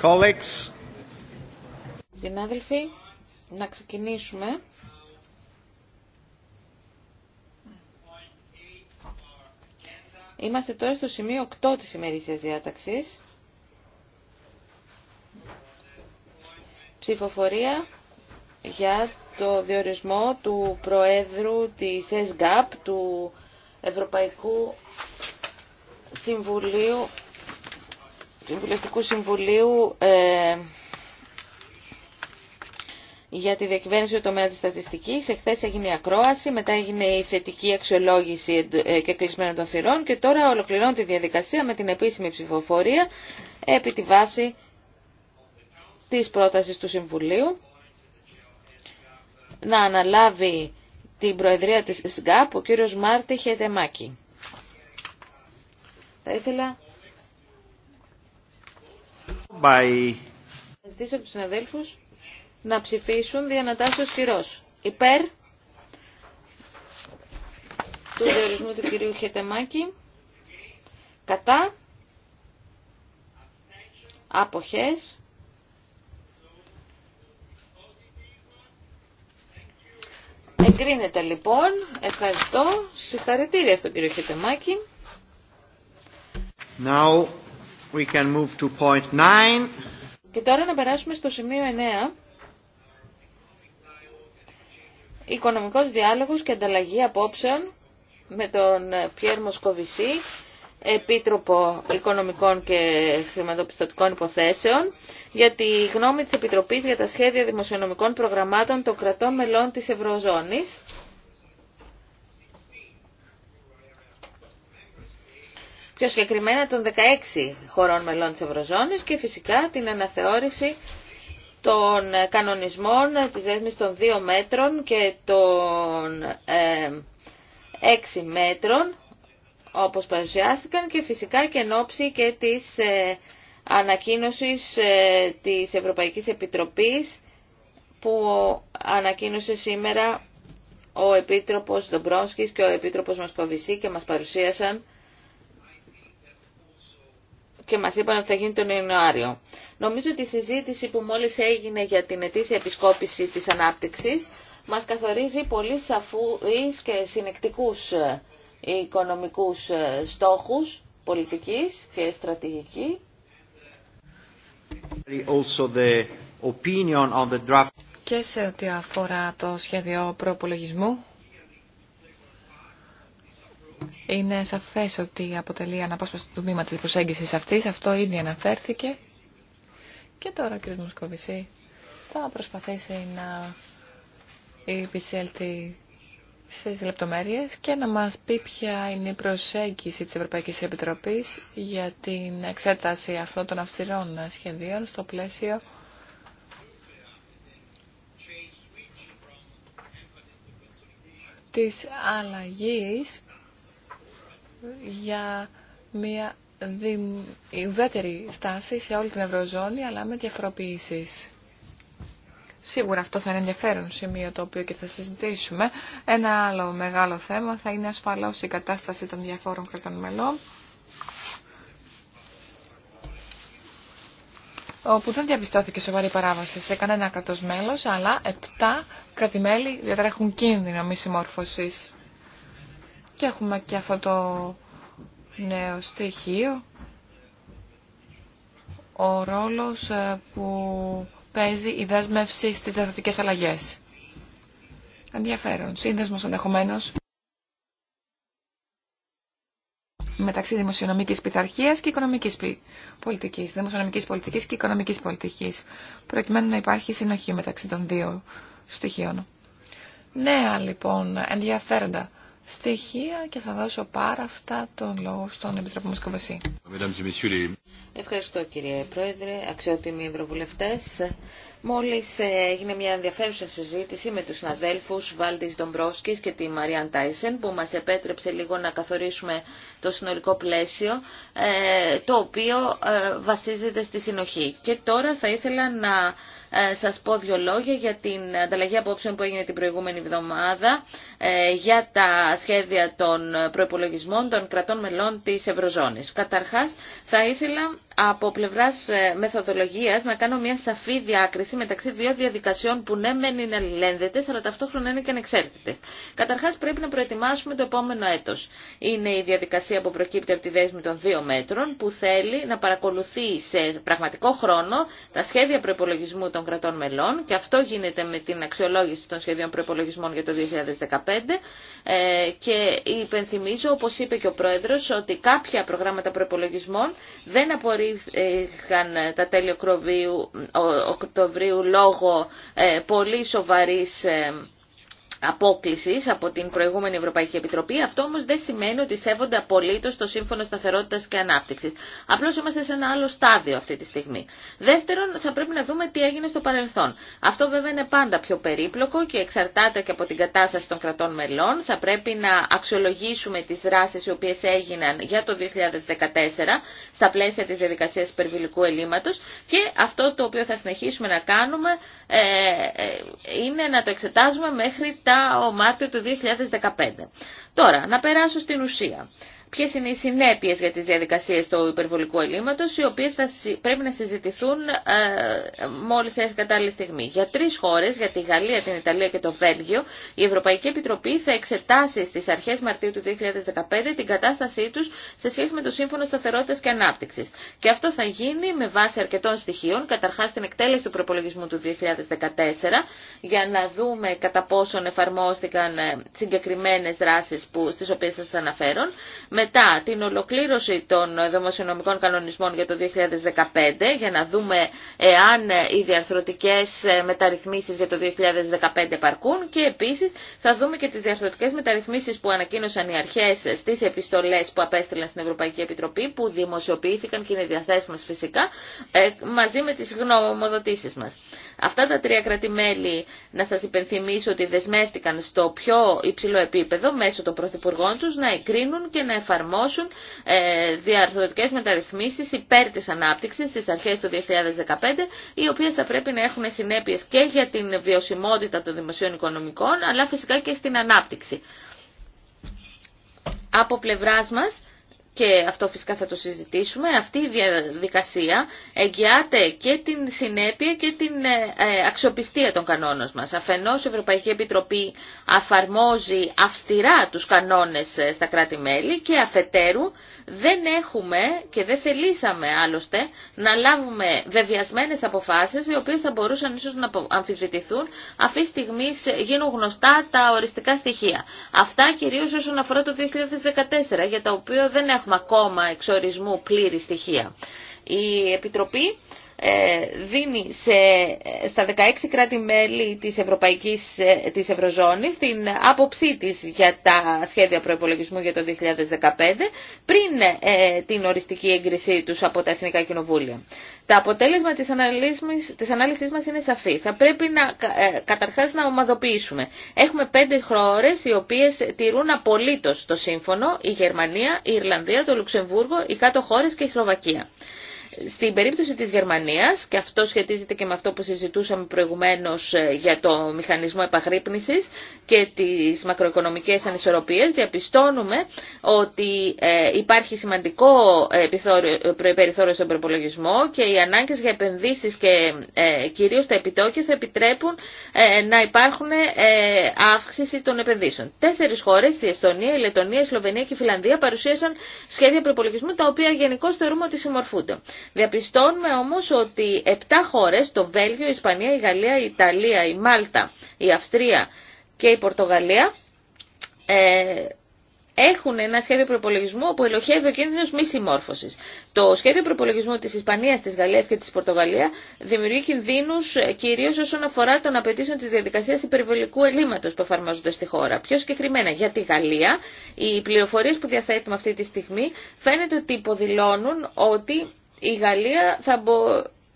Colleagues. Συνάδελφοι, να ξεκινήσουμε. Είμαστε τώρα στο σημείο 8 της ημερήσιας διάταξης. Ψηφοφορία για το διορισμό του Προέδρου της ΕΣΓΑΠ, του Ευρωπαϊκού Συμβουλίου Συμβουλευτικού Συμβουλίου ε, για τη διακυβέρνηση του τομέα της στατιστικής. Εχθές έγινε η ακρόαση, μετά έγινε η θετική αξιολόγηση ε, και κλεισμένο των θυρών και τώρα ολοκληρώνει τη διαδικασία με την επίσημη ψηφοφορία επί τη βάση της πρότασης του Συμβουλίου να αναλάβει την Προεδρία της ΣΓΑΠ ο κύριος Μάρτι Χετεμάκη. Θα ήθελα by... Θα ζητήσω από τους συναδέλφους να ψηφίσουν ο κυρός. Υπέρ του διορισμού του κυρίου Χετεμάκη. Κατά. Αποχές. Εγκρίνεται λοιπόν. Ευχαριστώ. Συγχαρητήρια στον κύριο Χετεμάκη. Now We can move to point Και τώρα να περάσουμε στο σημείο 9. Οικονομικός διάλογος και ανταλλαγή απόψεων με τον Πιέρ Μοσκοβισή, Επίτροπο Οικονομικών και Χρηματοπιστωτικών Υποθέσεων, για τη γνώμη της Επιτροπής για τα σχέδια δημοσιονομικών προγραμμάτων των κρατών μελών της Ευρωζώνης. πιο συγκεκριμένα των 16 χωρών μελών της Ευρωζώνης και φυσικά την αναθεώρηση των κανονισμών της δέσμης των 2 μέτρων και των 6 ε, μέτρων όπως παρουσιάστηκαν και φυσικά και εν ώψη και της ε, ανακοίνωσης ε, της Ευρωπαϊκής Επιτροπής που ανακοίνωσε σήμερα ο Επίτροπος Δομπρόσκης και ο Επίτροπος Μασκοβισή και μας παρουσίασαν και μας είπαν ότι θα γίνει τον Ιανουάριο. Νομίζω ότι η συζήτηση που μόλις έγινε για την ετήσια επισκόπηση της ανάπτυξης μας καθορίζει πολύ σαφούς και συνεκτικούς ε, οικονομικούς ε, στόχους πολιτικής και στρατηγική. Και σε ό,τι αφορά το σχέδιο προπολογισμού, είναι σαφές ότι αποτελεί αναπόσπαστο του τμήμα της προσέγγισης αυτής. Αυτό ήδη αναφέρθηκε. Και τώρα, κ. Μουσκοβισή, θα προσπαθήσει να επισέλθει στις λεπτομέρειες και να μας πει ποια είναι η προσέγγιση της Ευρωπαϊκής Επιτροπής για την εξέταση αυτών των αυστηρών σχεδίων στο πλαίσιο της αλλαγής για μια ουδέτερη στάση σε όλη την Ευρωζώνη, αλλά με διαφοροποιήσεις. Σίγουρα αυτό θα είναι ενδιαφέρον σημείο το οποίο και θα συζητήσουμε. Ένα άλλο μεγάλο θέμα θα είναι ασφαλώς η κατάσταση των διαφόρων κρατών μελών. όπου δεν διαπιστώθηκε σοβαρή παράβαση σε κανένα κρατός μέλος, αλλά 7 κρατημέλη διατρέχουν κίνδυνο μη συμμόρφωσης. Και έχουμε και αυτό το νέο στοιχείο, ο ρόλος ε, που παίζει η δέσμευση στις διαθετικές αλλαγές. Ενδιαφέρον. Σύνδεσμος ενδεχομένω μεταξύ δημοσιονομικής πειθαρχίας και οικονομικής πολιτικής, δημοσιονομικής πολιτικής και οικονομικής πολιτικής, προκειμένου να υπάρχει συνοχή μεταξύ των δύο στοιχείων. Νέα λοιπόν ενδιαφέροντα στοιχεία και θα δώσω πάρα αυτά τον λόγο στον Επιτρόπο Μοσκοβασί. Ευχαριστώ κύριε Πρόεδρε, αξιότιμοι Ευρωβουλευτές. Μόλις ε, έγινε μια ενδιαφέρουσα συζήτηση με τους συναδέλφους Βάλτης Ντομπρόσκης και τη Μαριάν Τάισεν που μας επέτρεψε λίγο να καθορίσουμε το συνολικό πλαίσιο ε, το οποίο ε, βασίζεται στη συνοχή. Και τώρα θα ήθελα να ε, σας πω δύο λόγια για την ανταλλαγή απόψεων που έγινε την προηγούμενη εβδομάδα ε, για τα σχέδια των προπολογισμών των κρατών μελών της Ευρωζώνης. Καταρχάς, θα ήθελα από πλευρά ε, μεθοδολογία να κάνω μια σαφή διάκριση μεταξύ δύο διαδικασιών που ναι μεν είναι αλληλένδετες αλλά ταυτόχρονα είναι και ανεξάρτητες. Καταρχά πρέπει να προετοιμάσουμε το επόμενο έτος. Είναι η διαδικασία που προκύπτει από τη δέσμη των δύο μέτρων που θέλει να παρακολουθεί σε πραγματικό χρόνο τα σχέδια προπολογισμού των κρατών μελών και αυτό γίνεται με την αξιολόγηση των σχεδίων προπολογισμών για το 2015 ε, και υπενθυμίζω όπω είπε και ο πρόεδρο, ότι κάποια προγράμματα προπολογισμών δεν απορρίπτουν είχαν τα τέλη Οκτωβρίου λόγω ε, πολύ σοβαρής ε, από την προηγούμενη Ευρωπαϊκή Επιτροπή. Αυτό όμω δεν σημαίνει ότι σέβονται απολύτω το Σύμφωνο σταθερότητα και ανάπτυξη. Απλώ είμαστε σε ένα άλλο στάδιο αυτή τη στιγμή. Δεύτερον, θα πρέπει να δούμε τι έγινε στο παρελθόν. Αυτό βέβαια είναι πάντα πιο περίπλοκο και εξαρτάται και από την κατάσταση των κρατών μελών. Θα πρέπει να αξιολογήσουμε τι δράσει οι οποίε έγιναν για το 2014 στα πλαίσια τη διαδικασία υπερβιλικού ελλείμματο και αυτό το οποίο θα συνεχίσουμε να κάνουμε ε, ε, είναι να το εξετάζουμε μέχρι τα μετά ο Μάρτιο του 2015. Τώρα, να περάσω στην ουσία ποιε είναι οι συνέπειε για τι διαδικασίε του υπερβολικού ελλείμματο, οι οποίε πρέπει να συζητηθούν ε, μόλι έρθει κατάλληλη στιγμή. Για τρει χώρε, για τη Γαλλία, την Ιταλία και το Βέλγιο, η Ευρωπαϊκή Επιτροπή θα εξετάσει στι αρχέ Μαρτίου του 2015 την κατάστασή του σε σχέση με το Σύμφωνο Σταθερότητα και Ανάπτυξη. Και αυτό θα γίνει με βάση αρκετών στοιχείων, καταρχά την εκτέλεση του προπολογισμού του 2014, για να δούμε κατά πόσον εφαρμόστηκαν ε, συγκεκριμένε δράσει στι οποίε σα αναφέρω, μετά την ολοκλήρωση των δημοσιονομικών κανονισμών για το 2015 για να δούμε εάν οι διαρθρωτικές μεταρρυθμίσεις για το 2015 παρκούν και επίσης θα δούμε και τις διαρθρωτικές μεταρρυθμίσεις που ανακοίνωσαν οι αρχές στις επιστολές που απέστειλαν στην Ευρωπαϊκή Επιτροπή που δημοσιοποιήθηκαν και είναι διαθέσιμες φυσικά ε, μαζί με τις γνωμοδοτήσεις μας. Αυτά τα τρία κρατημέλη, να σας υπενθυμίσω ότι δεσμεύτηκαν στο πιο υψηλό επίπεδο μέσω των πρωθυπουργών τους να εγκρίνουν και να εφαρμόσουν ε, διαρθρωτικές μεταρρυθμίσεις υπέρ της ανάπτυξης στις αρχές του 2015, οι οποίες θα πρέπει να έχουν συνέπειες και για την βιωσιμότητα των δημοσίων οικονομικών, αλλά φυσικά και στην ανάπτυξη. Από πλευράς μας, και αυτό φυσικά θα το συζητήσουμε, αυτή η διαδικασία εγγυάται και την συνέπεια και την ε, ε, αξιοπιστία των κανόνων μας. Αφενός η Ευρωπαϊκή Επιτροπή αφαρμόζει αυστηρά τους κανόνες ε, στα κράτη-μέλη και αφετέρου δεν έχουμε και δεν θελήσαμε άλλωστε να λάβουμε βεβαιασμένες αποφάσεις οι οποίες θα μπορούσαν ίσως να αμφισβητηθούν αυτή τη στιγμή γίνουν γνωστά τα οριστικά στοιχεία. Αυτά κυρίως όσον αφορά το 2014 για τα οποία δεν έχουμε ακόμα εξορισμού πλήρη στοιχεία. Η Επιτροπή ε, δίνει σε, στα 16 κράτη-μέλη της, Ευρωπαϊκής, ε, της Ευρωζώνης την άποψή της για τα σχέδια προϋπολογισμού για το 2015 πριν ε, την οριστική έγκρισή τους από τα Εθνικά Κοινοβούλια. Τα αποτέλεσμα της ανάλυσης, της ανάλυσης μας είναι σαφή. Θα πρέπει να, καταρχάς να ομαδοποιήσουμε. Έχουμε πέντε χώρες οι οποίες τηρούν απολύτως το σύμφωνο, η Γερμανία, η Ιρλανδία, το Λουξεμβούργο, οι κάτω χώρες και η Σλοβακία. Στην περίπτωση της Γερμανίας, και αυτό σχετίζεται και με αυτό που συζητούσαμε προηγουμένως ε, για το μηχανισμό επαγρύπνησης και τις μακροοικονομικές ανισορροπίες, διαπιστώνουμε ότι ε, υπάρχει σημαντικό ε, περιθώριο στον προπολογισμό και οι ανάγκες για επενδύσεις και κυρίως τα επιτόκια θα επιτρέπουν να υπάρχουν αύξηση των επενδύσεων. Τέσσερις χώρες, η Εστονία, η Λετωνία, η Σλοβενία και η Φιλανδία παρουσίασαν σχέδια προπολογισμού τα οποία γενικώ θεωρούμε ότι συμμορφούνται. Διαπιστώνουμε όμως ότι 7 χώρες, το Βέλγιο, η Ισπανία, η Γαλλία, η Ιταλία, η Μάλτα, η Αυστρία και η Πορτογαλία, ε, έχουν ένα σχέδιο προπολογισμού που ελοχεύει ο κίνδυνο μη συμμόρφωση. Το σχέδιο προπολογισμού τη Ισπανία, τη Γαλλία και τη Πορτογαλία δημιουργεί κινδύνου ε, κυρίω όσον αφορά των απαιτήσεων τη διαδικασία υπερβολικού ελλείμματο που εφαρμόζονται στη χώρα. Πιο συγκεκριμένα για τη Γαλλία, οι πληροφορίε που διαθέτουμε αυτή τη στιγμή φαίνεται ότι υποδηλώνουν ότι η Γαλλία θα μπο...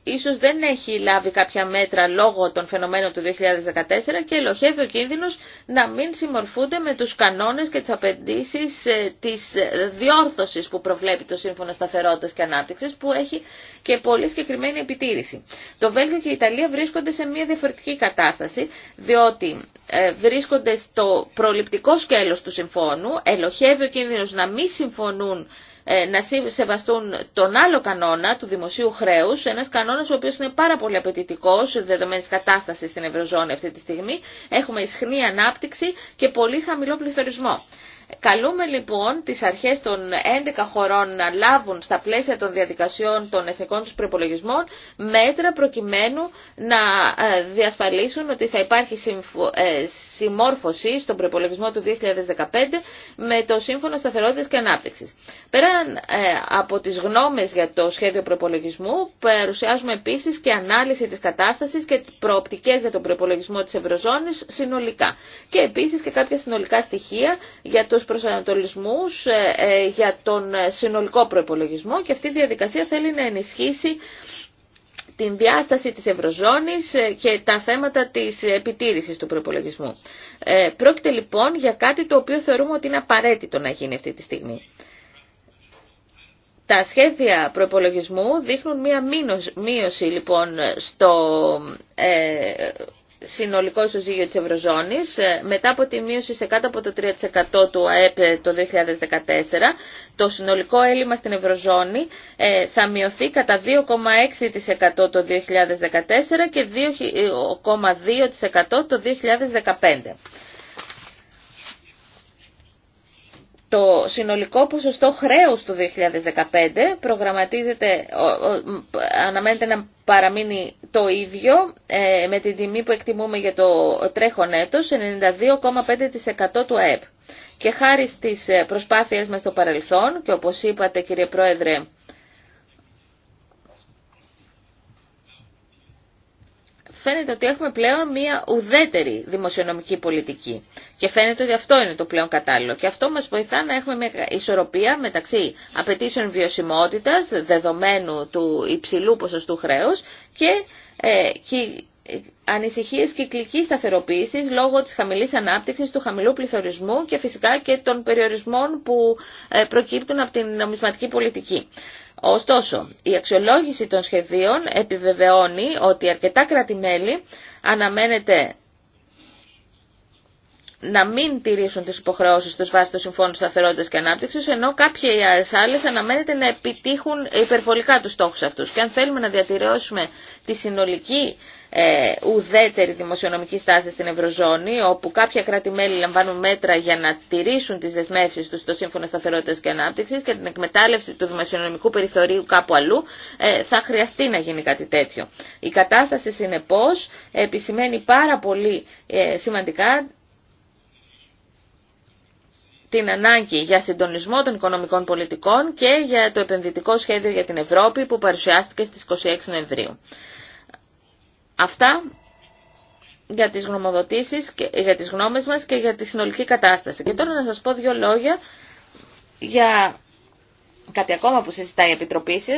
ίσως δεν έχει λάβει κάποια μέτρα λόγω των φαινομένων του 2014 και ελοχεύει ο κίνδυνος να μην συμμορφούνται με τους κανόνες και τις απαιτήσει ε, της ε, διόρθωσης που προβλέπει το Σύμφωνο Σταθερότητας και Ανάπτυξης που έχει και πολύ συγκεκριμένη επιτήρηση. Το Βέλγιο και η Ιταλία βρίσκονται σε μια διαφορετική κατάσταση διότι ε, βρίσκονται στο προληπτικό σκέλος του συμφώνου, ελοχεύει ο κίνδυνος να μην συμφωνούν ε, να σεβαστούν τον άλλο κανόνα του δημοσίου χρέους, ένας κανόνας ο οποίος είναι πάρα πολύ απαιτητικός δεδομένης κατάστασης στην Ευρωζώνη αυτή τη στιγμή. Έχουμε ισχνή ανάπτυξη και πολύ χαμηλό πληθωρισμό. Καλούμε λοιπόν τις αρχές των 11 χωρών να λάβουν στα πλαίσια των διαδικασιών των εθνικών τους προπολογισμών μέτρα προκειμένου να ε, διασφαλίσουν ότι θα υπάρχει ε, συμμόρφωση στον προπολογισμό του 2015 με το Σύμφωνο Σταθερότητας και Ανάπτυξης. Πέραν ε, από τις γνώμες για το σχέδιο προπολογισμού, παρουσιάζουμε επίσης και ανάλυση της κατάστασης και προοπτικές για τον προπολογισμό της Ευρωζώνης συνολικά. Και επίσης και κάποια συνολικά στοιχεία για το τους προσανατολισμούς ε, ε, για τον συνολικό προϋπολογισμό και αυτή η διαδικασία θέλει να ενισχύσει την διάσταση της Ευρωζώνης ε, και τα θέματα της επιτήρησης του προπολογισμού. Πρόκειται λοιπόν για κάτι το οποίο θεωρούμε ότι είναι απαραίτητο να γίνει αυτή τη στιγμή. Τα σχέδια προπολογισμού δείχνουν μία μείωση λοιπόν στο συνολικό ισοζύγιο της Ευρωζώνης ε, μετά από τη μείωση σε κάτω από το 3% του ΑΕΠ ε, το 2014 το συνολικό έλλειμμα στην Ευρωζώνη ε, θα μειωθεί κατά 2,6% το 2014 και 2,2% το 2015. Το συνολικό ποσοστό χρέους του 2015 προγραμματίζεται, αναμένεται να παραμείνει το ίδιο ε, με την τιμή που εκτιμούμε για το τρέχον έτος, 92,5% του ΑΕΠ. Και χάρη στις ε, προσπάθειες μας στο παρελθόν, και όπως είπατε κύριε Πρόεδρε, φαίνεται ότι έχουμε πλέον μια ουδέτερη δημοσιονομική πολιτική. Και φαίνεται ότι αυτό είναι το πλέον κατάλληλο. Και αυτό μας βοηθά να έχουμε μια ισορροπία μεταξύ απαιτήσεων βιωσιμότητας, δεδομένου του υψηλού ποσοστού χρέους και, ε, και ανησυχίες κυκλικής σταθεροποίησης λόγω της χαμηλής ανάπτυξης, του χαμηλού πληθωρισμού και φυσικά και των περιορισμών που ε, προκύπτουν από την νομισματική πολιτική. Ωστόσο, η αξιολόγηση των σχεδίων επιβεβαιώνει ότι αρκετά κράτη-μέλη αναμένεται να μην τηρήσουν τις υποχρεώσεις τους βάσει του Συμφώνου Σταθερότητας και Ανάπτυξης, ενώ κάποιες άλλες αναμένεται να επιτύχουν υπερβολικά τους στόχους αυτούς. Και αν θέλουμε να διατηρήσουμε τη συνολική ε, ουδέτερη δημοσιονομική στάση στην Ευρωζώνη, όπου κάποια κράτη-μέλη λαμβάνουν μέτρα για να τηρήσουν τις δεσμεύσεις τους στο Σύμφωνο Σταθερότητας και Ανάπτυξης και την εκμετάλλευση του δημοσιονομικού περιθωρίου κάπου αλλού, ε, θα χρειαστεί να γίνει κάτι τέτοιο. Η κατάσταση, συνεπώς, επισημαίνει πάρα πολύ ε, σημαντικά την ανάγκη για συντονισμό των οικονομικών πολιτικών και για το επενδυτικό σχέδιο για την Ευρώπη που παρουσιάστηκε στις 26 Νοεμβρίου. Αυτά για τις γνωμοδοτήσεις, και, για τις γνώμες μας και για τη συνολική κατάσταση. Και τώρα να σας πω δύο λόγια για κάτι ακόμα που συζητάει η Επιτροπή σα,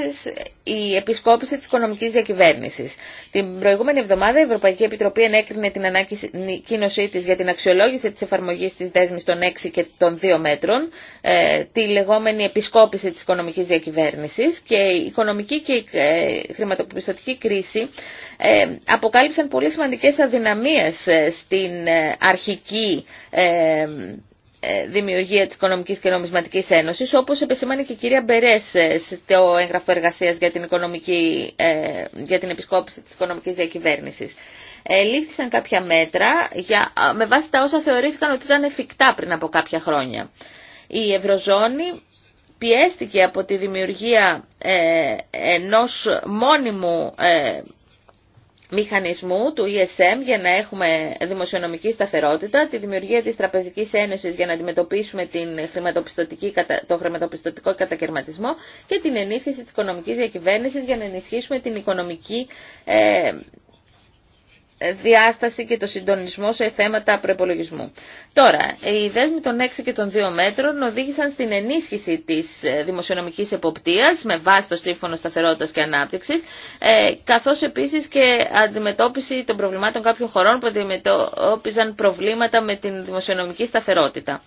η επισκόπηση της οικονομικής διακυβέρνησης. Την προηγούμενη εβδομάδα η Ευρωπαϊκή Επιτροπή ενέκρινε την ανακοίνωσή της για την αξιολόγηση της εφαρμογής της δέσμης των 6 και των 2 μέτρων, ε, τη λεγόμενη επισκόπηση της οικονομικής διακυβέρνησης και η οικονομική και η ε, χρηματοπιστωτική κρίση ε, αποκάλυψαν πολύ σημαντικές αδυναμίες στην αρχική ε, δημιουργία της Οικονομικής και Νομισματικής Ένωσης, όπως επισημάνει και η κυρία Μπερές ε, στο έγγραφο εργασίας για την, ε, για την επισκόπηση της οικονομικής διακυβέρνησης. Λήφθησαν κάποια μέτρα για, με βάση τα όσα θεωρήθηκαν ότι ήταν εφικτά πριν από κάποια χρόνια. Η Ευρωζώνη πιέστηκε από τη δημιουργία ενός μόνιμου μηχανισμού του ESM για να έχουμε δημοσιονομική σταθερότητα, τη δημιουργία της Τραπεζικής Ένωσης για να αντιμετωπίσουμε την χρηματοπιστωτική, το χρηματοπιστωτικό κατακαιρματισμό και την ενίσχυση της οικονομικής διακυβέρνησης για να ενισχύσουμε την οικονομική ε, διάσταση και το συντονισμό σε θέματα προπολογισμού. Τώρα, οι δέσμοι των 6 και των 2 μέτρων οδήγησαν στην ενίσχυση τη ε, δημοσιονομική εποπτείας με βάση το Σύμφωνο Σταθερότητα και Ανάπτυξη, ε, καθώ επίση και αντιμετώπιση των προβλημάτων κάποιων χωρών που αντιμετώπιζαν προβλήματα με την δημοσιονομική σταθερότητα.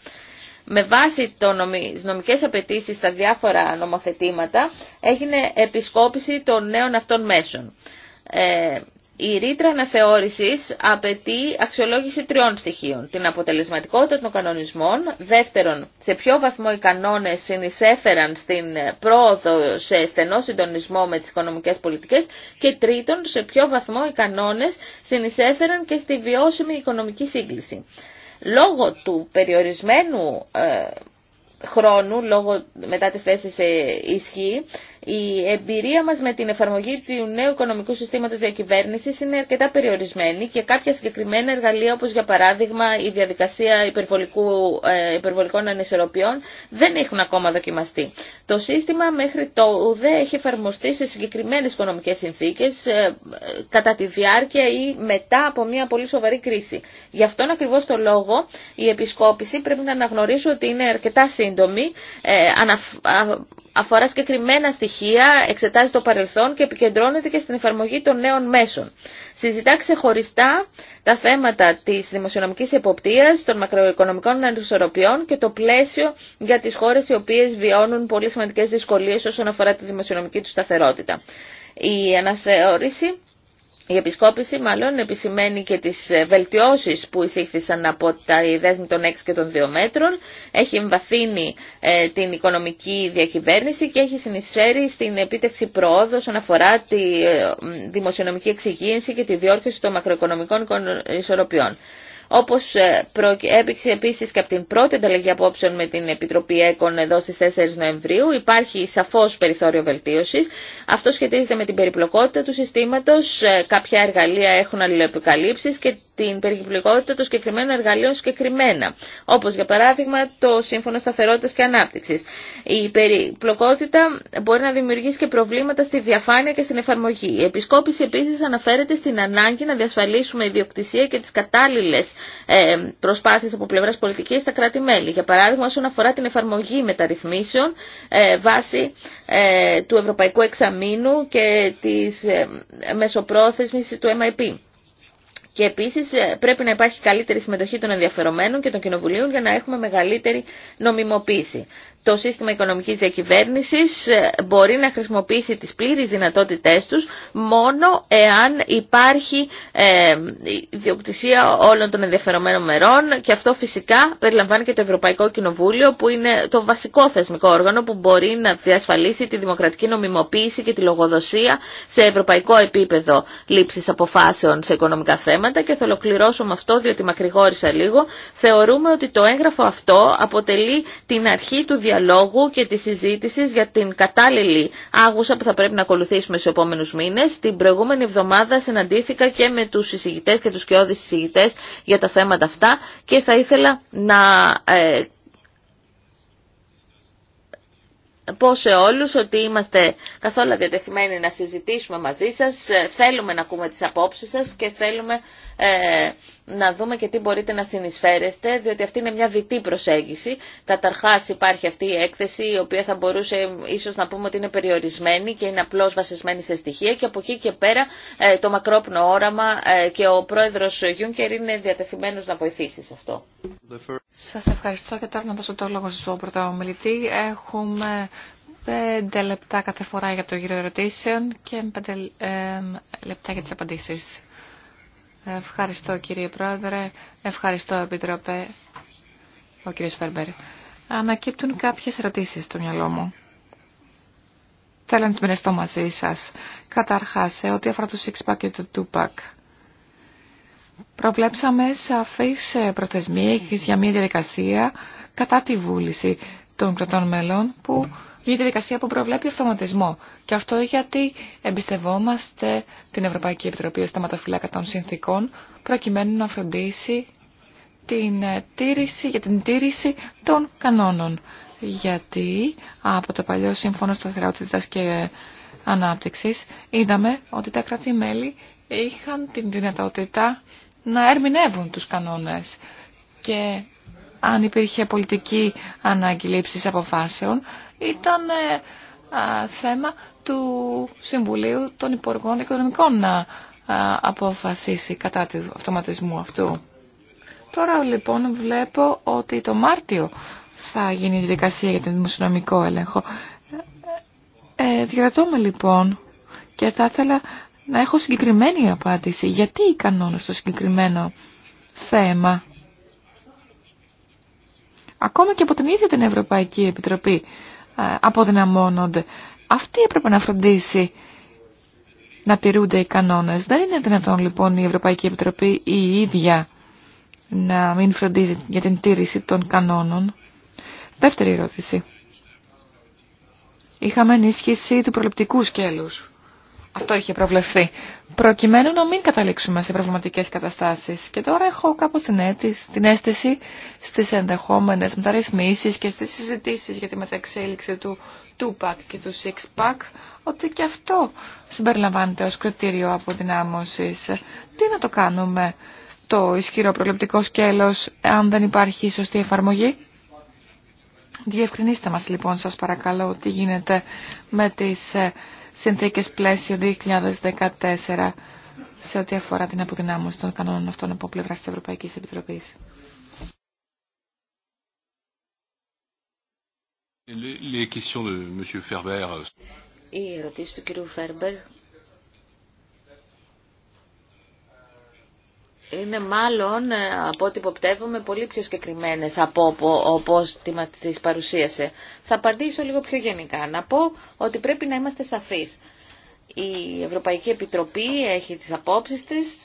Με βάση τις νομικές απαιτήσει στα διάφορα νομοθετήματα έγινε επισκόπηση των νέων αυτών μέσων. Ε, η ρήτρα αναθεώρηση απαιτεί αξιολόγηση τριών στοιχείων. Την αποτελεσματικότητα των κανονισμών, δεύτερον, σε ποιο βαθμό οι κανόνε συνεισέφεραν στην πρόοδο σε στενό συντονισμό με τις οικονομικές πολιτικές και τρίτον, σε ποιο βαθμό οι κανόνες συνεισέφεραν και στη βιώσιμη οικονομική σύγκληση. Λόγω του περιορισμένου ε, χρόνου, λόγω μετά τη θέση σε ισχύ, η εμπειρία μας με την εφαρμογή του νέου οικονομικού συστήματος διακυβέρνησης είναι αρκετά περιορισμένη και κάποια συγκεκριμένα εργαλεία όπως για παράδειγμα η διαδικασία υπερβολικού, ε, υπερβολικών ανισορροπιών δεν έχουν ακόμα δοκιμαστεί. Το σύστημα μέχρι το ουδέ έχει εφαρμοστεί σε συγκεκριμένες οικονομικές συνθήκες ε, κατά τη διάρκεια ή μετά από μια πολύ σοβαρή κρίση. Γι' αυτόν ακριβώς το λόγο η επισκόπηση πρέπει να αναγνωρίσω ότι είναι αρκετά σύντομη, ε, αφορά συγκεκριμένα στοιχεία, εξετάζει το παρελθόν και επικεντρώνεται και στην εφαρμογή των νέων μέσων. Συζητά ξεχωριστά τα θέματα της δημοσιονομικής εποπτείας, των μακροοικονομικών ανισορροπιών και το πλαίσιο για τις χώρες οι οποίες βιώνουν πολύ σημαντικές δυσκολίες όσον αφορά τη δημοσιονομική του σταθερότητα. Η αναθεώρηση η επισκόπηση μάλλον επισημαίνει και τις ε, βελτιώσεις που εισήχθησαν από τα δέσμη των έξι και των 2 μέτρων, έχει εμβαθύνει ε, την οικονομική διακυβέρνηση και έχει συνεισφέρει στην επίτευξη προόδου όσον αφορά τη ε, δημοσιονομική εξυγίανση και τη διόρθωση των μακροοικονομικών ισορροπιών. Όπω ε, έπηξε επίση και από την πρώτη ανταλλαγή απόψεων με την Επιτροπή ΕΚΟΝ εδώ στι 4 Νοεμβρίου, υπάρχει σαφώ περιθώριο βελτίωση. Αυτό σχετίζεται με την περιπλοκότητα του συστήματο, ε, κάποια εργαλεία έχουν αλληλοεπικαλύψεις και την περιπλοκότητα των συγκεκριμένων εργαλείων συγκεκριμένα, Όπω για παράδειγμα το Σύμφωνο σταθερότητα και ανάπτυξη. Η περιπλοκότητα μπορεί να δημιουργήσει και προβλήματα στη διαφάνεια και στην εφαρμογή. Η επισκόπηση επίση αναφέρεται στην ανάγκη να διασφαλίσουμε ιδιοκτησία και τις ε, ε, προσπάθειες από πλευράς πολιτικής στα κράτη-μέλη. Για παράδειγμα, όσον αφορά την εφαρμογή μεταρρυθμίσεων ε, βάσει ε, του Ευρωπαϊκού Εξαμήνου και της μεσοπρόθεσμης του MIP. Και επίσης πρέπει να υπάρχει καλύτερη συμμετοχή των ενδιαφερομένων και των κοινοβουλίων για να έχουμε μεγαλύτερη νομιμοποίηση το σύστημα οικονομικής διακυβέρνησης ε, μπορεί να χρησιμοποιήσει τις πλήρες δυνατότητές τους μόνο εάν υπάρχει ε, διοκτησία όλων των ενδιαφερομένων μερών και αυτό φυσικά περιλαμβάνει και το Ευρωπαϊκό Κοινοβούλιο που είναι το βασικό θεσμικό όργανο που μπορεί να διασφαλίσει τη δημοκρατική νομιμοποίηση και τη λογοδοσία σε ευρωπαϊκό επίπεδο λήψης αποφάσεων σε οικονομικά θέματα και θα ολοκληρώσω με αυτό διότι μακρηγόρησα λίγο. Θεωρούμε ότι το έγγραφο αυτό αποτελεί την αρχή του διαλόγου και τη συζήτηση για την κατάλληλη άγουσα που θα πρέπει να ακολουθήσουμε στου επόμενους μήνες. Την προηγούμενη εβδομάδα συναντήθηκα και με τους συζητητές και τους κοιόδη συζητητέ για τα θέματα αυτά και θα ήθελα να ε, πω σε όλους ότι είμαστε καθόλου διατεθειμένοι να συζητήσουμε μαζί σας, ε, θέλουμε να ακούμε τις απόψεις σας και θέλουμε ε, να δούμε και τι μπορείτε να συνεισφέρεστε, διότι αυτή είναι μια διτή προσέγγιση. Καταρχά υπάρχει αυτή η έκθεση, η οποία θα μπορούσε ίσω να πούμε ότι είναι περιορισμένη και είναι απλώ βασισμένη σε στοιχεία και από εκεί και πέρα ε, το μακρόπνο όραμα ε, και ο πρόεδρο Γιούνκερ είναι διατεθειμένος να βοηθήσει σε αυτό. Σα ευχαριστώ και τώρα να δώσω το λόγο στον πρωτομιλητή. Έχουμε πέντε λεπτά κάθε φορά για το γύρο ερωτήσεων και πέντε ε, λεπτά για τι απαντήσει. Ευχαριστώ κύριε Πρόεδρε, ευχαριστώ Επιτροπέ, ο κύριος Φερμπέρ. Ανακύπτουν κάποιες ερωτήσεις στο μυαλό μου. Θέλω να τις μοιραστώ μαζί σας. Καταρχάς, σε ό,τι αφορά το six pack και το ΤΟΥΠΑΚ. pack Προβλέψαμε σαφείς ε, προθεσμίες για μια διαδικασία κατά τη βούληση των κρατών μελών που μια διαδικασία που προβλέπει αυτοματισμό. Και αυτό γιατί εμπιστευόμαστε την Ευρωπαϊκή Επιτροπή ως θεματοφυλάκα των συνθήκων προκειμένου να φροντίσει την ε, τήρηση, για την τήρηση των κανόνων. Γιατί από το παλιό Σύμφωνο θεραότητας και Ανάπτυξης είδαμε ότι τα κράτη-μέλη είχαν την δυνατότητα να ερμηνεύουν τους κανόνες και αν υπήρχε πολιτική ανάγκη αποφάσεων ήταν ε, θέμα του Συμβουλίου των Υπουργών Οικονομικών να αποφασίσει κατά του αυτοματισμού αυτού. Τώρα λοιπόν βλέπω ότι το Μάρτιο θα γίνει η διαδικασία για τον δημοσιονομικό έλεγχο. Ε, λοιπόν και θα ήθελα να έχω συγκεκριμένη απάντηση. Γιατί οι κανόνες στο συγκεκριμένο θέμα. Ακόμα και από την ίδια την Ευρωπαϊκή Επιτροπή ε, αποδυναμώνονται. Αυτή έπρεπε να φροντίσει να τηρούνται οι κανόνες. Δεν είναι δυνατόν λοιπόν η Ευρωπαϊκή Επιτροπή η ίδια να μην φροντίζει για την τήρηση των κανόνων. Δεύτερη ερώτηση. Είχαμε ενίσχυση του προληπτικού σκέλους. Αυτό είχε προβλεφθεί. Προκειμένου να μην καταλήξουμε σε προβληματικές καταστάσεις. Και τώρα έχω κάπως την, αίτηση, την αίσθηση στις ενδεχόμενες μεταρρυθμίσεις και στις συζητήσεις για τη μεταξέλιξη του 2-pack και του 6-pack ότι και αυτό συμπεριλαμβάνεται ως κριτήριο αποδυνάμωσης. Τι να το κάνουμε το ισχυρό προληπτικό σκέλος αν δεν υπάρχει σωστή εφαρμογή. Διευκρινίστε μας λοιπόν σας παρακαλώ τι γίνεται με τις ε, συνθήκες πλαίσιο 2014 σε ό,τι αφορά την αποδυνάμωση των κανόνων αυτών από πλευρά της Ευρωπαϊκής Επιτροπής. Euh, Οι ερωτήσεις του κ. Φέρμπερ είναι μάλλον ε, από ό,τι υποπτεύομαι πολύ πιο συγκεκριμένε από όπως τις παρουσίασε. Θα απαντήσω λίγο πιο γενικά. Να πω ότι πρέπει να είμαστε σαφείς. Η Ευρωπαϊκή Επιτροπή έχει τις απόψεις της,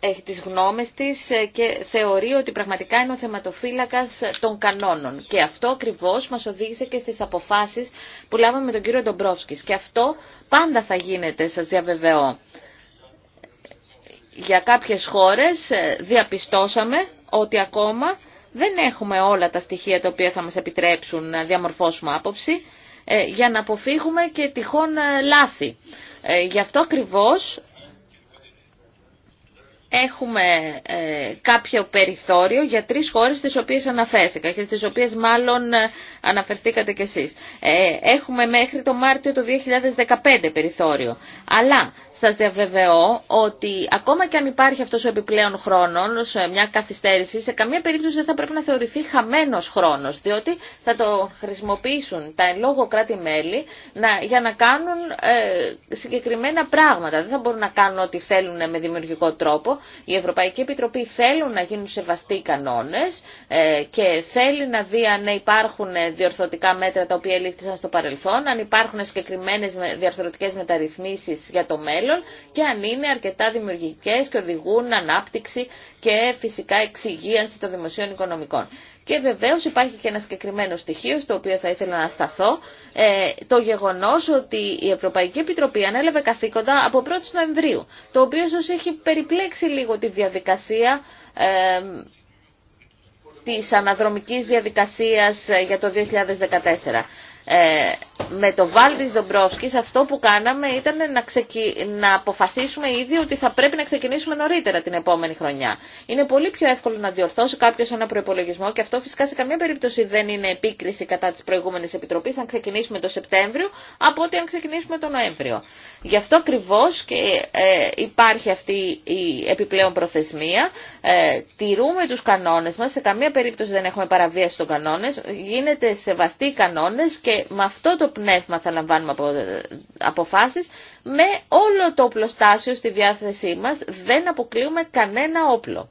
έχει τις γνώμες της ε, και θεωρεί ότι πραγματικά είναι ο θεματοφύλακας των κανόνων. Και αυτό ακριβώ μα οδήγησε και στι αποφάσει που λάβαμε με τον κύριο Και αυτό πάντα θα γίνεται, σα διαβεβαιώ για κάποιες χώρες ε, διαπιστώσαμε ότι ακόμα δεν έχουμε όλα τα στοιχεία τα οποία θα μας επιτρέψουν να διαμορφώσουμε άποψη ε, για να αποφύγουμε και τυχόν ε, λάθη. Γι' αυτό ακριβώς έχουμε ε, κάποιο περιθώριο για τρεις χώρες στις οποίες αναφέρθηκα και στις οποίες μάλλον ε, αναφερθήκατε κι εσείς. Ε, έχουμε μέχρι το Μάρτιο του 2015 περιθώριο. Αλλά σας διαβεβαιώ ότι ακόμα κι αν υπάρχει αυτός ο επιπλέον χρόνος, ε, μια καθυστέρηση, σε καμία περίπτωση δεν θα πρέπει να θεωρηθεί χαμένος χρόνος, διότι θα το χρησιμοποιήσουν τα εν λόγω κράτη-μέλη για να κάνουν συγκεκριμένα πράγματα. Δεν θα μπορούν να κάνουν ό,τι θέλουν με δημιουργικό τρόπο η Ευρωπαϊκή Επιτροπή θέλουν να γίνουν σεβαστοί οι κανόνες ε, και θέλει να δει αν υπάρχουν διορθωτικά μέτρα τα οποία λήφθησαν στο παρελθόν, αν υπάρχουν συγκεκριμένε διαρθρωτικές μεταρρυθμίσεις για το μέλλον και αν είναι αρκετά δημιουργικές και οδηγούν ανάπτυξη και φυσικά εξυγίανση των δημοσίων οικονομικών. Και βεβαίως υπάρχει και ένα συγκεκριμένο στοιχείο στο οποίο θα ήθελα να σταθώ, ε, το γεγονός ότι η Ευρωπαϊκή Επιτροπή ανέλαβε καθήκοντα από 1η Νοεμβρίου, το οποίο ίσως έχει περιπλέξει λίγο τη διαδικασία ε, της αναδρομικής διαδικασίας ε, για το 2014. Ε, με το Βάλτις Δομπρόσκης αυτό που κάναμε ήταν να, να αποφασίσουμε ήδη ότι θα πρέπει να ξεκινήσουμε νωρίτερα την επόμενη χρονιά. Είναι πολύ πιο εύκολο να διορθώσει κάποιο ένα προπολογισμό και αυτό φυσικά σε καμία περίπτωση δεν είναι επίκριση κατά τη προηγούμενη επιτροπή αν ξεκινήσουμε το Σεπτέμβριο από ότι αν ξεκινήσουμε το Νοέμβριο. Γι' αυτό ακριβώ και ε, υπάρχει αυτή η επιπλέον προθεσμία. Ε, τηρούμε του κανόνε μα, σε καμία περίπτωση δεν έχουμε παραβίαση των κανόνε, γίνεται σεβαστοί κανόνε και και με αυτό το πνεύμα θα λαμβάνουμε αποφάσεις με όλο το οπλοστάσιο στη διάθεσή μας δεν αποκλείουμε κανένα όπλο.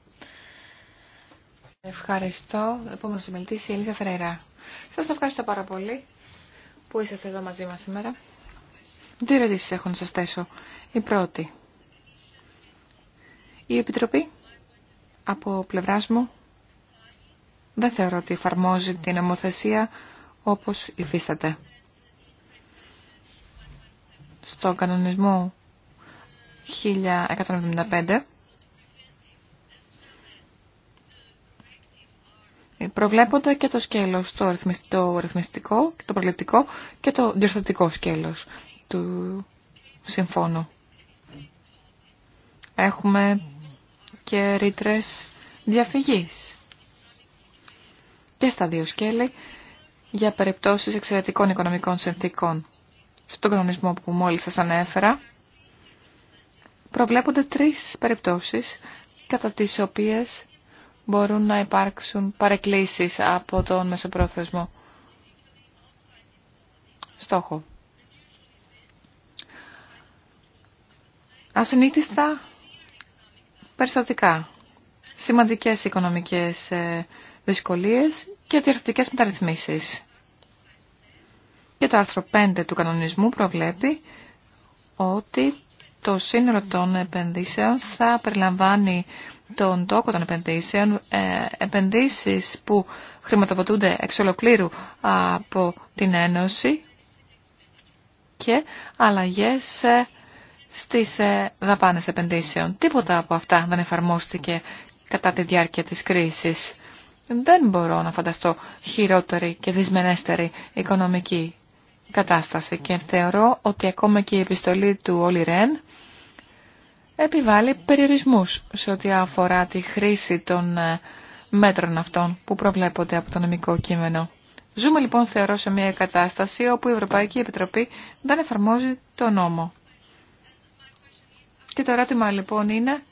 Ευχαριστώ. Επόμενος ομιλητής η Ελίζα Φεραίρα. Σας ευχαριστώ πάρα πολύ που είσαστε εδώ μαζί μας σήμερα. Δύο ερωτήσει έχω να σας θέσω. Η πρώτη. Η Επιτροπή από πλευράς μου δεν θεωρώ ότι εφαρμόζει την νομοθεσία όπως υφίσταται. Στο κανονισμό 1175 προβλέπονται και το σκέλος, το, ρυθμιστικό, το προληπτικό και το διορθωτικό σκέλος του συμφώνου. Έχουμε και ρήτρες διαφυγής. Και στα δύο σκέλη για περιπτώσεις εξαιρετικών οικονομικών συνθήκων. Στον κανονισμό που μόλις σας ανέφερα, προβλέπονται τρεις περιπτώσεις κατά τις οποίες μπορούν να υπάρξουν παρεκκλήσεις από τον μεσοπρόθεσμο στόχο. Ασυνήθιστα περιστατικά, σημαντικές οικονομικές ε, δυσκολίες και διαρθρωτικές μεταρρυθμίσεις. Και το άρθρο 5 του κανονισμού προβλέπει ότι το σύνολο των επενδύσεων θα περιλαμβάνει τον τόκο των επενδύσεων, ε, επενδύσεις που χρηματοδοτούνται εξ ολοκλήρου από την Ένωση και αλλαγές ε, στις ε, δαπάνες επενδύσεων. Τίποτα από αυτά δεν εφαρμόστηκε κατά τη διάρκεια της κρίσης δεν μπορώ να φανταστώ χειρότερη και δυσμενέστερη οικονομική κατάσταση και θεωρώ ότι ακόμα και η επιστολή του Όλι Ρεν επιβάλλει περιορισμούς σε ό,τι αφορά τη χρήση των ε, μέτρων αυτών που προβλέπονται από το νομικό κείμενο. Ζούμε λοιπόν θεωρώ σε μια κατάσταση όπου η Ευρωπαϊκή Επιτροπή δεν εφαρμόζει το νόμο. Και το ερώτημα λοιπόν είναι,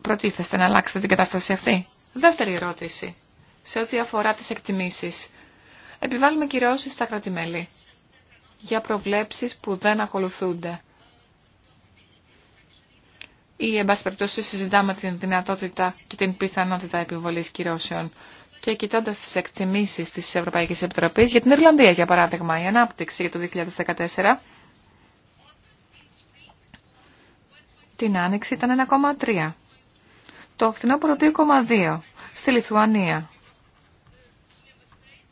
προτίθεστε να αλλάξετε την κατάσταση αυτή. Δεύτερη ερώτηση σε ό,τι αφορά τις εκτιμήσεις. Επιβάλλουμε κυρώσεις στα κρατημέλη για προβλέψεις που δεν ακολουθούνται. Ή, εν πάση περιπτώσει, συζητάμε την δυνατότητα και την πιθανότητα επιβολής κυρώσεων. Και κοιτώντας τις εκτιμήσεις της Ευρωπαϊκής Επιτροπής, για την Ιρλανδία, για παράδειγμα, η ανάπτυξη για το 2014, την άνοιξη ήταν 1,3. Το φθινόπωρο 2,2 στη Λιθουανία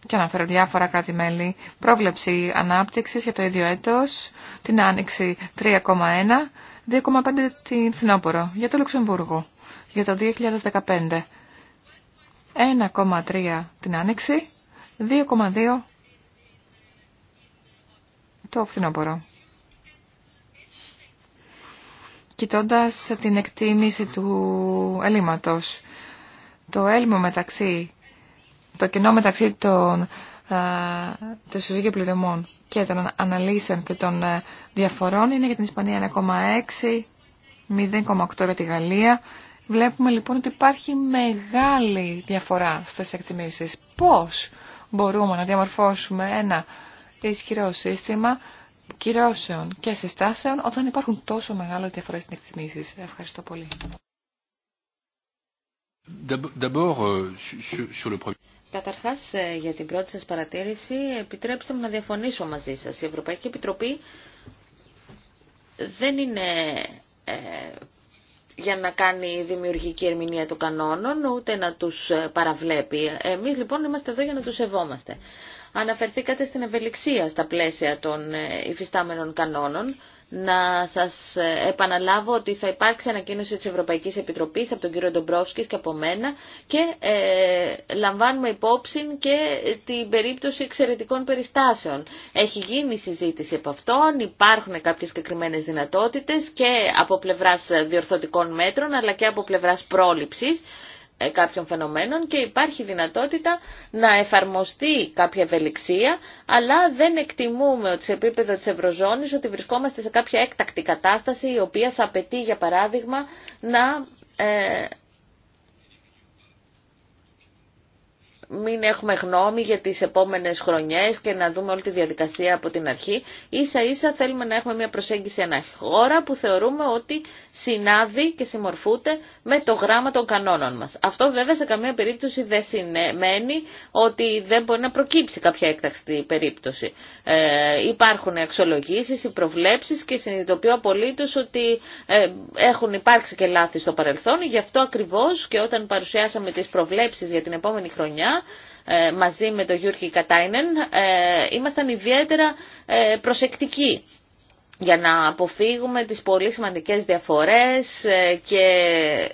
και αναφέρω διάφορα κράτη-μέλη, πρόβλεψη ανάπτυξης για το ίδιο έτος, την άνοιξη 3,1, 2,5 την Συνόπορο, για το Λουξεμβούργο, για το 2015, 1,3 την άνοιξη, 2,2 το φθινόπωρο. Κοιτώντας την εκτίμηση του ελλείμματος, το έλλειμμα μεταξύ το κοινό μεταξύ των ε, το πληρωμών και των αναλύσεων και των ε, διαφορών είναι για την Ισπανία 1,6, 0,8 για τη Γαλλία. Βλέπουμε λοιπόν ότι υπάρχει μεγάλη διαφορά στις εκτιμήσεις. Πώς μπορούμε να διαμορφώσουμε ένα ισχυρό σύστημα κυρώσεων και συστάσεων όταν υπάρχουν τόσο μεγάλες διαφορές στις εκτιμήσεις. Ευχαριστώ πολύ. Euh, Καταρχάς, ε, για την πρώτη σας παρατήρηση, επιτρέψτε μου να διαφωνήσω μαζί σας. Η Ευρωπαϊκή Επιτροπή δεν είναι ε, για να κάνει δημιουργική ερμηνεία των κανόνων, ούτε να τους ε, παραβλέπει. Εμείς λοιπόν είμαστε εδώ για να τους σεβόμαστε. Αναφερθήκατε στην ευελιξία στα πλαίσια των υφιστάμενων κανόνων να σας ε, επαναλάβω ότι θα υπάρξει ανακοίνωση της Ευρωπαϊκής Επιτροπής από τον κύριο Ντομπρόφσκης και από μένα και ε, λαμβάνουμε υπόψη και την περίπτωση εξαιρετικών περιστάσεων. Έχει γίνει συζήτηση από αυτόν, υπάρχουν κάποιες συγκεκριμένε δυνατότητες και από πλευράς διορθωτικών μέτρων αλλά και από πλευράς πρόληψης ε, κάποιων φαινομένων και υπάρχει δυνατότητα να εφαρμοστεί κάποια ευελιξία, αλλά δεν εκτιμούμε ότι σε επίπεδο της Ευρωζώνης ότι βρισκόμαστε σε κάποια έκτακτη κατάσταση η οποία θα απαιτεί, για παράδειγμα, να ε, μην έχουμε γνώμη για τις επόμενες χρονιές και να δούμε όλη τη διαδικασία από την αρχή. Ίσα ίσα θέλουμε να έχουμε μια προσέγγιση αναχώρα που θεωρούμε ότι συνάδει και συμμορφούται με το γράμμα των κανόνων μας. Αυτό βέβαια σε καμία περίπτωση δεν σημαίνει ότι δεν μπορεί να προκύψει κάποια έκτακτη περίπτωση. Ε, υπάρχουν αξιολογήσεις, οι προβλέψεις και συνειδητοποιώ απολύτω ότι ε, έχουν υπάρξει και λάθη στο παρελθόν. Γι' αυτό ακριβώς και όταν παρουσιάσαμε τις προβλέψεις για την επόμενη χρονιά, ε, μαζί με τον Γιούρκη Κατάινεν, ε, ήμασταν ιδιαίτερα προσεκτικοί για να αποφύγουμε τις πολύ σημαντικές διαφορές ε, και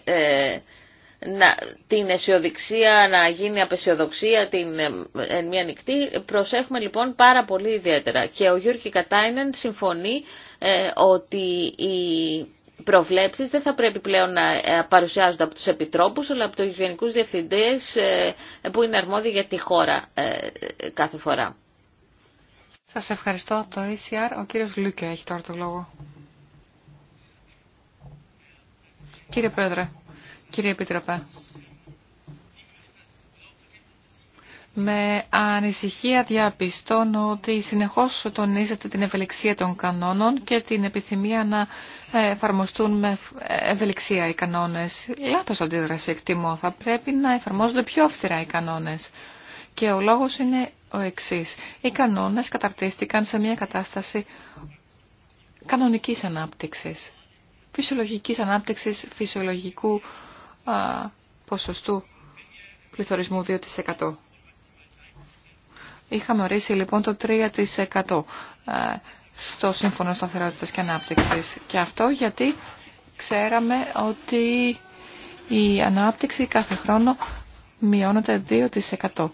ε, την αισιοδοξία να γίνει απεσιοδοξία την, ε, εν μία νυχτή. Προσέχουμε λοιπόν πάρα πολύ ιδιαίτερα. Και ο Γιώργη Κατάινεν συμφωνεί ότι οι προβλέψεις δεν θα πρέπει πλέον να παρουσιάζονται από τους επιτρόπους αλλά από τους γενικούς διευθυντές που είναι αρμόδιοι για τη χώρα κάθε φορά. Σας ευχαριστώ από το ECR. Ο κύριος Λούκε έχει τώρα το λόγο. Κύριε Πρόεδρε, κύριε Επίτροπε, με ανησυχία διαπιστώνω ότι συνεχώς τονίζετε την ευελιξία των κανόνων και την επιθυμία να εφαρμοστούν με ευελιξία οι κανόνες. Λάθος αντίδραση εκτιμώ. Θα πρέπει να εφαρμόζονται πιο αυστηρά οι κανόνες. Και ο λόγος είναι ο εξής. Οι κανόνες καταρτίστηκαν σε μια κατάσταση κανονικής ανάπτυξης, φυσιολογικής ανάπτυξης, φυσιολογικού ποσοστού πληθωρισμού 2%. Είχαμε ορίσει λοιπόν το 3% ε, στο Σύμφωνο Σταθερότητας και Ανάπτυξης. Και αυτό γιατί ξέραμε ότι η ανάπτυξη κάθε χρόνο μειώνεται 2%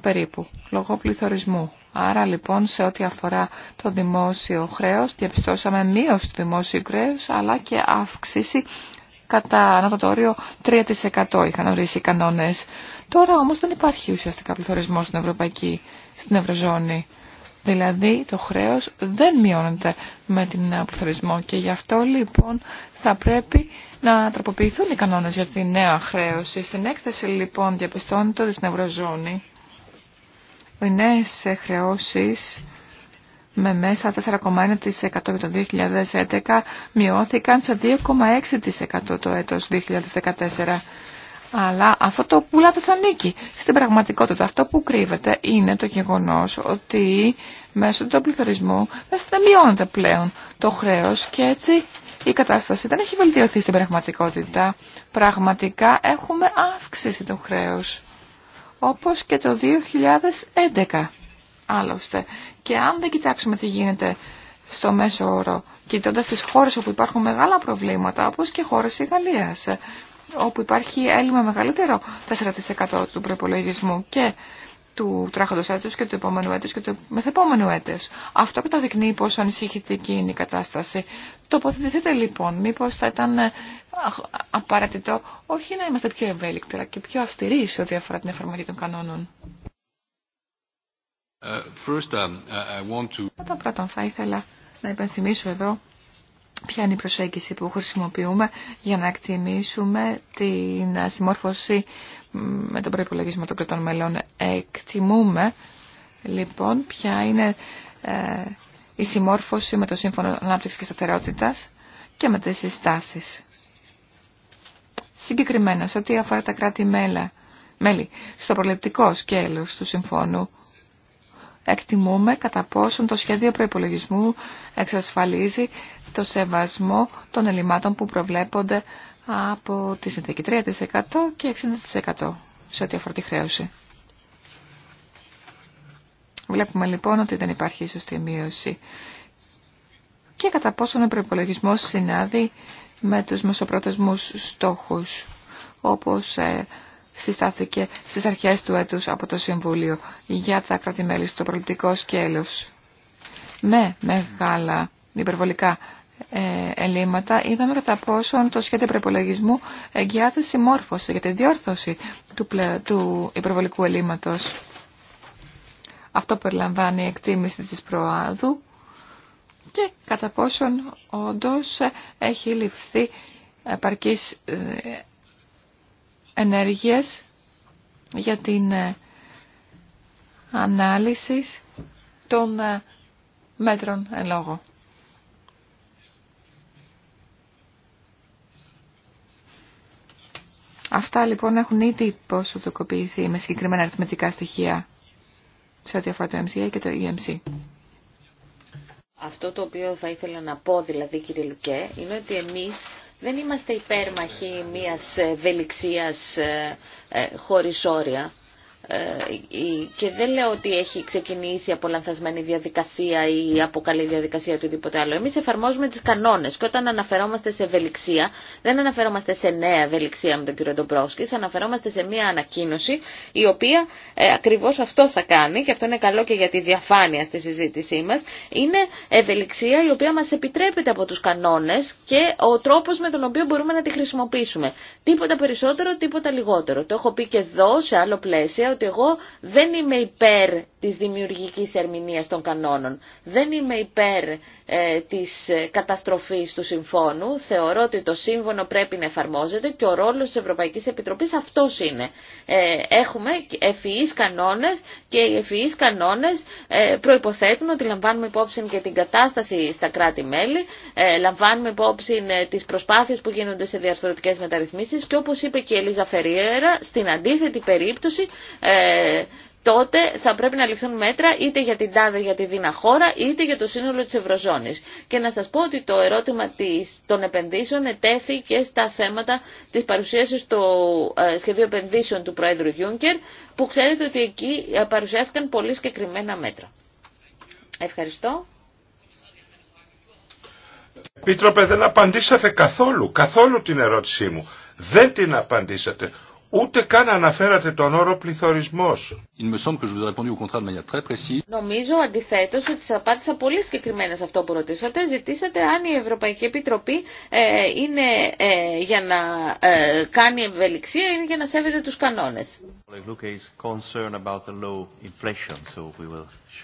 περίπου, λόγω πληθωρισμού. Άρα λοιπόν σε ό,τι αφορά το δημόσιο χρέος, διαπιστώσαμε μείωση του δημόσιου χρέους, αλλά και αύξηση κατά όριο 3% είχαν ορίσει οι κανόνες. Τώρα όμως δεν υπάρχει ουσιαστικά πληθωρισμός στην Ευρωπαϊκή, στην Ευρωζώνη. Δηλαδή το χρέος δεν μειώνεται με την νέα ε, πληθωρισμό και γι' αυτό λοιπόν θα πρέπει να τροποποιηθούν οι κανόνες για τη νέα χρέωση. Στην έκθεση λοιπόν διαπιστώνεται ότι στην Ευρωζώνη οι νέε χρεώσει με μέσα 4,1% το 2011 μειώθηκαν σε 2,6% το έτος 2014. Αλλά αυτό το πουλάτε σαν νίκη. Στην πραγματικότητα αυτό που κρύβεται είναι το γεγονός ότι μέσω του πληθωρισμού δεν μειώνεται πλέον το χρέος και έτσι η κατάσταση δεν έχει βελτιωθεί στην πραγματικότητα. Πραγματικά έχουμε αύξηση του χρέους όπως και το 2011 άλλωστε. Και αν δεν κοιτάξουμε τι γίνεται στο μέσο όρο, κοιτώντας τις χώρες όπου υπάρχουν μεγάλα προβλήματα, όπως και χώρες της Γαλλίας, όπου υπάρχει έλλειμμα μεγαλύτερο 4% του προπολογισμού και του τράχοντος έτους και του επόμενου έτους και του μεθεπόμενου έτους. Αυτό καταδεικνύει πόσο ανησυχητική είναι η κατάσταση. Τοποθετηθείτε λοιπόν, μήπως θα ήταν ε, απαραίτητο όχι να είμαστε πιο ευέλικτοι, αλλά και πιο αυστηροί σε ό,τι αφορά την εφαρμογή των κανόνων. Ε, um, Πρώτα Πρώτα θα ήθελα να υπενθυμίσω εδώ ποια είναι η προσέγγιση που χρησιμοποιούμε για να εκτιμήσουμε την συμμόρφωση με τον προϋπολογισμό των κρατών μελών. Εκτιμούμε λοιπόν ποια είναι ε, η συμμόρφωση με το Σύμφωνο Ανάπτυξης και σταθερότητα και με τι συστάσεις. Συγκεκριμένα, σε ό,τι αφορά τα κράτη-μέλη, στο προληπτικό σκέλος του Συμφώνου, εκτιμούμε κατά πόσον το σχέδιο προπολογισμού εξασφαλίζει το σεβασμό των ελλημάτων που προβλέπονται από τις συνθήκη 3% και 60% σε ό,τι αφορά τη χρέωση. Βλέπουμε λοιπόν ότι δεν υπάρχει σωστή μείωση. Και κατά πόσον ο προπολογισμό συνάδει με τους μεσοπρόθεσμους στόχους, όπως ε, συστάθηκε στις αρχές του έτους από το Συμβούλιο για τα κρατημέλη στο προληπτικό σκέλος. Με μεγάλα υπερβολικά ε, ελλείμματα είδαμε κατά πόσον το σχέδιο προπολογισμού εγγυάται συμμόρφωση για τη διόρθωση του, του υπερβολικού ελλείμματος. Αυτό περιλαμβάνει η εκτίμηση της προάδου και κατά πόσον όντως έχει ληφθεί επαρκής ε, ενέργειες για την ε, ανάλυση των ε, μέτρων εν λόγω. Αυτά λοιπόν έχουν ήδη ποσοτοκοποιηθεί με συγκεκριμένα αριθμητικά στοιχεία σε ό,τι αφορά το MCA και το EMC. Αυτό το οποίο θα ήθελα να πω δηλαδή κύριε Λουκέ είναι ότι εμείς δεν είμαστε υπέρμαχοι μιας ευελιξίας ε, ε χωρίς όρια. Ε, και δεν λέω ότι έχει ξεκινήσει από λανθασμένη διαδικασία ή από καλή διαδικασία ή οτιδήποτε άλλο. Εμείς εφαρμόζουμε τις κανόνες και όταν αναφερόμαστε σε ευελιξία, δεν αναφερόμαστε σε νέα ευελιξία με τον κύριο Ντομπρόσκη αναφερόμαστε σε μια ανακοίνωση η οποία ε, ακριβώς αυτό θα κάνει και αυτό είναι καλό και για τη διαφάνεια στη συζήτησή μας, είναι ευελιξία η οποία μας επιτρέπεται από τους κανόνες και ο τρόπος με τον οποίο μπορούμε να τη χρησιμοποιήσουμε. Τίποτα περισσότερο, τίποτα λιγότερο. Το έχω πει και εδώ σε άλλο πλαίσιο λέω ότι εγώ δεν είμαι υπέρ της δημιουργικής ερμηνείας των κανόνων. Δεν είμαι υπέρ ε, της ε, καταστροφής του συμφώνου. Θεωρώ ότι το σύμφωνο πρέπει να εφαρμόζεται και ο ρόλος της Ευρωπαϊκής Επιτροπής αυτός είναι. Ε, έχουμε ευφυείς κανόνες και οι ευφυείς κανόνες ε, προϋποθέτουν ότι λαμβάνουμε υπόψη και την κατάσταση στα κράτη-μέλη, ε, λαμβάνουμε υπόψη τις προσπάθειες που γίνονται σε διαρθρωτικές μεταρρυθμίσεις και όπως είπε και η Ελίζα Φεριέρα, στην αντίθετη περίπτωση ε, τότε θα πρέπει να ληφθούν μέτρα είτε για την τάδε για τη δίνα χώρα είτε για το σύνολο της Ευρωζώνης. Και να σας πω ότι το ερώτημα των επενδύσεων ετέθη και στα θέματα της παρουσίασης του ε, σχεδίου επενδύσεων του Πρόεδρου Γιούνκερ που ξέρετε ότι εκεί ε, παρουσιάστηκαν πολύ συγκεκριμένα μέτρα. Ευχαριστώ. Επίτροπε δεν απαντήσατε καθόλου, καθόλου την ερώτησή μου. Δεν την απαντήσατε. Ούτε καν αναφέρατε τον όρο πληθωρισμός. Νομίζω αντιθέτως ότι σας απάντησα πολύ συγκεκριμένα σε αυτό που ρωτήσατε. Ζητήσατε αν η Ευρωπαϊκή Επιτροπή ε, είναι ε, για να ε, κάνει ευελιξία ή για να σέβεται τους κανόνες.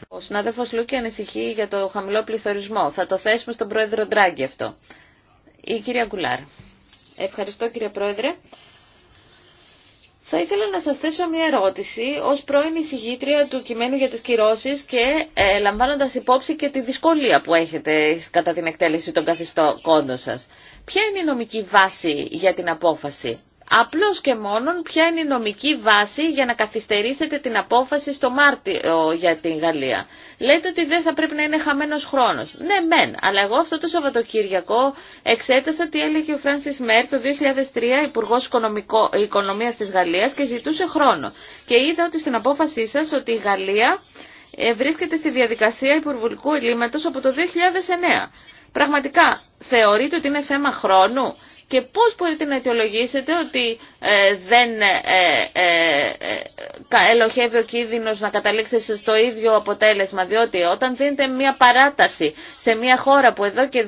Ο συνάδελφος Λούκη ανησυχεί για το χαμηλό πληθωρισμό. Θα το θέσουμε στον πρόεδρο Ντράγκη αυτό. Η κυρία Γκουλάρ. Ευχαριστώ κύριε πρόεδρε. Θα ήθελα να σας θέσω μια ερώτηση ως πρώην εισηγήτρια του κειμένου για τις κυρώσεις και ε, λαμβάνοντας υπόψη και τη δυσκολία που έχετε κατά την εκτέλεση των καθιστών κόντων σας. Ποια είναι η νομική βάση για την απόφαση Απλώς και μόνον ποια είναι η νομική βάση για να καθυστερήσετε την απόφαση στο Μάρτιο για την Γαλλία. Λέτε ότι δεν θα πρέπει να είναι χαμένος χρόνος. Ναι, μεν, αλλά εγώ αυτό το Σαββατοκύριακο εξέτασα τι έλεγε ο Φράνσις Μέρ το 2003 Υπουργό Οικονομίας της Γαλλίας και ζητούσε χρόνο. Και είδα ότι στην απόφασή σας ότι η Γαλλία ε, βρίσκεται στη διαδικασία υπουργικού ελλείμματος από το 2009. Πραγματικά, θεωρείτε ότι είναι θέμα χρόνου και πώς μπορείτε να αιτιολογήσετε ότι ε, δεν ε, ε, ελοχεύει ο κίνδυνος να καταλήξει στο ίδιο αποτέλεσμα, διότι όταν δίνεται μια παράταση σε μια χώρα που εδώ και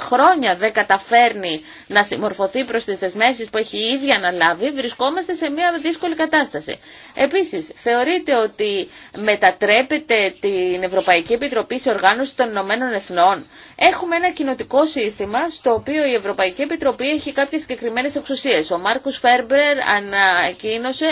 χρόνια δεν καταφέρνει να συμμορφωθεί προς τις δεσμεύσεις που έχει ήδη αναλάβει, βρισκόμαστε σε μια δύσκολη κατάσταση. Επίσης, θεωρείτε ότι μετατρέπεται την Ευρωπαϊκή Επιτροπή σε οργάνωση των Ηνωμένων Εθνών. Έχουμε ένα κοινοτικό σύστημα στο οποίο η Ευρωπαϊκή Επιτροπή έχει κάποιες συγκεκριμένε εξουσίες. Ο Μάρκους Φέρμπρερ ανακοίνωσε,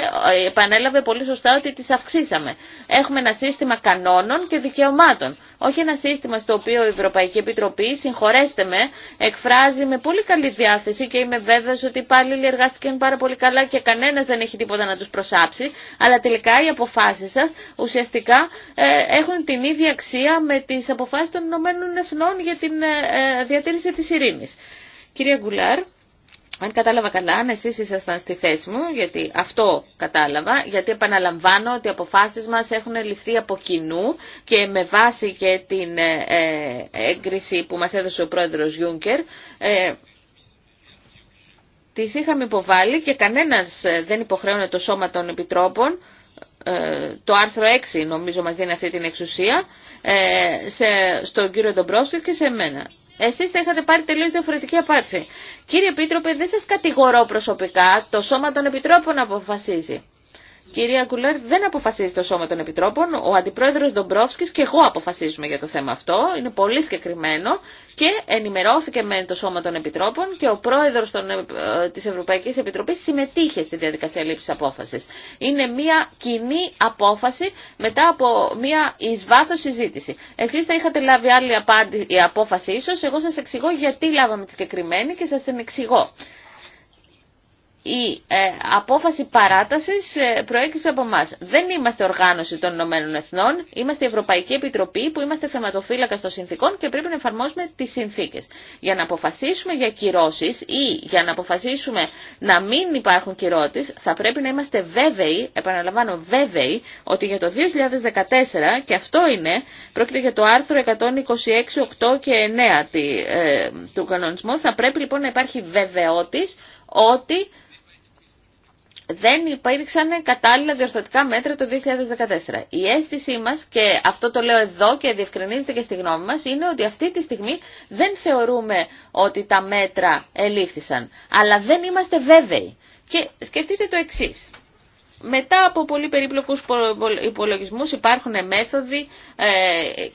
επανέλαβε πολύ σωστά ότι τις αυξήσαμε. Έχουμε ένα σύστημα κανόνων και δικαιωμάτων. Όχι ένα σύστημα στο οποίο η Ευρωπαϊκή Επιτροπή, συγχωρέστε με, εκφράζει με πολύ καλή διάθεση και είμαι βέβαιος ότι οι υπάλληλοι εργάστηκαν πάρα πολύ καλά και κανένας δεν έχει τίποτα να τους προσάψει, αλλά τελικά οι αποφάσεις σας ουσιαστικά ε, έχουν την ίδια αξία με τις αποφάσεις των Ηνωμένων Εθνών για την ε, ε, διατήρηση της ειρήνης. Κυρία Γκουλάρ, αν κατάλαβα καλά, αν εσείς ήσασταν στη θέση μου, γιατί αυτό κατάλαβα, γιατί επαναλαμβάνω ότι οι αποφάσεις μας έχουν ληφθεί από κοινού και με βάση και την έγκριση που μας έδωσε ο πρόεδρος Γιούνκερ, τις είχαμε υποβάλει και κανένας ε, δεν υποχρέωνε το σώμα των επιτρόπων, ε, το άρθρο 6 νομίζω μας δίνει αυτή την εξουσία, ε, στον κύριο Ντομπρόφσκι και σε μένα. Εσείς θα είχατε πάρει τελείως διαφορετική απάντηση. Κύριε Επίτροπε, δεν σας κατηγορώ προσωπικά, το σώμα των επιτρόπων αποφασίζει. Κυρία Κουλέρ δεν αποφασίζει το Σώμα των Επιτρόπων. Ο Αντιπρόεδρος Ντομπρόφσκης και εγώ αποφασίζουμε για το θέμα αυτό. Είναι πολύ συγκεκριμένο και ενημερώθηκε με το Σώμα των Επιτρόπων και ο Πρόεδρος των, ε, της Ευρωπαϊκής Επιτροπής συμμετείχε στη διαδικασία λήψης απόφασης. Είναι μια κοινή απόφαση μετά από μια εις βάθος συζήτηση. Εσείς θα είχατε λάβει άλλη απόφαση ίσως. Εγώ σας εξηγώ γιατί λάβαμε τη συγκεκριμένη και σας την εξηγώ η ε, απόφαση παράτασης ε, προέκυψε από εμά. Δεν είμαστε οργάνωση των Ηνωμένων Εθνών, είμαστε η Ευρωπαϊκή Επιτροπή που είμαστε θεματοφύλακα των συνθήκων και πρέπει να εφαρμόσουμε τις συνθήκες. Για να αποφασίσουμε για κυρώσεις ή για να αποφασίσουμε να μην υπάρχουν κυρώσει, θα πρέπει να είμαστε βέβαιοι, επαναλαμβάνω βέβαιοι, ότι για το 2014, και αυτό είναι, πρόκειται για το άρθρο 126, 8 και 9 ε, του κανονισμού, θα πρέπει λοιπόν να υπάρχει βεβαιότης ότι δεν υπήρξαν κατάλληλα διορθωτικά μέτρα το 2014. Η αίσθησή μας, και αυτό το λέω εδώ και διευκρινίζεται και στη γνώμη μας, είναι ότι αυτή τη στιγμή δεν θεωρούμε ότι τα μέτρα ελήφθησαν, αλλά δεν είμαστε βέβαιοι. Και σκεφτείτε το εξής μετά από πολύ περίπλοκους υπολογισμούς υπάρχουν μέθοδοι ε,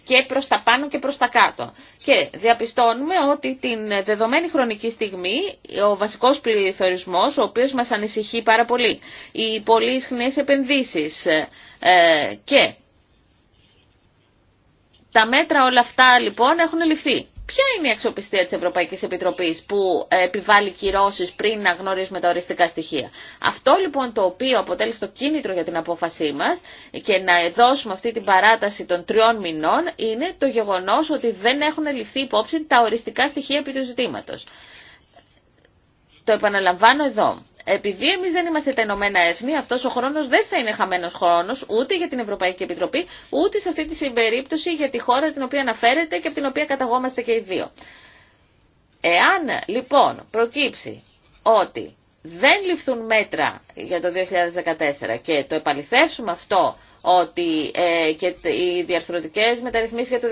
και προς τα πάνω και προς τα κάτω. Και διαπιστώνουμε ότι την δεδομένη χρονική στιγμή ο βασικός πληθωρισμός, ο οποίος μας ανησυχεί πάρα πολύ, οι πολύ ισχνές επενδύσεις ε, και τα μέτρα όλα αυτά λοιπόν έχουν ληφθεί. Ποια είναι η αξιοπιστία της Ευρωπαϊκής Επιτροπής που επιβάλλει κυρώσεις πριν να γνωρίζουμε τα οριστικά στοιχεία. Αυτό λοιπόν το οποίο αποτέλει το κίνητρο για την απόφασή μας και να δώσουμε αυτή την παράταση των τριών μηνών είναι το γεγονός ότι δεν έχουν ληφθεί υπόψη τα οριστικά στοιχεία επί του ζητήματος. Το επαναλαμβάνω εδώ επειδή εμεί δεν είμαστε τα Ηνωμένα Έθνη, αυτό ο χρόνο δεν θα είναι χαμένο χρόνο ούτε για την Ευρωπαϊκή Επιτροπή, ούτε σε αυτή τη συμπερίπτωση για τη χώρα την οποία αναφέρεται και από την οποία καταγόμαστε και οι δύο. Εάν λοιπόν προκύψει ότι δεν ληφθούν μέτρα για το 2014 και το επαληθεύσουμε αυτό ότι ε, και οι διαρθρωτικές μεταρρυθμίσεις για το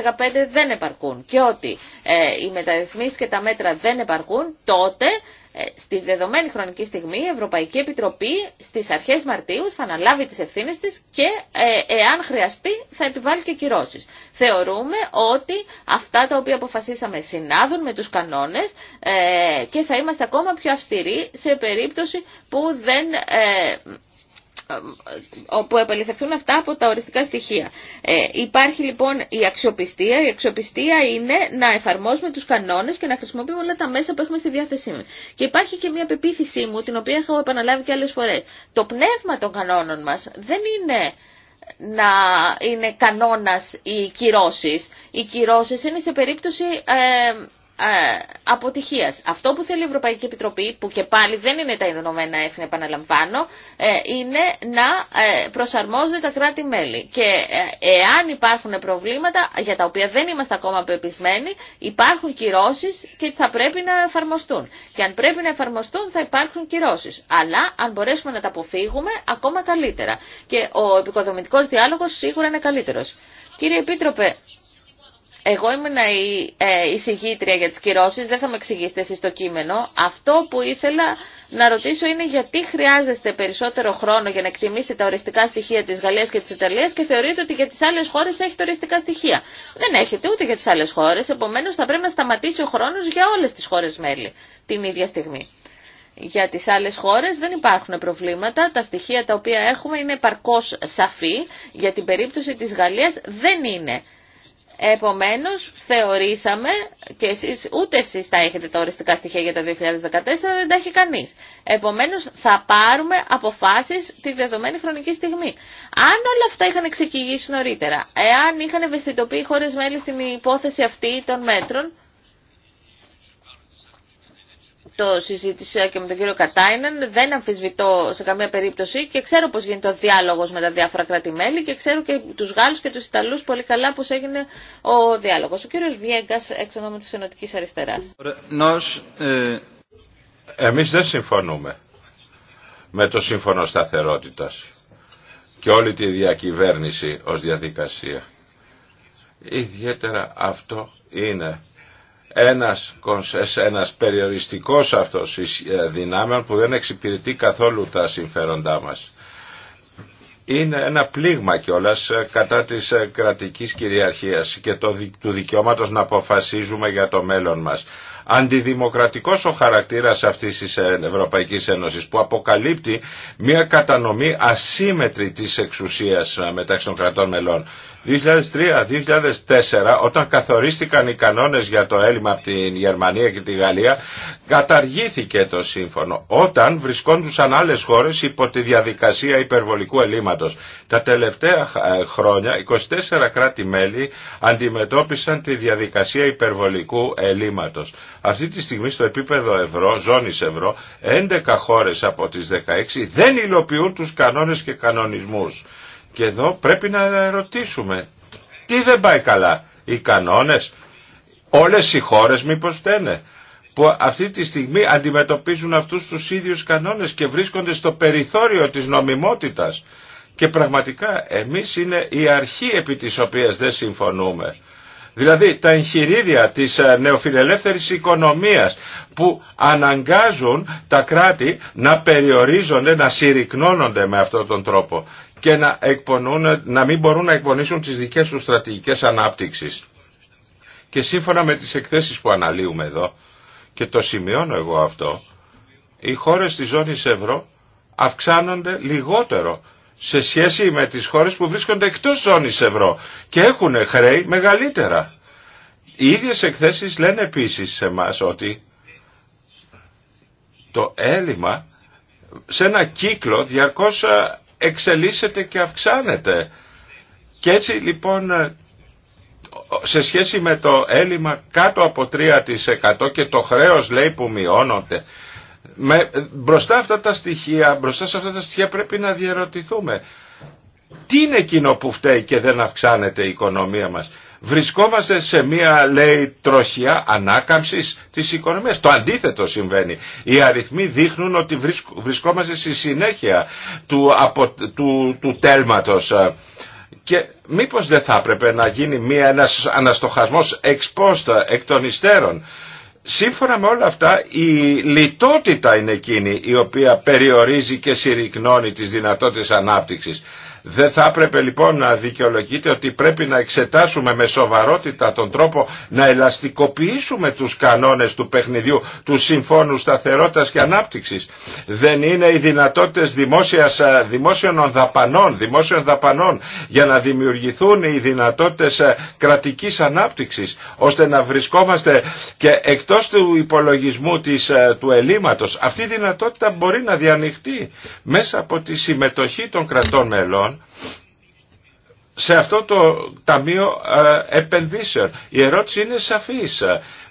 2015 δεν επαρκούν και ότι ε, οι μεταρρυθμίσεις και τα μέτρα δεν επαρκούν, τότε ε, στη δεδομένη χρονική στιγμή η Ευρωπαϊκή Επιτροπή στις αρχές Μαρτίου θα αναλάβει τις ευθύνες της και ε, εάν χρειαστεί θα επιβάλλει και κυρώσεις. Θεωρούμε ότι αυτά τα οποία αποφασίσαμε συνάδουν με τους κανόνες ε, και θα είμαστε ακόμα πιο αυστηροί σε περίπτωση που δεν όπου επαληθευτούν αυτά από τα οριστικά στοιχεία. Ε, υπάρχει λοιπόν η αξιοπιστία. Η αξιοπιστία είναι να εφαρμόζουμε τους κανόνες και να χρησιμοποιούμε όλα τα μέσα που έχουμε στη διάθεσή μας. Και υπάρχει και μια πεποίθησή μου, την οποία έχω επαναλάβει και άλλες φορές. Το πνεύμα των κανόνων μας δεν είναι να είναι κανόνας οι κυρώσεις. Οι κυρώσεις είναι σε περίπτωση... Ε, ε, αποτυχίας. Αυτό που θέλει η Ευρωπαϊκή Επιτροπή, που και πάλι δεν είναι τα Ηνωμένα Έθνη, επαναλαμβάνω, ε, είναι να ε, προσαρμόζονται τα κράτη-μέλη. Και εάν υπάρχουν προβλήματα, για τα οποία δεν είμαστε ακόμα πεπισμένοι, υπάρχουν κυρώσει και θα πρέπει να εφαρμοστούν. Και αν πρέπει να εφαρμοστούν, θα υπάρχουν κυρώσει. Αλλά, αν μπορέσουμε να τα αποφύγουμε, ακόμα καλύτερα. Και ο επικοδομητικό διάλογο σίγουρα είναι καλύτερο. Κύριε Επίτροπε, εγώ ήμουν η εισηγήτρια για τις κυρώσεις, δεν θα με εξηγήσετε εσείς το κείμενο. Αυτό που ήθελα να ρωτήσω είναι γιατί χρειάζεστε περισσότερο χρόνο για να εκτιμήσετε τα οριστικά στοιχεία της Γαλλίας και της Ιταλίας και θεωρείτε ότι για τις άλλες χώρες έχετε οριστικά στοιχεία. Δεν έχετε ούτε για τις άλλες χώρες, επομένως θα πρέπει να σταματήσει ο χρόνος για όλες τις χώρες μέλη την ίδια στιγμή. Για τις άλλες χώρες δεν υπάρχουν προβλήματα, τα στοιχεία τα οποία έχουμε είναι παρκώς σαφή, για την περίπτωση της Γαλλίας δεν είναι. Επομένως, θεωρήσαμε, και εσείς, ούτε εσείς τα έχετε τα οριστικά στοιχεία για το 2014, δεν τα έχει κανείς. Επομένως, θα πάρουμε αποφάσεις τη δεδομένη χρονική στιγμή. Αν όλα αυτά είχαν εξεκηγήσει νωρίτερα, εάν είχαν ευαισθητοποιεί χώρες μέλη στην υπόθεση αυτή των μέτρων, το συζήτησα και με τον κύριο Κατάινεν, δεν αμφισβητώ σε καμία περίπτωση και ξέρω πώς γίνεται ο διάλογος με τα διάφορα κράτη-μέλη και ξέρω και τους Γάλλους και τους Ιταλούς πολύ καλά πώς έγινε ο διάλογος. Ο κύριος Βιέγκας, εξ ονόματος της Ενωτικής Αριστεράς. Ε, Εμείς δεν συμφωνούμε με το Σύμφωνο Σταθερότητας και όλη τη διακυβέρνηση ως διαδικασία. Ιδιαίτερα αυτό είναι ένας, ένας περιοριστικός αυτός ε, δυνάμεων που δεν εξυπηρετεί καθόλου τα συμφέροντά μας. Είναι ένα πλήγμα κιόλας ε, κατά της ε, κρατικής κυριαρχίας και το, του δικαιώματος να αποφασίζουμε για το μέλλον μας αντιδημοκρατικός ο χαρακτήρας αυτής της ε, Ευρωπαϊκής Ένωσης που αποκαλύπτει μια κατανομή ασύμετρη της εξουσίας ε, μεταξύ των κρατών μελών. 2003-2004 όταν καθορίστηκαν οι κανόνες για το έλλειμμα από την Γερμανία και τη Γαλλία καταργήθηκε το σύμφωνο όταν βρισκόντουσαν άλλες χώρες υπό τη διαδικασία υπερβολικού ελλείμματος. Τα τελευταία ε, χρόνια 24 κράτη-μέλη αντιμετώπισαν τη διαδικασία υπερβολικού ελλείμματος. Αυτή τη στιγμή στο επίπεδο ευρώ, ζώνης ευρώ, 11 χώρες από τις 16 δεν υλοποιούν τους κανόνες και κανονισμούς. Και εδώ πρέπει να ερωτήσουμε, τι δεν πάει καλά, οι κανόνες, όλες οι χώρες μήπως φταίνε που αυτή τη στιγμή αντιμετωπίζουν αυτούς τους ίδιους κανόνες και βρίσκονται στο περιθώριο της νομιμότητας. Και πραγματικά εμείς είναι η αρχή επί της οποίας δεν συμφωνούμε. Δηλαδή τα εγχειρίδια της ε, νεοφιλελεύθερης οικονομίας που αναγκάζουν τα κράτη να περιορίζονται, να συρρυκνώνονται με αυτόν τον τρόπο και να, εκπονούν, να μην μπορούν να εκπονήσουν τις δικές τους στρατηγικές ανάπτυξης. Και σύμφωνα με τις εκθέσεις που αναλύουμε εδώ, και το σημειώνω εγώ αυτό, οι χώρες της ζώνης ευρώ αυξάνονται λιγότερο σε σχέση με τις χώρες που βρίσκονται εκτός ζώνης ευρώ και έχουν χρέη μεγαλύτερα. Οι ίδιες εκθέσεις λένε επίσης σε μας ότι το έλλειμμα σε ένα κύκλο διαρκώς εξελίσσεται και αυξάνεται. Και έτσι λοιπόν σε σχέση με το έλλειμμα κάτω από 3% και το χρέος λέει που μειώνονται με, μπροστά, αυτά τα στοιχεία, μπροστά σε αυτά τα στοιχεία πρέπει να διαρωτηθούμε. Τι είναι εκείνο που φταίει και δεν αυξάνεται η οικονομία μας. Βρισκόμαστε σε μια λέει τροχιά ανάκαμψης της οικονομίας. Το αντίθετο συμβαίνει. Οι αριθμοί δείχνουν ότι βρισκόμαστε στη συνέχεια του, τέλματος. Και μήπως δεν θα έπρεπε να γίνει μια, ένας αναστοχασμός εκ των υστέρων σύμφωνα με όλα αυτά η λιτότητα είναι εκείνη η οποία περιορίζει και συρρυκνώνει τις δυνατότητες ανάπτυξης. Δεν θα έπρεπε λοιπόν να δικαιολογείται ότι πρέπει να εξετάσουμε με σοβαρότητα τον τρόπο να ελαστικοποιήσουμε τους κανόνες του παιχνιδιού του Συμφώνου Σταθερότητας και Ανάπτυξης. Δεν είναι οι δυνατότητες δημόσιας, ε, δημόσιων δαπανών, δημόσιων δαπανών για να δημιουργηθούν οι δυνατότητες ε, κρατικής ανάπτυξης ώστε να βρισκόμαστε και εκτός του υπολογισμού της, ε, του ελλείμματος. Αυτή η δυνατότητα μπορεί να διανοιχτεί μέσα από τη συμμετοχή των κρατών μελών σε αυτό το Ταμείο ε, Επενδύσεων. Η ερώτηση είναι σαφής.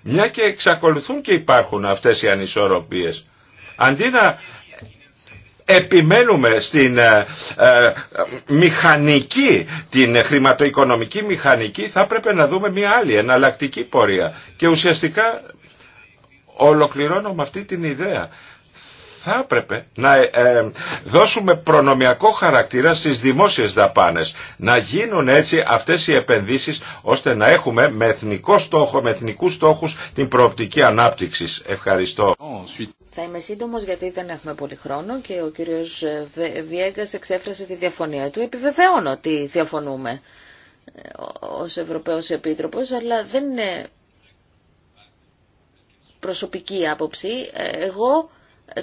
Μια και εξακολουθούν και υπάρχουν αυτές οι ανισορροπίες. Αντί να επιμένουμε στην ε, ε, μηχανική, την χρηματοοικονομική μηχανική, θα πρέπει να δούμε μια άλλη εναλλακτική πορεία. Και ουσιαστικά ολοκληρώνω με αυτή την ιδέα θα έπρεπε να ε, ε, δώσουμε προνομιακό χαρακτήρα στις δημόσιες δαπάνες. Να γίνουν έτσι αυτές οι επενδύσεις ώστε να έχουμε με εθνικό στόχο, με εθνικούς στόχους την προοπτική ανάπτυξη. Ευχαριστώ. Θα είμαι σύντομο γιατί δεν έχουμε πολύ χρόνο και ο κύριος ε, Βιέγκας εξέφρασε τη διαφωνία του. Επιβεβαιώνω ότι διαφωνούμε ως Ευρωπαίος Επίτροπος, αλλά δεν είναι προσωπική άποψη. Εγώ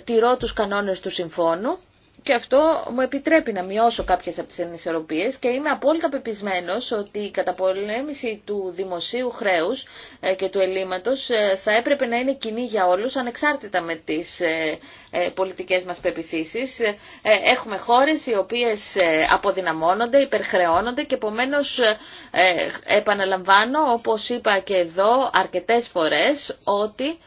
τηρώ τους κανόνες του συμφώνου και αυτό μου επιτρέπει να μειώσω κάποιες από τις ανισορροπίες και είμαι απόλυτα πεπισμένος ότι η καταπολέμηση του δημοσίου χρέους ε, και του ελλείμματος ε, θα έπρεπε να είναι κοινή για όλους ανεξάρτητα με τις ε, πολιτικές μας πεπιθήσεις. Έχουμε χώρες οι οποίες αποδυναμώνονται, υπερχρεώνονται και επομένω επαναλαμβάνω όπως είπα και εδώ αρκετές φορές ότι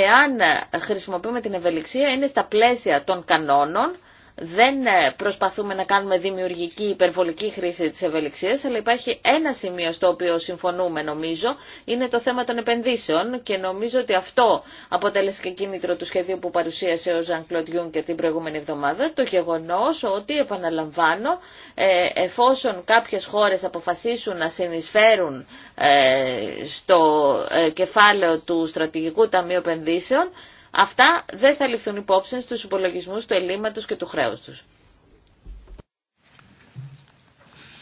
εάν χρησιμοποιούμε την ευελιξία, είναι στα πλαίσια των κανόνων δεν ε, προσπαθούμε να κάνουμε δημιουργική υπερβολική χρήση της ευελιξίας, αλλά υπάρχει ένα σημείο στο οποίο συμφωνούμε νομίζω, είναι το θέμα των επενδύσεων και νομίζω ότι αυτό αποτέλεσε και κίνητρο του σχεδίου που παρουσίασε ο Ζαν Κλοντιούν και την προηγούμενη εβδομάδα, το γεγονός ότι, επαναλαμβάνω, ε, εφόσον κάποιες χώρες αποφασίσουν να συνεισφέρουν ε, στο κεφάλαιο του Στρατηγικού Ταμείου Επενδύσεων, Αυτά δεν θα ληφθούν υπόψη στους υπολογισμούς του ελλείμματος και του χρέους τους.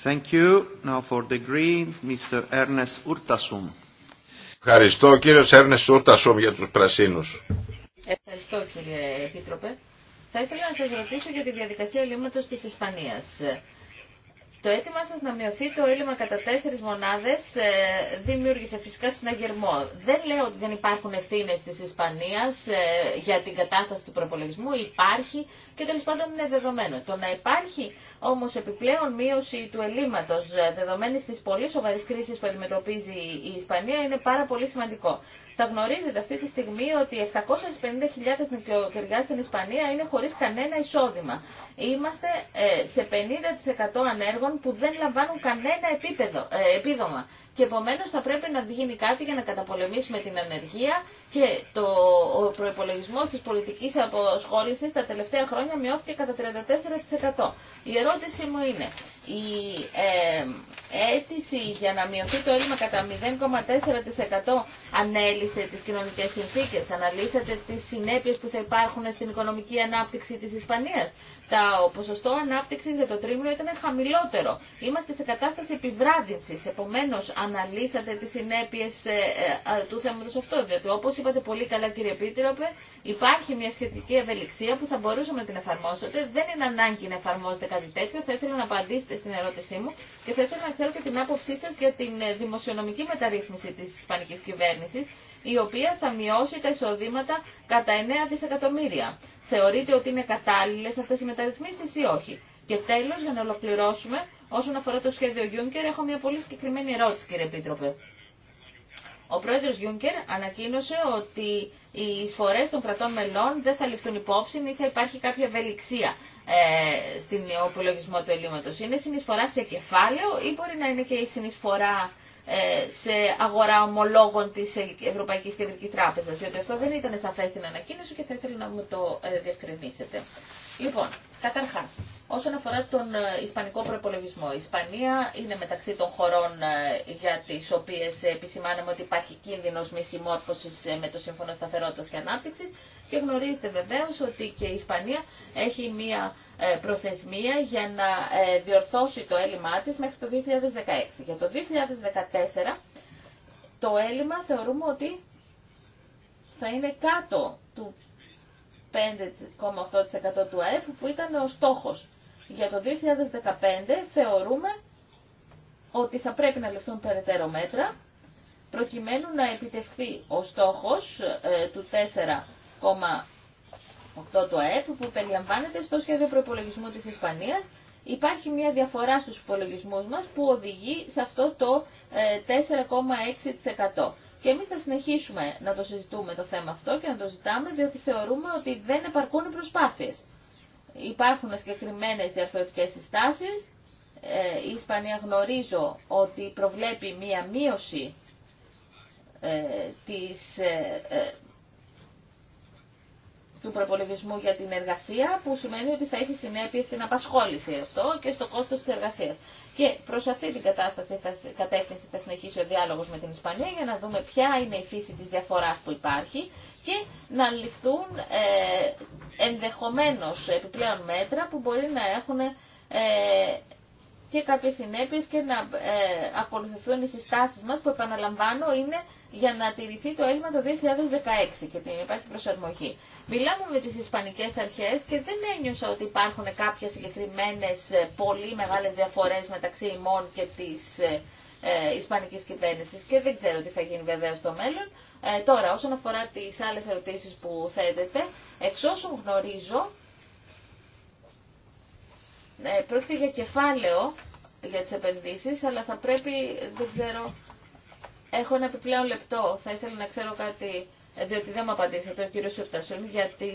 Thank you. Now for the green, Mr. Ernest Urtasun. Ευχαριστώ κύριος Έρνες Ούρτασομ για τους πρασίνους. Ευχαριστώ κύριε Επίτροπε. Θα ήθελα να σας ρωτήσω για τη διαδικασία ελλείμματος της Ισπανίας. Το αίτημα σας να μειωθεί το έλλειμμα κατά τέσσερις μονάδες ε, δημιούργησε φυσικά συναγερμό. Δεν λέω ότι δεν υπάρχουν ευθύνε της Ισπανίας ε, για την κατάσταση του προπολογισμού, υπάρχει και τέλο πάντων είναι δεδομένο. Το να υπάρχει όμως επιπλέον μείωση του ελλείμματος ε, δεδομένη της πολύ σοβαρής κρίσης που αντιμετωπίζει η Ισπανία είναι πάρα πολύ σημαντικό. Θα γνωρίζετε αυτή τη στιγμή ότι 750.000 νοικοκυριά στην Ισπανία είναι χωρίς κανένα εισόδημα. Είμαστε ε, σε 50% ανέργων που δεν λαμβάνουν κανένα ε, επίδομα. Και επομένω θα πρέπει να γίνει κάτι για να καταπολεμήσουμε την ανεργία και το, ο προπολογισμό τη πολιτική αποσχόληση τα τελευταία χρόνια μειώθηκε κατά 34%. Η ερώτησή μου είναι, η ε, αίτηση για να μειωθεί το έλλειμμα κατά 0,4% ανέλησε τις κοινωνικές συνθήκες, αναλύσατε τις συνέπειες που θα υπάρχουν στην οικονομική ανάπτυξη της Ισπανίας το ποσοστό ανάπτυξης για το τρίμηνο ήταν χαμηλότερο. Είμαστε σε κατάσταση επιβράδυνσης, επομένως αναλύσατε τις συνέπειες ε, ε, του θέματος αυτό, διότι όπως είπατε πολύ καλά κύριε Πίτροπε, υπάρχει μια σχετική ευελιξία που θα μπορούσαμε να την εφαρμόσετε, δεν είναι ανάγκη να εφαρμόζετε κάτι τέτοιο, θα ήθελα να απαντήσετε στην ερώτησή μου και θα ήθελα να ξέρω και την άποψή σας για την ε, δημοσιονομική μεταρρύθμιση της ισπανική κυβέρνησης, η οποία θα μειώσει τα εισοδήματα κατά 9 δισεκατομμύρια θεωρείτε ότι είναι κατάλληλες αυτές οι μεταρρυθμίσεις ή όχι. Και τέλος, για να ολοκληρώσουμε, όσον αφορά το σχέδιο Juncker, έχω μια πολύ συγκεκριμένη ερώτηση, κύριε Επίτροπε. Ο πρόεδρος Γιούνκερ ανακοίνωσε ότι οι εισφορές των κρατών μελών δεν θα ληφθούν υπόψη ή θα υπάρχει κάποια ευελιξία ε, στην ε, υπολογισμό του ελλείμματος. Είναι συνεισφορά σε κεφάλαιο ή μπορεί να είναι και η συνεισφορά ε, σε αγορά ομολόγων της Ευρωπαϊκής Κεντρικής Τράπεζας, διότι αυτό δεν ήταν σαφές στην ανακοίνωση και θα ήθελα να μου το ε, διευκρινίσετε. Λοιπόν, καταρχά, όσον αφορά τον ε, Ισπανικό προπολογισμό, η Ισπανία είναι μεταξύ των χωρών ε, για τι οποίε ε, επισημάναμε ότι υπάρχει κίνδυνο μη συμμόρφωση με το Σύμφωνο Σταθερότητα και Ανάπτυξη και γνωρίζετε βεβαίω ότι και η Ισπανία έχει μία προθεσμία για να διορθώσει το έλλειμμά τη μέχρι το 2016. Για το 2014 το έλλειμμα θεωρούμε ότι θα είναι κάτω του 5,8% του ΑΕΠ που ήταν ο στόχος. Για το 2015 θεωρούμε ότι θα πρέπει να ληφθούν περαιτέρω μέτρα προκειμένου να επιτευχθεί ο στόχος ε, του 4,8 του ΑΕΠ που περιλαμβάνεται στο σχέδιο προπολογισμού της Ισπανίας. Υπάρχει μια διαφορά στους υπολογισμούς μας που οδηγεί σε αυτό το 4,6%. Ε, και εμεί θα συνεχίσουμε να το συζητούμε το θέμα αυτό και να το ζητάμε, διότι θεωρούμε ότι δεν επαρκούν οι προσπάθειες. Υπάρχουν συγκεκριμένε διαρθρωτικές συστάσει. Ε, η Ισπανία γνωρίζω ότι προβλέπει μία μείωση ε, της, ε, του προπολογισμού για την εργασία, που σημαίνει ότι θα έχει συνέπειε στην απασχόληση αυτό και στο κόστος της εργασίας. Και προ αυτή την κατάσταση κατεύθυνση θα συνεχίσει ο διάλογο με την Ισπανία για να δούμε ποια είναι η φύση τη διαφορά που υπάρχει και να ληφθούν ε, ενδεχομένως επιπλέον μέτρα που μπορεί να έχουν ε, και κάποιες συνέπειες και να ε, ακολουθηθούν οι συστάσεις μας που επαναλαμβάνω είναι για να τηρηθεί το έλλειμμα το 2016 και την υπάρχει προσαρμογή. Μιλάμε με τις Ισπανικές αρχές και δεν ένιωσα ότι υπάρχουν κάποιες συγκεκριμένες ε, πολύ μεγάλες διαφορές μεταξύ ημών και της ε, ε, Ισπανικής κυβέρνησης και δεν ξέρω τι θα γίνει βέβαια στο μέλλον. Ε, τώρα όσον αφορά τις άλλες ερωτήσεις που θέτετε, εξ όσων γνωρίζω ναι, πρόκειται για κεφάλαιο για τις επενδύσεις, αλλά θα πρέπει, δεν ξέρω, έχω ένα επιπλέον λεπτό, θα ήθελα να ξέρω κάτι, διότι δεν μου απαντήσατε, ο κύριο Σουρτασούν, για τη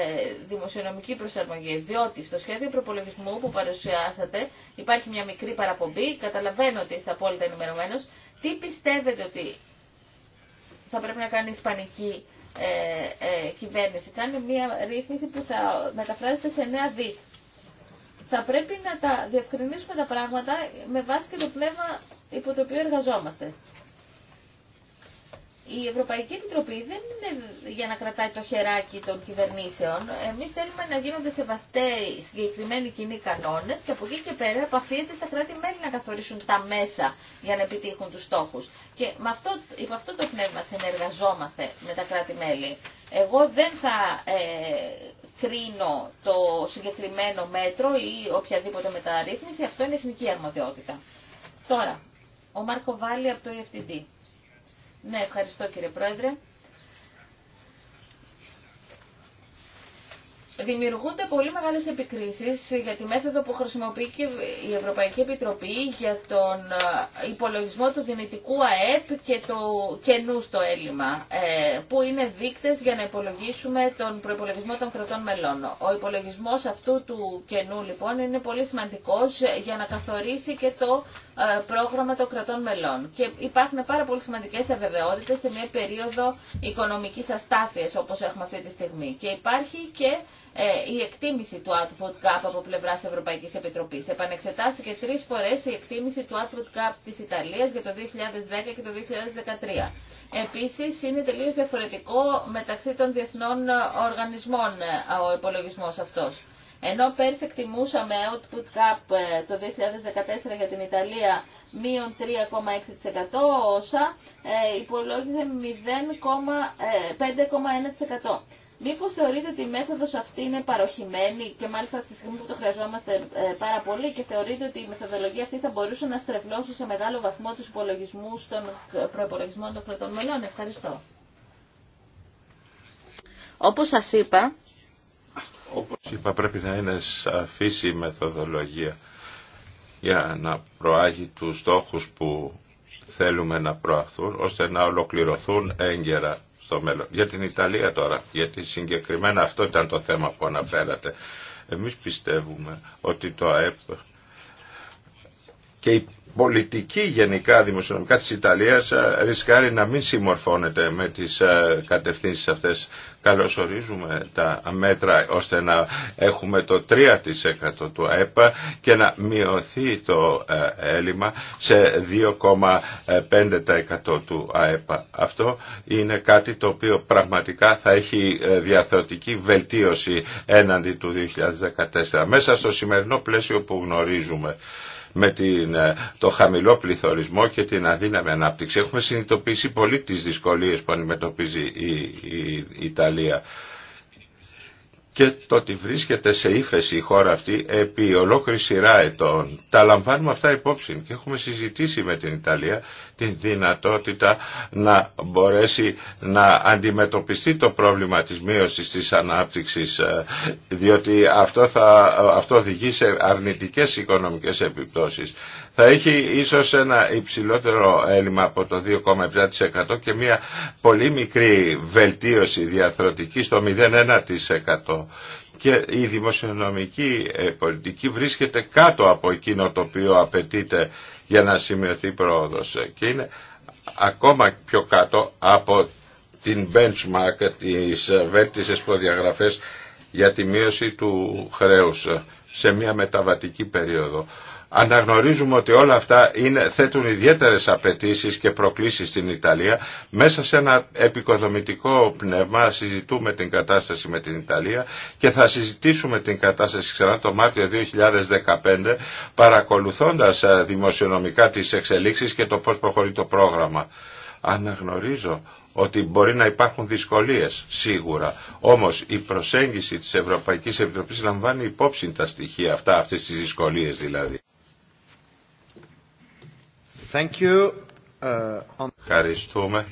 ε, δημοσιονομική προσαρμογή. Διότι στο σχέδιο προπολογισμού που παρουσιάσατε υπάρχει μια μικρή παραπομπή, καταλαβαίνω ότι είστε απόλυτα ενημερωμένο. Τι πιστεύετε ότι θα πρέπει να κάνει η Ισπανική ε, ε, κυβέρνηση. Κάνει μια ρύθμιση που θα μεταφράζεται σε νέα δις θα πρέπει να τα διευκρινίσουμε τα πράγματα με βάση και το πνεύμα υπό το οποίο εργαζόμαστε. Η Ευρωπαϊκή Επιτροπή δεν είναι για να κρατάει το χεράκι των κυβερνήσεων. Εμεί θέλουμε να γίνονται σεβαστέοι συγκεκριμένοι κοινοί κανόνε και από εκεί και πέρα επαφείται στα κράτη-μέλη να καθορίσουν τα μέσα για να επιτύχουν του στόχου. Και με αυτό, αυτό το πνεύμα συνεργαζόμαστε με τα κράτη-μέλη. Εγώ δεν θα ε, κρίνω το συγκεκριμένο μέτρο ή οποιαδήποτε μεταρρύθμιση, αυτό είναι εθνική αρμοδιότητα. Τώρα, ο Μάρκο Βάλλη από το EFTD. Ναι, ευχαριστώ κύριε Πρόεδρε. δημιουργούνται πολύ μεγάλες επικρίσεις για τη μέθοδο που χρησιμοποιεί και η Ευρωπαϊκή Επιτροπή για τον ε, υπολογισμό του δυνητικού ΑΕΠ και του κενού στο έλλειμμα, ε, που είναι δείκτες για να υπολογίσουμε τον προϋπολογισμό των κρατών μελών. Ο υπολογισμός αυτού του κενού λοιπόν είναι πολύ σημαντικός για να καθορίσει και το ε, πρόγραμμα των κρατών μελών. Και υπάρχουν πάρα πολύ σημαντικές αβεβαιότητες σε μια περίοδο οικονομικής αστάθειας όπως έχουμε αυτή τη στιγμή. Και υπάρχει και ε, η εκτίμηση του Output Gap από πλευρά Ευρωπαϊκή Επιτροπή. Επανεξετάστηκε τρει φορέ η εκτίμηση του Output Gap τη Ιταλία για το 2010 και το 2013. Επίση, είναι τελείω διαφορετικό μεταξύ των διεθνών οργανισμών ε, ο υπολογισμό αυτό. Ενώ πέρσι εκτιμούσαμε output cap ε, το 2014 για την Ιταλία μείον 3,6%, όσα υπολόγιζε 0,5,1%. Μήπω θεωρείτε ότι η μέθοδος αυτή είναι παροχημένη και μάλιστα στη στιγμή που το χρειαζόμαστε ε, πάρα πολύ και θεωρείτε ότι η μεθοδολογία αυτή θα μπορούσε να στρεβλώσει σε μεγάλο βαθμό τους υπολογισμούς των ε, προπολογισμών των κρατών μελών. Ευχαριστώ. Όπως σας είπα... Όπως είπα πρέπει να είναι σαφής η μεθοδολογία για να προάγει του στόχου που θέλουμε να προαχθούν ώστε να ολοκληρωθούν έγκαιρα στο μέλλον. Για την Ιταλία τώρα, γιατί συγκεκριμένα αυτό ήταν το θέμα που αναφέρατε. Εμείς πιστεύουμε ότι το ΑΕΠ πολιτική γενικά δημοσιονομικά της Ιταλίας ε, ρισκάρει να μην συμμορφώνεται με τις ε, κατευθύνσεις αυτές. Καλωσορίζουμε τα μέτρα ώστε να έχουμε το 3% του ΑΕΠΑ και να μειωθεί το ε, έλλειμμα σε 2,5% του ΑΕΠΑ. Αυτό είναι κάτι το οποίο πραγματικά θα έχει διαθεωτική βελτίωση έναντι του 2014 μέσα στο σημερινό πλαίσιο που γνωρίζουμε με την, ε, το χαμηλό πληθωρισμό και την αδύναμη ανάπτυξη. Έχουμε συνειδητοποιήσει πολύ τις δυσκολίες που αντιμετωπίζει η, η Ιταλία και το ότι βρίσκεται σε ύφεση η χώρα αυτή επί ολόκληρη σειρά ετών. Τα λαμβάνουμε αυτά υπόψη και έχουμε συζητήσει με την Ιταλία την δυνατότητα να μπορέσει να αντιμετωπιστεί το πρόβλημα της μείωσης της ανάπτυξης ε, διότι αυτό, θα, ε, αυτό οδηγεί σε αρνητικές οικονομικές επιπτώσεις θα έχει ίσως ένα υψηλότερο έλλειμμα από το 2,7% και μια πολύ μικρή βελτίωση διαρθρωτική στο 0,1% και η δημοσιονομική ε, πολιτική βρίσκεται κάτω από εκείνο το οποίο απαιτείται για να σημειωθεί πρόοδος και είναι ακόμα πιο κάτω από την benchmark της βέλτισες προδιαγραφές για τη μείωση του χρέους σε μια μεταβατική περίοδο. Αναγνωρίζουμε ότι όλα αυτά είναι, θέτουν ιδιαίτερες απαιτήσεις και προκλήσεις στην Ιταλία. Μέσα σε ένα επικοδομητικό πνεύμα συζητούμε την κατάσταση με την Ιταλία και θα συζητήσουμε την κατάσταση ξανά το Μάρτιο 2015 παρακολουθώντας δημοσιονομικά τις εξελίξεις και το πώς προχωρεί το πρόγραμμα. Αναγνωρίζω ότι μπορεί να υπάρχουν δυσκολίες σίγουρα. Όμως η προσέγγιση της Ευρωπαϊκής Επιτροπής λαμβάνει υπόψη τα στοιχεία αυτά, αυτές τις δυσκολίες δηλαδή. Uh, Ευχαριστούμε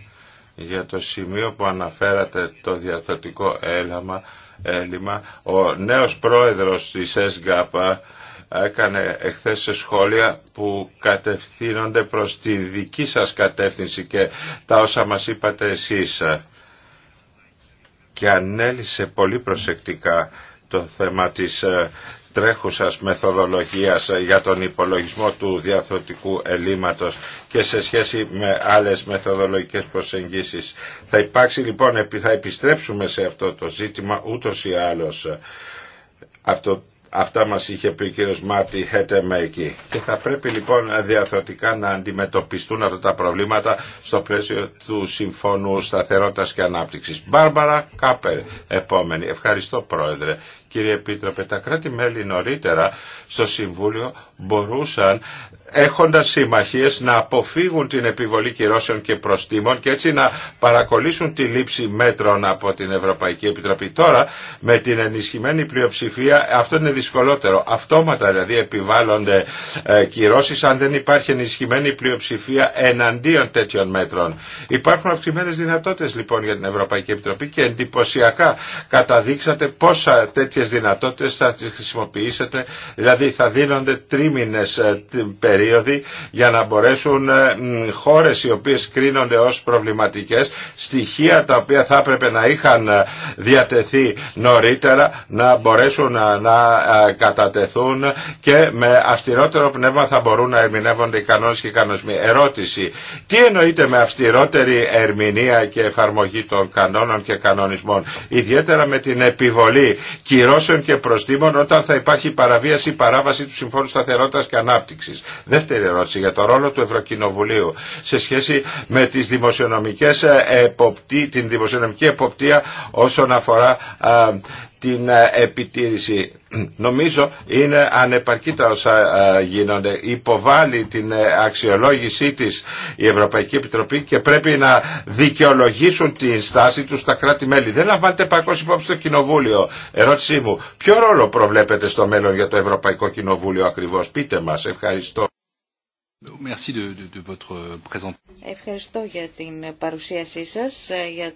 για το σημείο που αναφέρατε το διαρθρωτικό έλαμα, έλλειμμα. Ο νέος πρόεδρος της ΕΣΓΑΠΑ ε, έκανε εχθές σχόλια που κατευθύνονται προς τη δική σας κατεύθυνση και τα όσα μας είπατε εσείς και ανέλησε πολύ προσεκτικά το θέμα της ε, τρέχουσας μεθοδολογίας για τον υπολογισμό του διαθροτικού ελλείμματος και σε σχέση με άλλες μεθοδολογικές προσεγγίσεις. Θα υπάρξει λοιπόν, θα επιστρέψουμε σε αυτό το ζήτημα ούτως ή άλλως. Αυτό Αυτά μας είχε πει ο κύριος Μάρτι Χέτεμέκη. Και θα πρέπει λοιπόν διαθροτικά να αντιμετωπιστούν αυτά τα προβλήματα στο πλαίσιο του Συμφώνου Σταθερότητας και Ανάπτυξης. Μπάρμπαρα Κάπερ, επόμενη. Ευχαριστώ πρόεδρε κύριε Επίτροπε, τα κράτη-μέλη νωρίτερα στο Συμβούλιο μπορούσαν έχοντας συμμαχίες να αποφύγουν την επιβολή κυρώσεων και προστήμων και έτσι να παρακολύσουν τη λήψη μέτρων από την Ευρωπαϊκή Επιτροπή. Τώρα με την ενισχυμένη πλειοψηφία αυτό είναι δυσκολότερο. Αυτόματα δηλαδή επιβάλλονται ε, κυρώσεις αν δεν υπάρχει ενισχυμένη πλειοψηφία εναντίον τέτοιων μέτρων. Υπάρχουν αυξημένες δυνατότητες λοιπόν για την Ευρωπαϊκή Επιτροπή και εντυπωσιακά καταδείξατε πόσα τέτοια τέτοιες δυνατότητες θα τις χρησιμοποιήσετε, δηλαδή θα δίνονται τρίμηνες ε, περίοδοι για να μπορέσουν ε, χώρες οι οποίες κρίνονται ως προβληματικές, στοιχεία τα οποία θα έπρεπε να είχαν ε, διατεθεί νωρίτερα, να μπορέσουν να κατατεθούν και με αυστηρότερο πνεύμα θα μπορούν να ερμηνεύονται οι κανόνες και οι κανονισμοί. Ερώτηση, τι εννοείται με αυστηρότερη ερμηνεία και εφαρμογή των κανόνων και κανονισμών, ιδιαίτερα με την επιβολή κυρώσεων και προστήμων όταν θα υπάρχει παραβίαση ή παράβαση του Συμφώνου Σταθερότητας και Ανάπτυξης. Δεύτερη ερώτηση για το ρόλο του Ευρωκοινοβουλίου σε σχέση με τις δημοσιονομικές ε, εποπτή, την δημοσιονομική εποπτεία όσον αφορά την ε, επιτήρηση Νομίζω είναι ανεπαρκή τα όσα ε, γίνονται. Υποβάλλει την ε, αξιολόγησή της η Ευρωπαϊκή Επιτροπή και πρέπει να δικαιολογήσουν την στάση τους στα κράτη-μέλη. Δεν λαμβάνεται παρκώ υπόψη το Κοινοβούλιο. Ερώτησή μου, ποιο ρόλο προβλέπετε στο μέλλον για το Ευρωπαϊκό Κοινοβούλιο ακριβώς. Πείτε μας. Ευχαριστώ. Ευχαριστώ για την παρουσίασή σας, ε,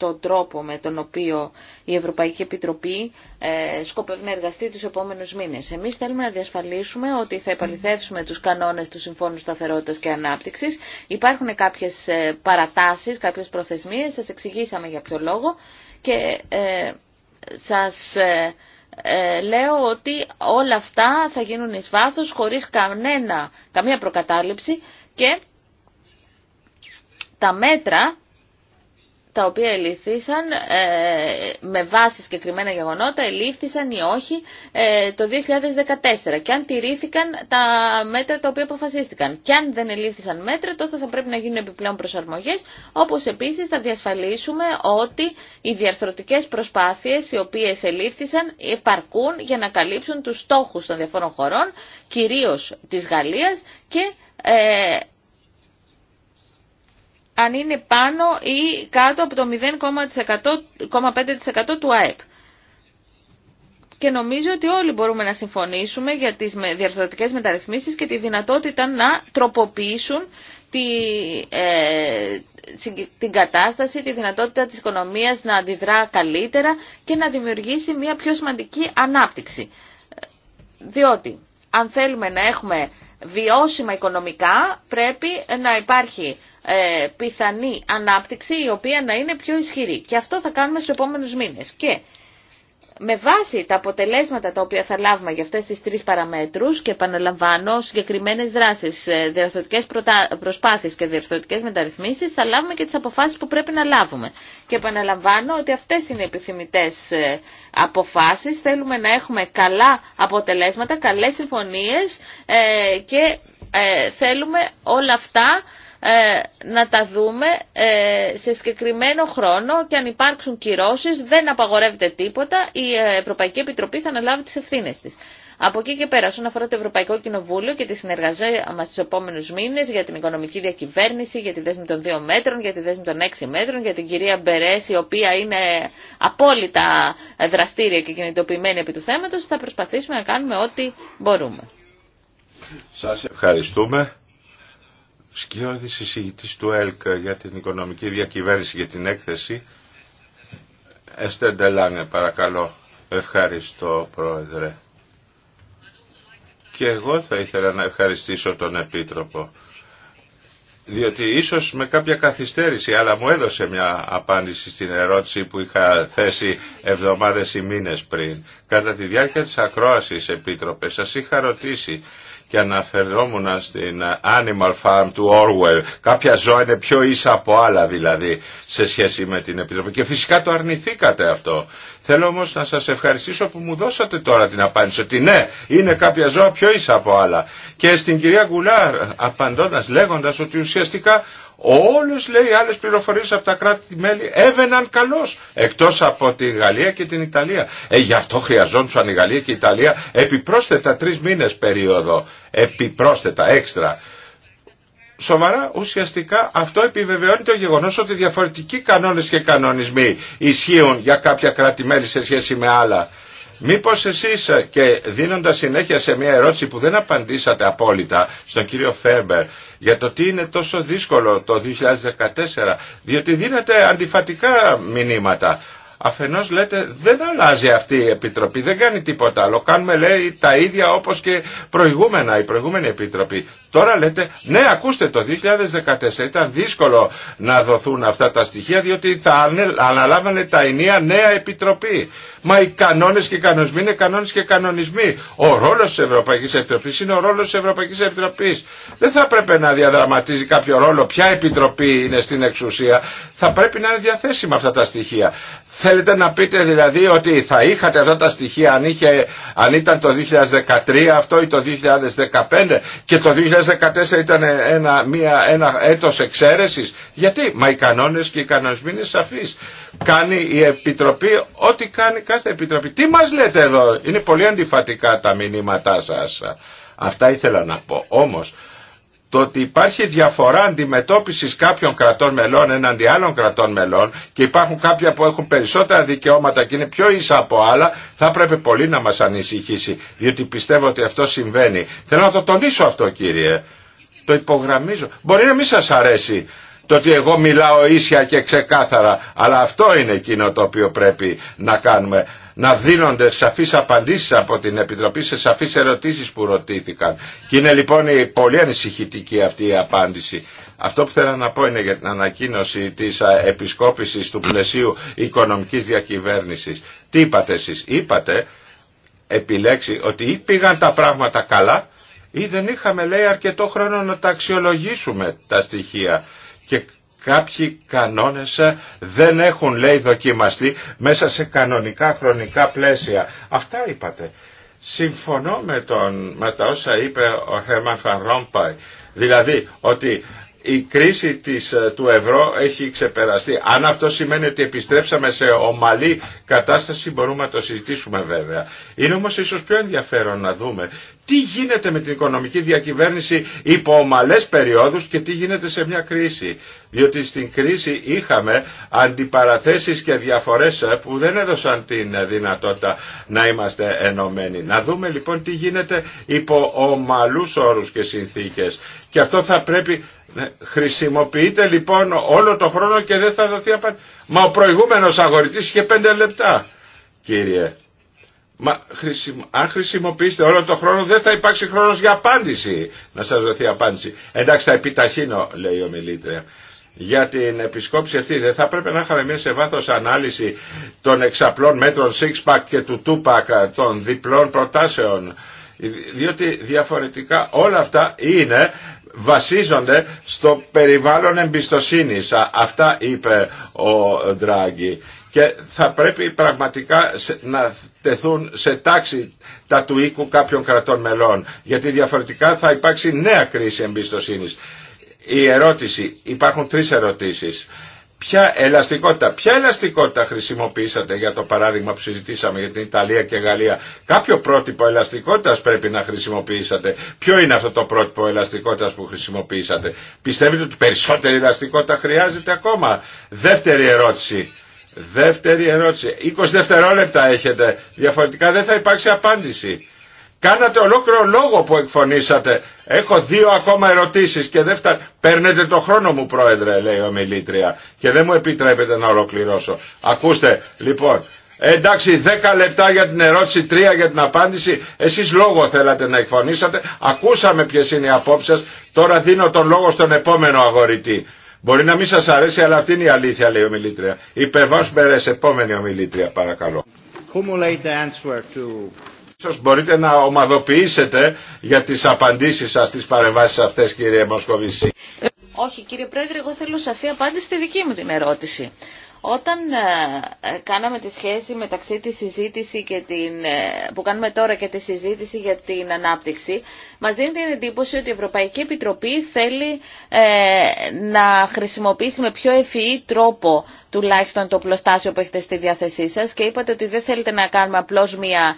τον τρόπο με τον οποίο η Ευρωπαϊκή Επιτροπή ε, σκοπεύει να εργαστεί τους επόμενους μήνες. Εμείς θέλουμε να διασφαλίσουμε ότι θα επαληθεύσουμε τους κανόνες του Συμφώνου Σταθερότητας και Ανάπτυξης. Υπάρχουν κάποιες ε, παρατάσεις, κάποιες προθεσμίες, σας εξηγήσαμε για ποιο λόγο και ε, σας... λέω ότι όλα αυτά θα γίνουν εις βάθος, χωρίς καμία προκατάληψη και τα μέτρα τα οποία ελήφθησαν ε, με βάση συγκεκριμένα γεγονότα, ελήφθησαν ή όχι ε, το 2014 και αν τηρήθηκαν τα μέτρα τα οποία αποφασίστηκαν. Και αν δεν ελήφθησαν μέτρα, τότε θα πρέπει να γίνουν επιπλέον προσαρμογές, όπως επίσης θα διασφαλίσουμε ότι οι διαρθρωτικές προσπάθειες οι οποίες ελήφθησαν επαρκούν για να καλύψουν τους στόχους των διαφόρων χωρών, κυρίως της Γαλλίας και ε, αν είναι πάνω ή κάτω από το 0,5% του ΑΕΠ. Και νομίζω ότι όλοι μπορούμε να συμφωνήσουμε για τις διαρθρωτικές μεταρρυθμίσεις και τη δυνατότητα να τροποποιήσουν τη, ε, την κατάσταση, τη δυνατότητα της οικονομίας να αντιδρά καλύτερα και να δημιουργήσει μια πιο σημαντική ανάπτυξη. Διότι αν θέλουμε να έχουμε βιώσιμα οικονομικά πρέπει να υπάρχει ε, πιθανή ανάπτυξη η οποία να είναι πιο ισχυρή. Και αυτό θα κάνουμε στους επόμενους μήνες. Και με βάση τα αποτελέσματα τα οποία θα λάβουμε για αυτές τις τρεις παραμέτρους και επαναλαμβάνω συγκεκριμένε δράσεις, ε, διορθωτικές προσπάθειες και διορθωτικές μεταρρυθμίσεις θα λάβουμε και τις αποφάσεις που πρέπει να λάβουμε. Και επαναλαμβάνω ότι αυτές είναι οι επιθυμητές ε, αποφάσεις. Θέλουμε να έχουμε καλά αποτελέσματα, καλές συμφωνίες και θέλουμε όλα αυτά ε, να τα δούμε ε, σε συγκεκριμένο χρόνο και αν υπάρξουν κυρώσεις δεν απαγορεύεται τίποτα, η ε, Ευρωπαϊκή Επιτροπή θα αναλάβει τις ευθύνες της. Από εκεί και πέρα, όσον αφορά το Ευρωπαϊκό Κοινοβούλιο και τη συνεργασία μα στου επόμενου μήνε για την οικονομική διακυβέρνηση, για τη δέσμη των δύο μέτρων, για τη δέσμη των έξι μέτρων, για την κυρία Μπερέση η οποία είναι απόλυτα δραστήρια και κινητοποιημένη επί του θέματο, θα προσπαθήσουμε να κάνουμε ό,τι μπορούμε. Σα ευχαριστούμε σκιώδης εισηγητής του ΕΛΚ για την οικονομική διακυβέρνηση για την έκθεση. Εστέρ παρακαλώ. Ευχαριστώ, Πρόεδρε. Και εγώ θα ήθελα να ευχαριστήσω τον Επίτροπο. Διότι ίσως με κάποια καθυστέρηση, αλλά μου έδωσε μια απάντηση στην ερώτηση που είχα θέσει εβδομάδες ή μήνες πριν. Κατά τη διάρκεια της ακρόασης, Επίτροπε, σας είχα ρωτήσει και αναφερόμουν στην ε, Animal Farm του Orwell. Κάποια ζώα είναι πιο ίσα από άλλα δηλαδή σε σχέση με την Επιτροπή. Και φυσικά το αρνηθήκατε αυτό. Θέλω όμως να σας ευχαριστήσω που μου δώσατε τώρα την απάντηση ότι ναι, είναι κάποια ζώα πιο ίσα από άλλα. Και στην κυρία Γκουλάρ απαντώντας λέγοντας ότι ουσιαστικά όλες λέει άλλες πληροφορίες από τα κράτη-μέλη έβαιναν καλώς εκτός από τη Γαλλία και την Ιταλία. Ε, γι' αυτό χρειαζόντουσαν η Γαλλία και η Ιταλία επιπρόσθετα τρεις μήνες περίοδο. Επιπρόσθετα, έξτρα σοβαρά ουσιαστικά αυτό επιβεβαιώνει το γεγονός ότι διαφορετικοί κανόνες και κανονισμοί ισχύουν για κάποια κράτη-μέλη σε σχέση με άλλα. Μήπως εσείς ε, και δίνοντας συνέχεια σε μια ερώτηση που δεν απαντήσατε απόλυτα στον κύριο Φέμπερ για το τι είναι τόσο δύσκολο το 2014 διότι δίνετε αντιφατικά μηνύματα. Αφενός λέτε δεν αλλάζει αυτή η Επιτροπή, δεν κάνει τίποτα άλλο. Κάνουμε λέει τα ίδια όπως και προηγούμενα, η προηγούμενη Επιτροπή. Τώρα λέτε, ναι ακούστε το 2014 ήταν δύσκολο να δοθούν αυτά τα στοιχεία διότι θα αναλάβανε τα ενία νέα Επιτροπή. Μα οι κανόνες και οι κανονισμοί είναι κανόνες και κανονισμοί. Ο ρόλος της Ευρωπαϊκής Επιτροπής είναι ο ρόλος της Ευρωπαϊκής Επιτροπής. Δεν θα πρέπει να διαδραματίζει κάποιο ρόλο ποια Επιτροπή είναι στην εξουσία. Θα πρέπει να είναι διαθέσιμα αυτά τα στοιχεία. Θέλετε να πείτε δηλαδή ότι θα είχατε εδώ τα στοιχεία αν, είχε, αν ήταν το 2013 αυτό ή το 2015 και το 2014 ήταν ένα, μια, ένα έτος εξαίρεσης. Γιατί, μα οι κανόνες και οι κανονισμοί είναι σαφείς. Κάνει η Επιτροπή ό,τι κάνει κάθε Επιτροπή. Τι μας λέτε εδώ, είναι πολύ αντιφατικά τα μηνύματά σας. Αυτά ήθελα να πω. Όμως το ότι υπάρχει διαφορά αντιμετώπισης κάποιων κρατών μελών εναντί άλλων κρατών μελών και υπάρχουν κάποια που έχουν περισσότερα δικαιώματα και είναι πιο ίσα από άλλα, θα πρέπει πολύ να μας ανησυχήσει, διότι πιστεύω ότι αυτό συμβαίνει. Θέλω να το τονίσω αυτό κύριε. Το υπογραμμίζω. Μπορεί να μην σας αρέσει το ότι εγώ μιλάω ίσια και ξεκάθαρα. Αλλά αυτό είναι εκείνο το οποίο πρέπει να κάνουμε. Να δίνονται σαφείς απαντήσεις από την Επιτροπή σε σαφείς ερωτήσεις που ρωτήθηκαν. Και είναι λοιπόν η πολύ ανησυχητική αυτή η απάντηση. Αυτό που θέλω να πω είναι για την ανακοίνωση της επισκόπησης του πλαισίου οικονομικής διακυβέρνησης. Τι είπατε εσείς. Είπατε επιλέξει ότι ή πήγαν τα πράγματα καλά ή δεν είχαμε λέει αρκετό χρόνο να τα αξιολογήσουμε τα στοιχεία και κάποιοι κανόνες ε, δεν έχουν λέει δοκιμαστεί μέσα σε κανονικά χρονικά πλαίσια. Αυτά είπατε. Συμφωνώ με, τον, με τα όσα είπε ο Χέρμαν Φαν Δηλαδή ότι η κρίση της, ε, του ευρώ έχει ξεπεραστεί. Αν αυτό σημαίνει ότι επιστρέψαμε σε ομαλή κατάσταση μπορούμε να το συζητήσουμε βέβαια. Είναι όμως ίσως πιο ενδιαφέρον να δούμε τι γίνεται με την οικονομική διακυβέρνηση υπό ομαλές περιόδους και τι γίνεται σε μια κρίση. Διότι στην κρίση είχαμε αντιπαραθέσεις και διαφορές ε, που δεν έδωσαν την ε, δυνατότητα να είμαστε ενωμένοι. Να δούμε λοιπόν τι γίνεται υπό ομαλούς όρους και συνθήκες. Και αυτό θα πρέπει ε, χρησιμοποιείται λοιπόν όλο το χρόνο και δεν θα δοθεί απάντηση. Μα ο προηγούμενος αγορητής είχε πέντε λεπτά κύριε. Μα χρησιμο... αν χρησιμοποιήσετε όλο το χρόνο δεν θα υπάρξει χρόνος για απάντηση. Να σας δοθεί απάντηση. Εντάξει θα επιταχύνω λέει ο Μιλήτρια. Για την επισκόπηση αυτή δεν θα πρέπει να είχαμε μια σε βάθος ανάλυση των εξαπλών μέτρων six pack και του two pack ε, των διπλών προτάσεων. Διότι διαφορετικά όλα αυτά είναι βασίζονται στο περιβάλλον εμπιστοσύνης. Αυτά είπε ο Ντράγκη. Και θα πρέπει πραγματικά να τεθούν σε τάξη τα του οίκου κάποιων κρατών μελών. Γιατί διαφορετικά θα υπάρξει νέα κρίση εμπιστοσύνης. Η ερώτηση, υπάρχουν τρεις ερωτήσεις. Ποια ελαστικότητα, ποια ελαστικότητα χρησιμοποιήσατε για το παράδειγμα που συζητήσαμε για την Ιταλία και Γαλλία. Κάποιο πρότυπο ελαστικότητας πρέπει να χρησιμοποιήσατε. Ποιο είναι αυτό το πρότυπο ελαστικότητας που χρησιμοποιήσατε. Πιστεύετε ότι περισσότερη ελαστικότητα χρειάζεται ακόμα. Δεύτερη ερώτηση. Δεύτερη ερώτηση. 20 δευτερόλεπτα έχετε. Διαφορετικά δεν θα υπάρξει απάντηση. Κάνατε ολόκληρο λόγο που εκφωνήσατε. Έχω δύο ακόμα ερωτήσεις και δεν φτάνει. Παίρνετε το χρόνο μου πρόεδρε λέει ο Μιλήτρια και δεν μου επιτρέπετε να ολοκληρώσω. Ακούστε λοιπόν. Εντάξει, δέκα λεπτά για την ερώτηση, τρία για την απάντηση. Εσεί λόγο θέλατε να εκφωνήσατε. Ακούσαμε ποιε είναι οι απόψει Τώρα δίνω τον λόγο στον επόμενο αγορητή. Μπορεί να μην σα αρέσει, αλλά αυτή είναι η αλήθεια, λέει η ομιλήτρια. ρε, σε επόμενη ομιλήτρια, παρακαλώ. Ίσως μπορείτε να ομαδοποιήσετε για τις απαντήσεις σας, τις παρεμβάσεις αυτές κύριε Μοσκοβισή. Όχι κύριε Πρόεδρε, εγώ θέλω σαφή απάντηση στη δική μου την ερώτηση. Όταν ε, ε, κάναμε τη σχέση μεταξύ τη συζήτηση και την, ε, που κάνουμε τώρα και τη συζήτηση για την ανάπτυξη, μας δίνει την εντύπωση ότι η Ευρωπαϊκή Επιτροπή θέλει να χρησιμοποιήσει με πιο ευφυή τρόπο τουλάχιστον το πλωστάσιο που έχετε στη διάθεσή σας και είπατε ότι δεν θέλετε να κάνουμε απλώς μία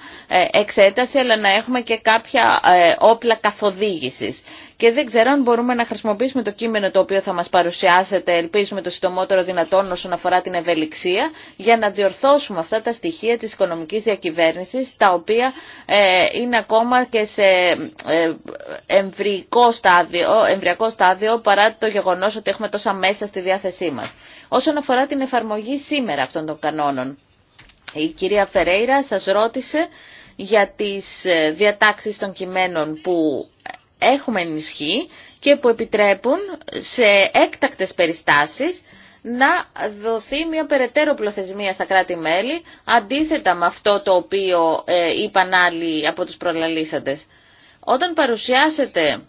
εξέταση αλλά να έχουμε και κάποια όπλα καθοδήγησης και δεν ξέρω αν μπορούμε να χρησιμοποιήσουμε το κείμενο το οποίο θα μας παρουσιάσετε, ελπίζουμε το συντομότερο δυνατόν όσον αφορά την ευελιξία, για να διορθώσουμε αυτά τα στοιχεία της οικονομικής διακυβέρνησης, τα οποία ε, είναι ακόμα και σε ε, εμβριακό στάδιο, εμβριακό στάδιο παρά το γεγονός ότι έχουμε τόσα μέσα στη διάθεσή μας. Όσον αφορά την εφαρμογή σήμερα αυτών των κανόνων, η κυρία Φερέιρα σας ρώτησε για τις ε, διατάξεις των κειμένων που έχουμε ενισχύει και που επιτρέπουν σε έκτακτες περιστάσεις να δοθεί μια περαιτέρω πλοθεσμία στα κράτη-μέλη, αντίθετα με αυτό το οποίο ε, είπαν άλλοι από τους προλαλήσαντες. Όταν παρουσιάσετε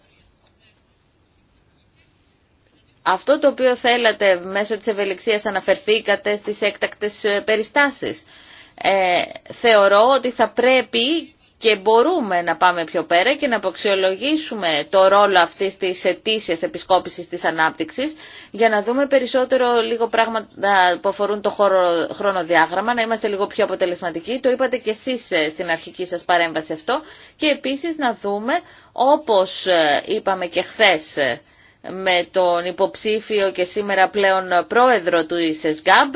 αυτό το οποίο θέλατε μέσω της ευελιξίας αναφερθήκατε στις έκτακτες ε, περιστάσεις. Ε, θεωρώ ότι θα πρέπει και μπορούμε να πάμε πιο πέρα και να αποξιολογήσουμε το ρόλο αυτής της ετήσιας επισκόπησης της ανάπτυξης για να δούμε περισσότερο λίγο πράγματα που αφορούν το χώρο, χρονοδιάγραμμα, να είμαστε λίγο πιο αποτελεσματικοί. Το είπατε και εσείς ε, στην αρχική σας παρέμβαση αυτό και επίσης να δούμε όπως ε, είπαμε και χθες ε, με τον υποψήφιο και σήμερα πλέον πρόεδρο του ΙΣΕΣΓΑΜΠ,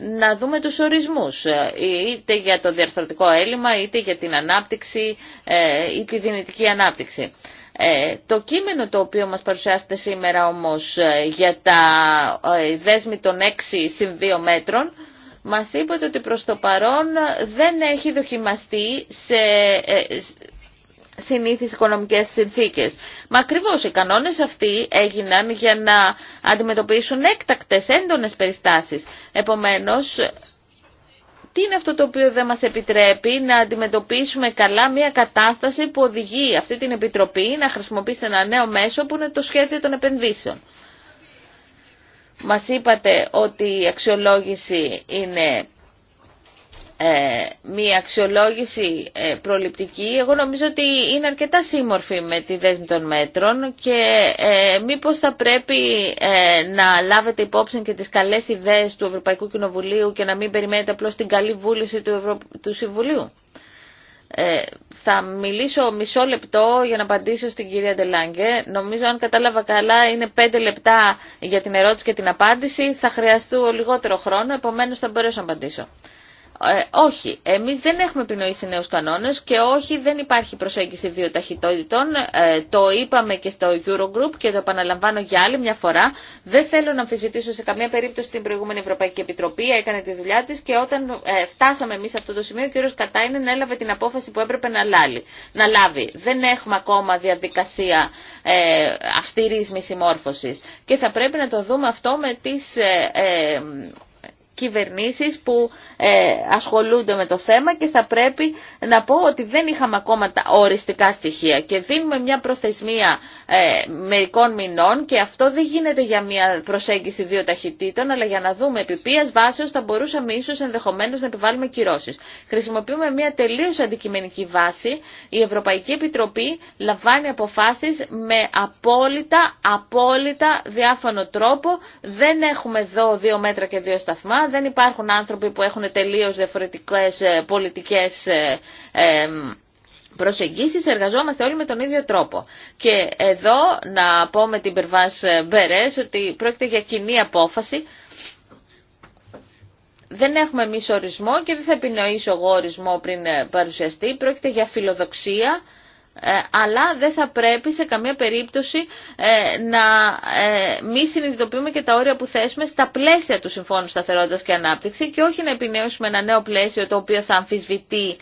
να δούμε τους ορισμούς, ε, είτε για το διαρθρωτικό έλλειμμα, είτε για την ανάπτυξη ε, ή τη δυνητική ανάπτυξη. Ε, το κείμενο το οποίο μας παρουσιάσετε σήμερα όμως για τα δέσμη των 6 συν μέτρων, μας είπε ότι προς το παρόν δεν έχει δοκιμαστεί σε συνήθεις οικονομικές συνθήκες. Μα ακριβώ οι κανόνες αυτοί έγιναν για να αντιμετωπίσουν έκτακτες έντονες περιστάσεις. Επομένως, τι είναι αυτό το οποίο δεν μας επιτρέπει να αντιμετωπίσουμε καλά μια κατάσταση που οδηγεί αυτή την Επιτροπή να χρησιμοποιήσει ένα νέο μέσο που είναι το σχέδιο των επενδύσεων. Μας είπατε ότι η αξιολόγηση είναι ε, μία αξιολόγηση ε, προληπτική, εγώ νομίζω ότι είναι αρκετά σύμμορφη με τη δέσμη των μέτρων και ε, μήπως θα πρέπει να λάβετε υπόψη και τις καλές ιδέες του Ευρωπαϊκού Κοινοβουλίου και να μην περιμένετε απλώς την καλή βούληση του, Ευρω... του Συμβουλίου. θα μιλήσω μισό λεπτό για να απαντήσω στην κυρία Ντελάγκε. Νομίζω αν κατάλαβα καλά είναι πέντε λεπτά για την ερώτηση και την απάντηση. Θα χρειαστώ λιγότερο χρόνο, επομένως θα μπορέσω να απαντήσω. Ε, όχι, εμείς δεν έχουμε επινοήσει νέους κανόνες και όχι δεν υπάρχει προσέγγιση δύο ταχυτότητων. Ε, το είπαμε και στο Eurogroup και το επαναλαμβάνω για άλλη μια φορά. Δεν θέλω να αμφισβητήσω σε καμία περίπτωση την προηγούμενη Ευρωπαϊκή Επιτροπή, έκανε τη δουλειά της και όταν ε, φτάσαμε εμείς σε αυτό το σημείο ο κ. Κατάινεν έλαβε την απόφαση που έπρεπε να, λάλει, να λάβει. Δεν έχουμε ακόμα διαδικασία ε, αυστηρής μη και θα πρέπει να το δούμε αυτό με τις... Ε, κυβερνήσεις που ε, ασχολούνται με το θέμα και θα πρέπει να πω ότι δεν είχαμε ακόμα τα οριστικά στοιχεία και δίνουμε μια προθεσμία ε, μερικών μηνών και αυτό δεν γίνεται για μια προσέγγιση δύο ταχυτήτων αλλά για να δούμε επί ποιας βάσεως θα μπορούσαμε ίσως ενδεχομένως να επιβάλλουμε κυρώσεις. Χρησιμοποιούμε μια τελείως αντικειμενική βάση. Η Ευρωπαϊκή Επιτροπή λαμβάνει αποφάσεις με απόλυτα, απόλυτα διάφανο τρόπο. Δεν έχουμε εδώ δύο μέτρα και δύο σταθμά δεν υπάρχουν άνθρωποι που έχουν τελείως διαφορετικές ε, πολιτικές ε, ε, προσεγγίσεις, εργαζόμαστε όλοι με τον ίδιο τρόπο. Και εδώ να πω με την Περβάς Μπερές ότι πρόκειται για κοινή απόφαση. Δεν έχουμε εμεί ορισμό και δεν θα επινοήσω εγώ ορισμό πριν παρουσιαστεί. Πρόκειται για φιλοδοξία ε, αλλά δεν θα πρέπει σε καμία περίπτωση ε, να ε, μη συνειδητοποιούμε και τα όρια που θέσουμε στα πλαίσια του Συμφώνου Σταθερότητας και Ανάπτυξη και όχι να επινέωσουμε ένα νέο πλαίσιο το οποίο θα αμφισβητεί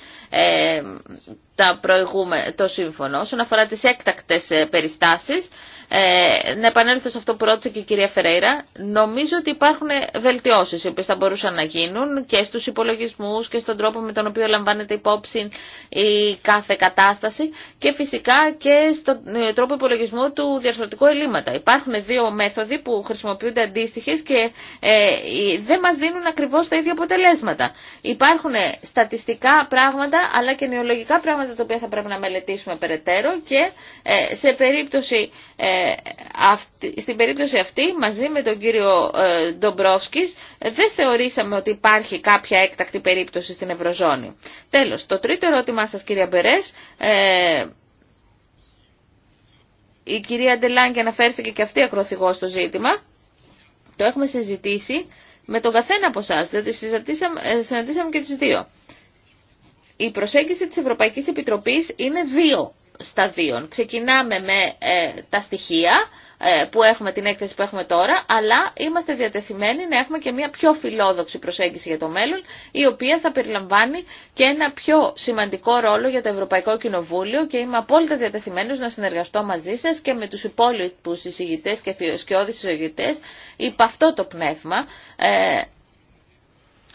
τα προηγούμε, το σύμφωνο. Όσον αφορά τις έκτακτες περιστάσεις, ε, να επανέλθω σε αυτό που ρώτησε και η κυρία Φερέιρα. Νομίζω ότι υπάρχουν βελτιώσεις οι οποίες θα μπορούσαν να γίνουν και στους υπολογισμούς και στον τρόπο με τον οποίο λαμβάνεται υπόψη η κάθε κατάσταση και φυσικά και στον ε, τρόπο υπολογισμού του διαρθρωτικού ελλείμματα. Υπάρχουν δύο μέθοδοι που χρησιμοποιούνται αντίστοιχε και ε, δεν μας δίνουν ακριβώς τα ίδια αποτελέσματα. Υπάρχουν στατιστικά πράγματα αλλά και νεολογικά πράγματα τα οποία θα πρέπει να μελετήσουμε περαιτέρω και ε, σε περίπτωση ε, στην περίπτωση αυτή μαζί με τον κύριο ε, Ντομπρόφσκης ε, δεν θεωρήσαμε ότι υπάρχει κάποια έκτακτη περίπτωση στην Ευρωζώνη. Τέλος, το τρίτο ερώτημά σας κυρία Μπερές, ε, η κυρία Ντελάνγκη αναφέρθηκε και αυτή ακροθυγό στο ζήτημα, το έχουμε συζητήσει με τον καθένα από εσά, διότι συναντήσαμε και τους δύο. Η προσέγγιση της Ευρωπαϊκής Επιτροπής είναι δύο σταδίων. Ξεκινάμε με ε, τα στοιχεία ε, που έχουμε, την έκθεση που έχουμε τώρα, αλλά είμαστε διατεθειμένοι να έχουμε και μια πιο φιλόδοξη προσέγγιση για το μέλλον, η οποία θα περιλαμβάνει και ένα πιο σημαντικό ρόλο για το Ευρωπαϊκό Κοινοβούλιο και είμαι απόλυτα διατεθειμένος να συνεργαστώ μαζί σας και με τους υπόλοιπους εισηγητές και σκιώδεις εισηγητές υπ' αυτό το πνεύμα, ε,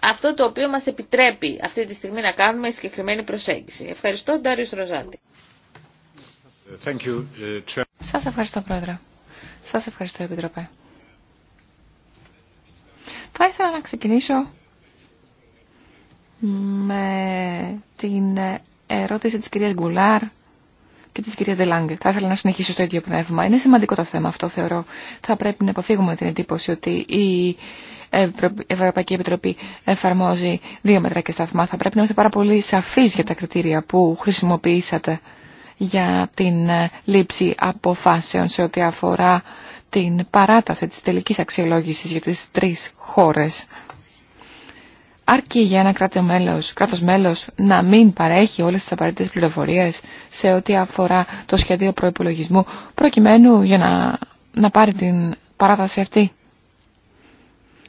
αυτό το οποίο μας επιτρέπει αυτή τη στιγμή να κάνουμε η συγκεκριμένη προσέγγιση. Ευχαριστώ, Ντάριος Ροζάτη. Uh, Σας ευχαριστώ, Πρόεδρε. Σας ευχαριστώ, Επιτροπέ. Θα ήθελα να ξεκινήσω με την ερώτηση της κυρίας Γκουλάρ και της κυρίας Delange. Θα ήθελα να συνεχίσω στο ίδιο πνεύμα. Είναι σημαντικό το θέμα αυτό, θεωρώ. Θα πρέπει να αποφύγουμε την εντύπωση ότι η Ευρωπαϊκή Επιτροπή εφαρμόζει δύο μετρά και σταθμά. Θα πρέπει να είμαστε πάρα πολύ σαφείς για τα κριτήρια που χρησιμοποιήσατε για την ε, λήψη αποφάσεων σε ό,τι αφορά την παράταση της τελικής αξιολόγησης για τις τρεις χώρες. Αρκεί για ένα μέλος, να μην παρέχει όλες τις απαραίτητες πληροφορίες σε ό,τι αφορά το σχέδιο προϋπολογισμού προκειμένου για να, να πάρει την παράταση αυτή.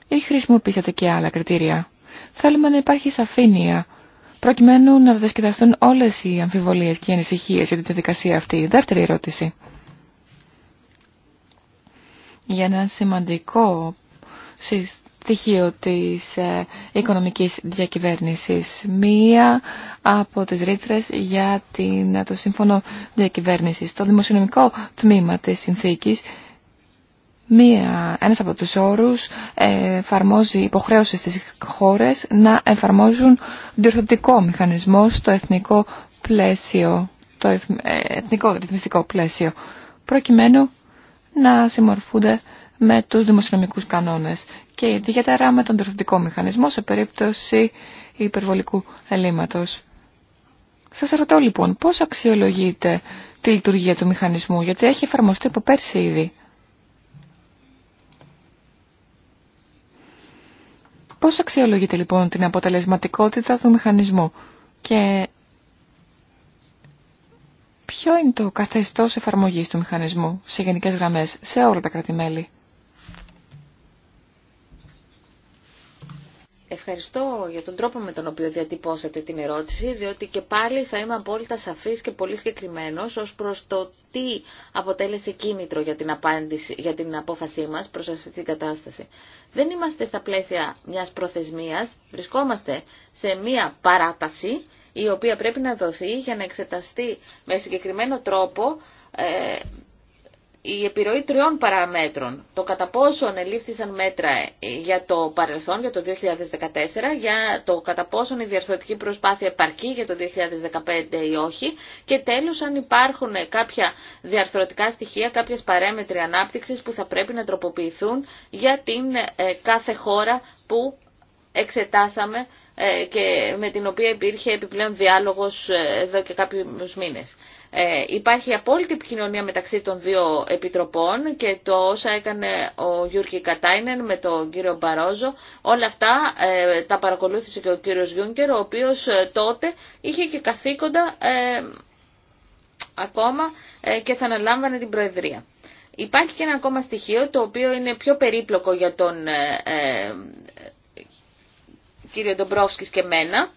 Ή χρησιμοποιήσατε και άλλα κριτήρια. Θέλουμε να υπάρχει σαφήνεια προκειμένου να διασκεδαστούν όλες οι αμφιβολίες και οι ανησυχίες για τη διαδικασία αυτή. Δεύτερη ερώτηση. Για ένα σημαντικό στοιχείο της ε, οικονομικής διακυβέρνησης. Μία από τις ρήτρε για την, το Σύμφωνο Διακυβέρνησης. Το δημοσιονομικό τμήμα της συνθήκης Μία, ένας από τους όρους εφαρμόζει υποχρέωση στις χώρες να εφαρμόζουν διορθωτικό μηχανισμό στο εθνικό πλαίσιο, το ε, εθνικό ρυθμιστικό πλαίσιο, προκειμένου να συμμορφούνται με τους δημοσιονομικούς κανόνες και ιδιαίτερα με τον διορθωτικό μηχανισμό σε περίπτωση υπερβολικού ελλείμματος. Σας ρωτώ λοιπόν πώς αξιολογείτε τη λειτουργία του μηχανισμού, γιατί έχει εφαρμοστεί από πέρσι ήδη. Πώς αξιολογείται λοιπόν την αποτελεσματικότητα του μηχανισμού και ποιο είναι το καθεστώς εφαρμογής του μηχανισμού σε γενικές γραμμές σε όλα τα κράτη-μέλη. Ευχαριστώ για τον τρόπο με τον οποίο διατυπώσατε την ερώτηση, διότι και πάλι θα είμαι απόλυτα σαφής και πολύ συγκεκριμένος ως προς το τι αποτέλεσε κίνητρο για την, απάντηση, για την απόφασή μας προς αυτή την κατάσταση. Δεν είμαστε στα πλαίσια μιας προθεσμίας, βρισκόμαστε σε μια παράταση η οποία πρέπει να δοθεί για να εξεταστεί με συγκεκριμένο τρόπο ε, η επιρροή τριών παραμέτρων. Το κατά πόσον ελήφθησαν μέτρα για το παρελθόν, για το 2014, για το κατά πόσον η διαρθρωτική προσπάθεια επαρκεί για το 2015 ή όχι και τέλος αν υπάρχουν κάποια διαρθρωτικά στοιχεία, κάποιες παρέμετροι ανάπτυξης που θα πρέπει να τροποποιηθούν για την ε, κάθε χώρα που εξετάσαμε ε, και με την οποία υπήρχε επιπλέον διάλογος ε, εδώ και κάποιους μήνες. Ε, υπάρχει απόλυτη επικοινωνία μεταξύ των δύο επιτροπών και το όσα έκανε ο Γιούρκη Κατάινεν με τον κύριο Μπαρόζο, όλα αυτά ε, τα παρακολούθησε και ο κύριος Γιούνκερ, ο οποίος τότε είχε και καθήκοντα ακόμα και θα αναλάμβανε την Προεδρία. Υπάρχει και ένα ακόμα στοιχείο το οποίο είναι πιο περίπλοκο για τον κύριο Ντομπρόφσκης και μένα,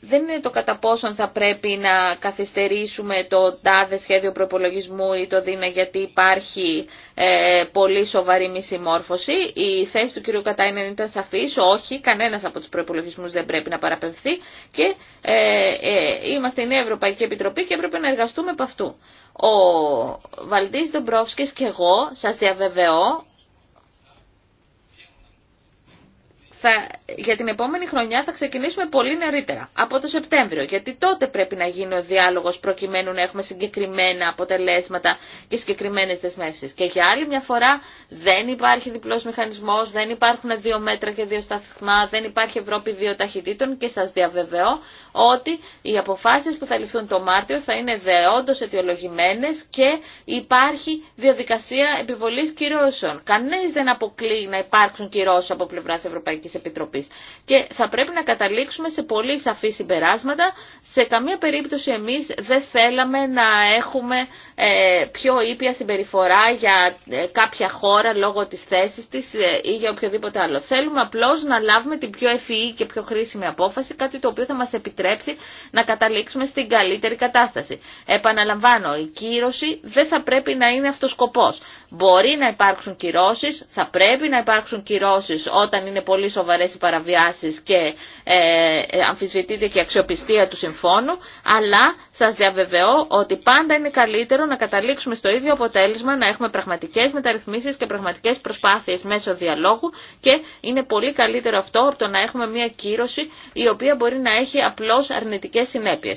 δεν είναι το κατά πόσον θα πρέπει να καθυστερήσουμε το τάδε σχέδιο προπολογισμού ή το δίνα γιατί υπάρχει ε, πολύ σοβαρή μη συμμόρφωση. Η θέση του κυριου Κατάινεν ήταν σαφής, όχι, κανένας από τους προπολογισμούς δεν πρέπει να παραπευθεί και ε, ε, είμαστε η Νέα Ευρωπαϊκή Επιτροπή και έπρεπε να εργαστούμε από αυτού. Ο Βαλτής Ντομπρόφσκης και εγώ σας διαβεβαιώ για την επόμενη χρονιά θα ξεκινήσουμε πολύ νωρίτερα, από το Σεπτέμβριο, γιατί τότε πρέπει να γίνει ο διάλογος προκειμένου να έχουμε συγκεκριμένα αποτελέσματα και συγκεκριμένες δεσμεύσεις. Και για άλλη μια φορά δεν υπάρχει διπλός μηχανισμός, δεν υπάρχουν δύο μέτρα και δύο σταθμά, δεν υπάρχει Ευρώπη δύο ταχυτήτων και σας διαβεβαιώ ότι οι αποφάσεις που θα ληφθούν το Μάρτιο θα είναι δεόντως αιτιολογημένες και υπάρχει διαδικασία επιβολής κυρώσεων. Κανείς δεν αποκλείει να υπάρξουν κυρώσεις από πλευράς Ευρωπαϊκής Επιτροπής. Και θα πρέπει να καταλήξουμε σε πολύ σαφή συμπεράσματα. Σε καμία περίπτωση εμείς δεν θέλαμε να έχουμε ε, πιο ήπια συμπεριφορά για ε, κάποια χώρα λόγω της θέσης της ε, ή για οποιοδήποτε άλλο. Θέλουμε απλώς να λάβουμε την πιο ευφυή και πιο χρήσιμη απόφαση, κάτι το οποίο θα μας επιτρέψει επιτρέψει να καταλήξουμε στην καλύτερη κατάσταση. Επαναλαμβάνω, η κύρωση δεν θα πρέπει να είναι αυτός σκοπός. Μπορεί να υπάρξουν κυρώσεις, θα πρέπει να υπάρξουν κυρώσεις όταν είναι πολύ σοβαρές οι παραβιάσεις και ε, ε, αμφισβητείται και η αξιοπιστία του συμφώνου, αλλά σας διαβεβαιώ ότι πάντα είναι καλύτερο να καταλήξουμε στο ίδιο αποτέλεσμα, να έχουμε πραγματικές μεταρρυθμίσεις και πραγματικές προσπάθειες μέσω διαλόγου και είναι πολύ καλύτερο αυτό από το να έχουμε μια κύρωση η οποία μπορεί να έχει απλό εντελώ αρνητικές συνέπειε.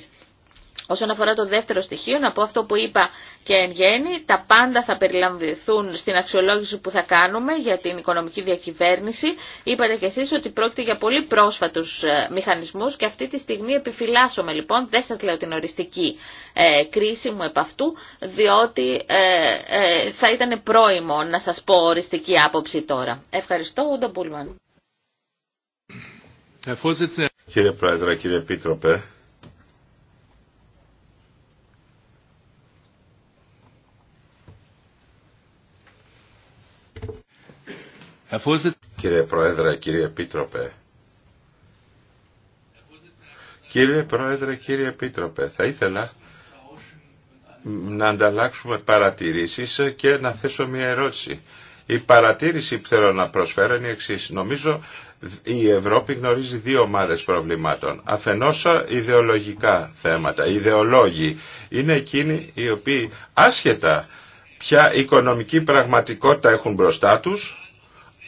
Όσον αφορά το δεύτερο στοιχείο, να πω αυτό που είπα και εν γέννη, τα πάντα θα περιλαμβηθούν στην αξιολόγηση που θα κάνουμε για την οικονομική διακυβέρνηση. Είπατε και εσείς ότι πρόκειται για πολύ πρόσφατους ε, μηχανισμούς και αυτή τη στιγμή επιφυλάσσομαι λοιπόν, δεν σας λέω την οριστική ε, κρίση μου επ' αυτού, διότι ε, θα ήταν πρόημο να σας πω οριστική άποψη τώρα. Ευχαριστώ, Ούντα Μπούλμαν. Κύριε Πρόεδρε, κύριε Επίτροπε, Κύριε Πρόεδρε, κύριε Επίτροπε, Κύριε Πρόεδρε, κύριε Επίτροπε, θα ήθελα να ανταλλάξουμε παρατηρήσεις και να θέσω μια ερώτηση. Η παρατήρηση που θέλω να προσφέρω είναι η εξής. Νομίζω η Ευρώπη γνωρίζει δύο ομάδες προβλημάτων. Αφενός ε, ιδεολογικά θέματα, ιδεολόγοι. Είναι εκείνοι οι οποίοι άσχετα ποια οικονομική πραγματικότητα έχουν μπροστά τους,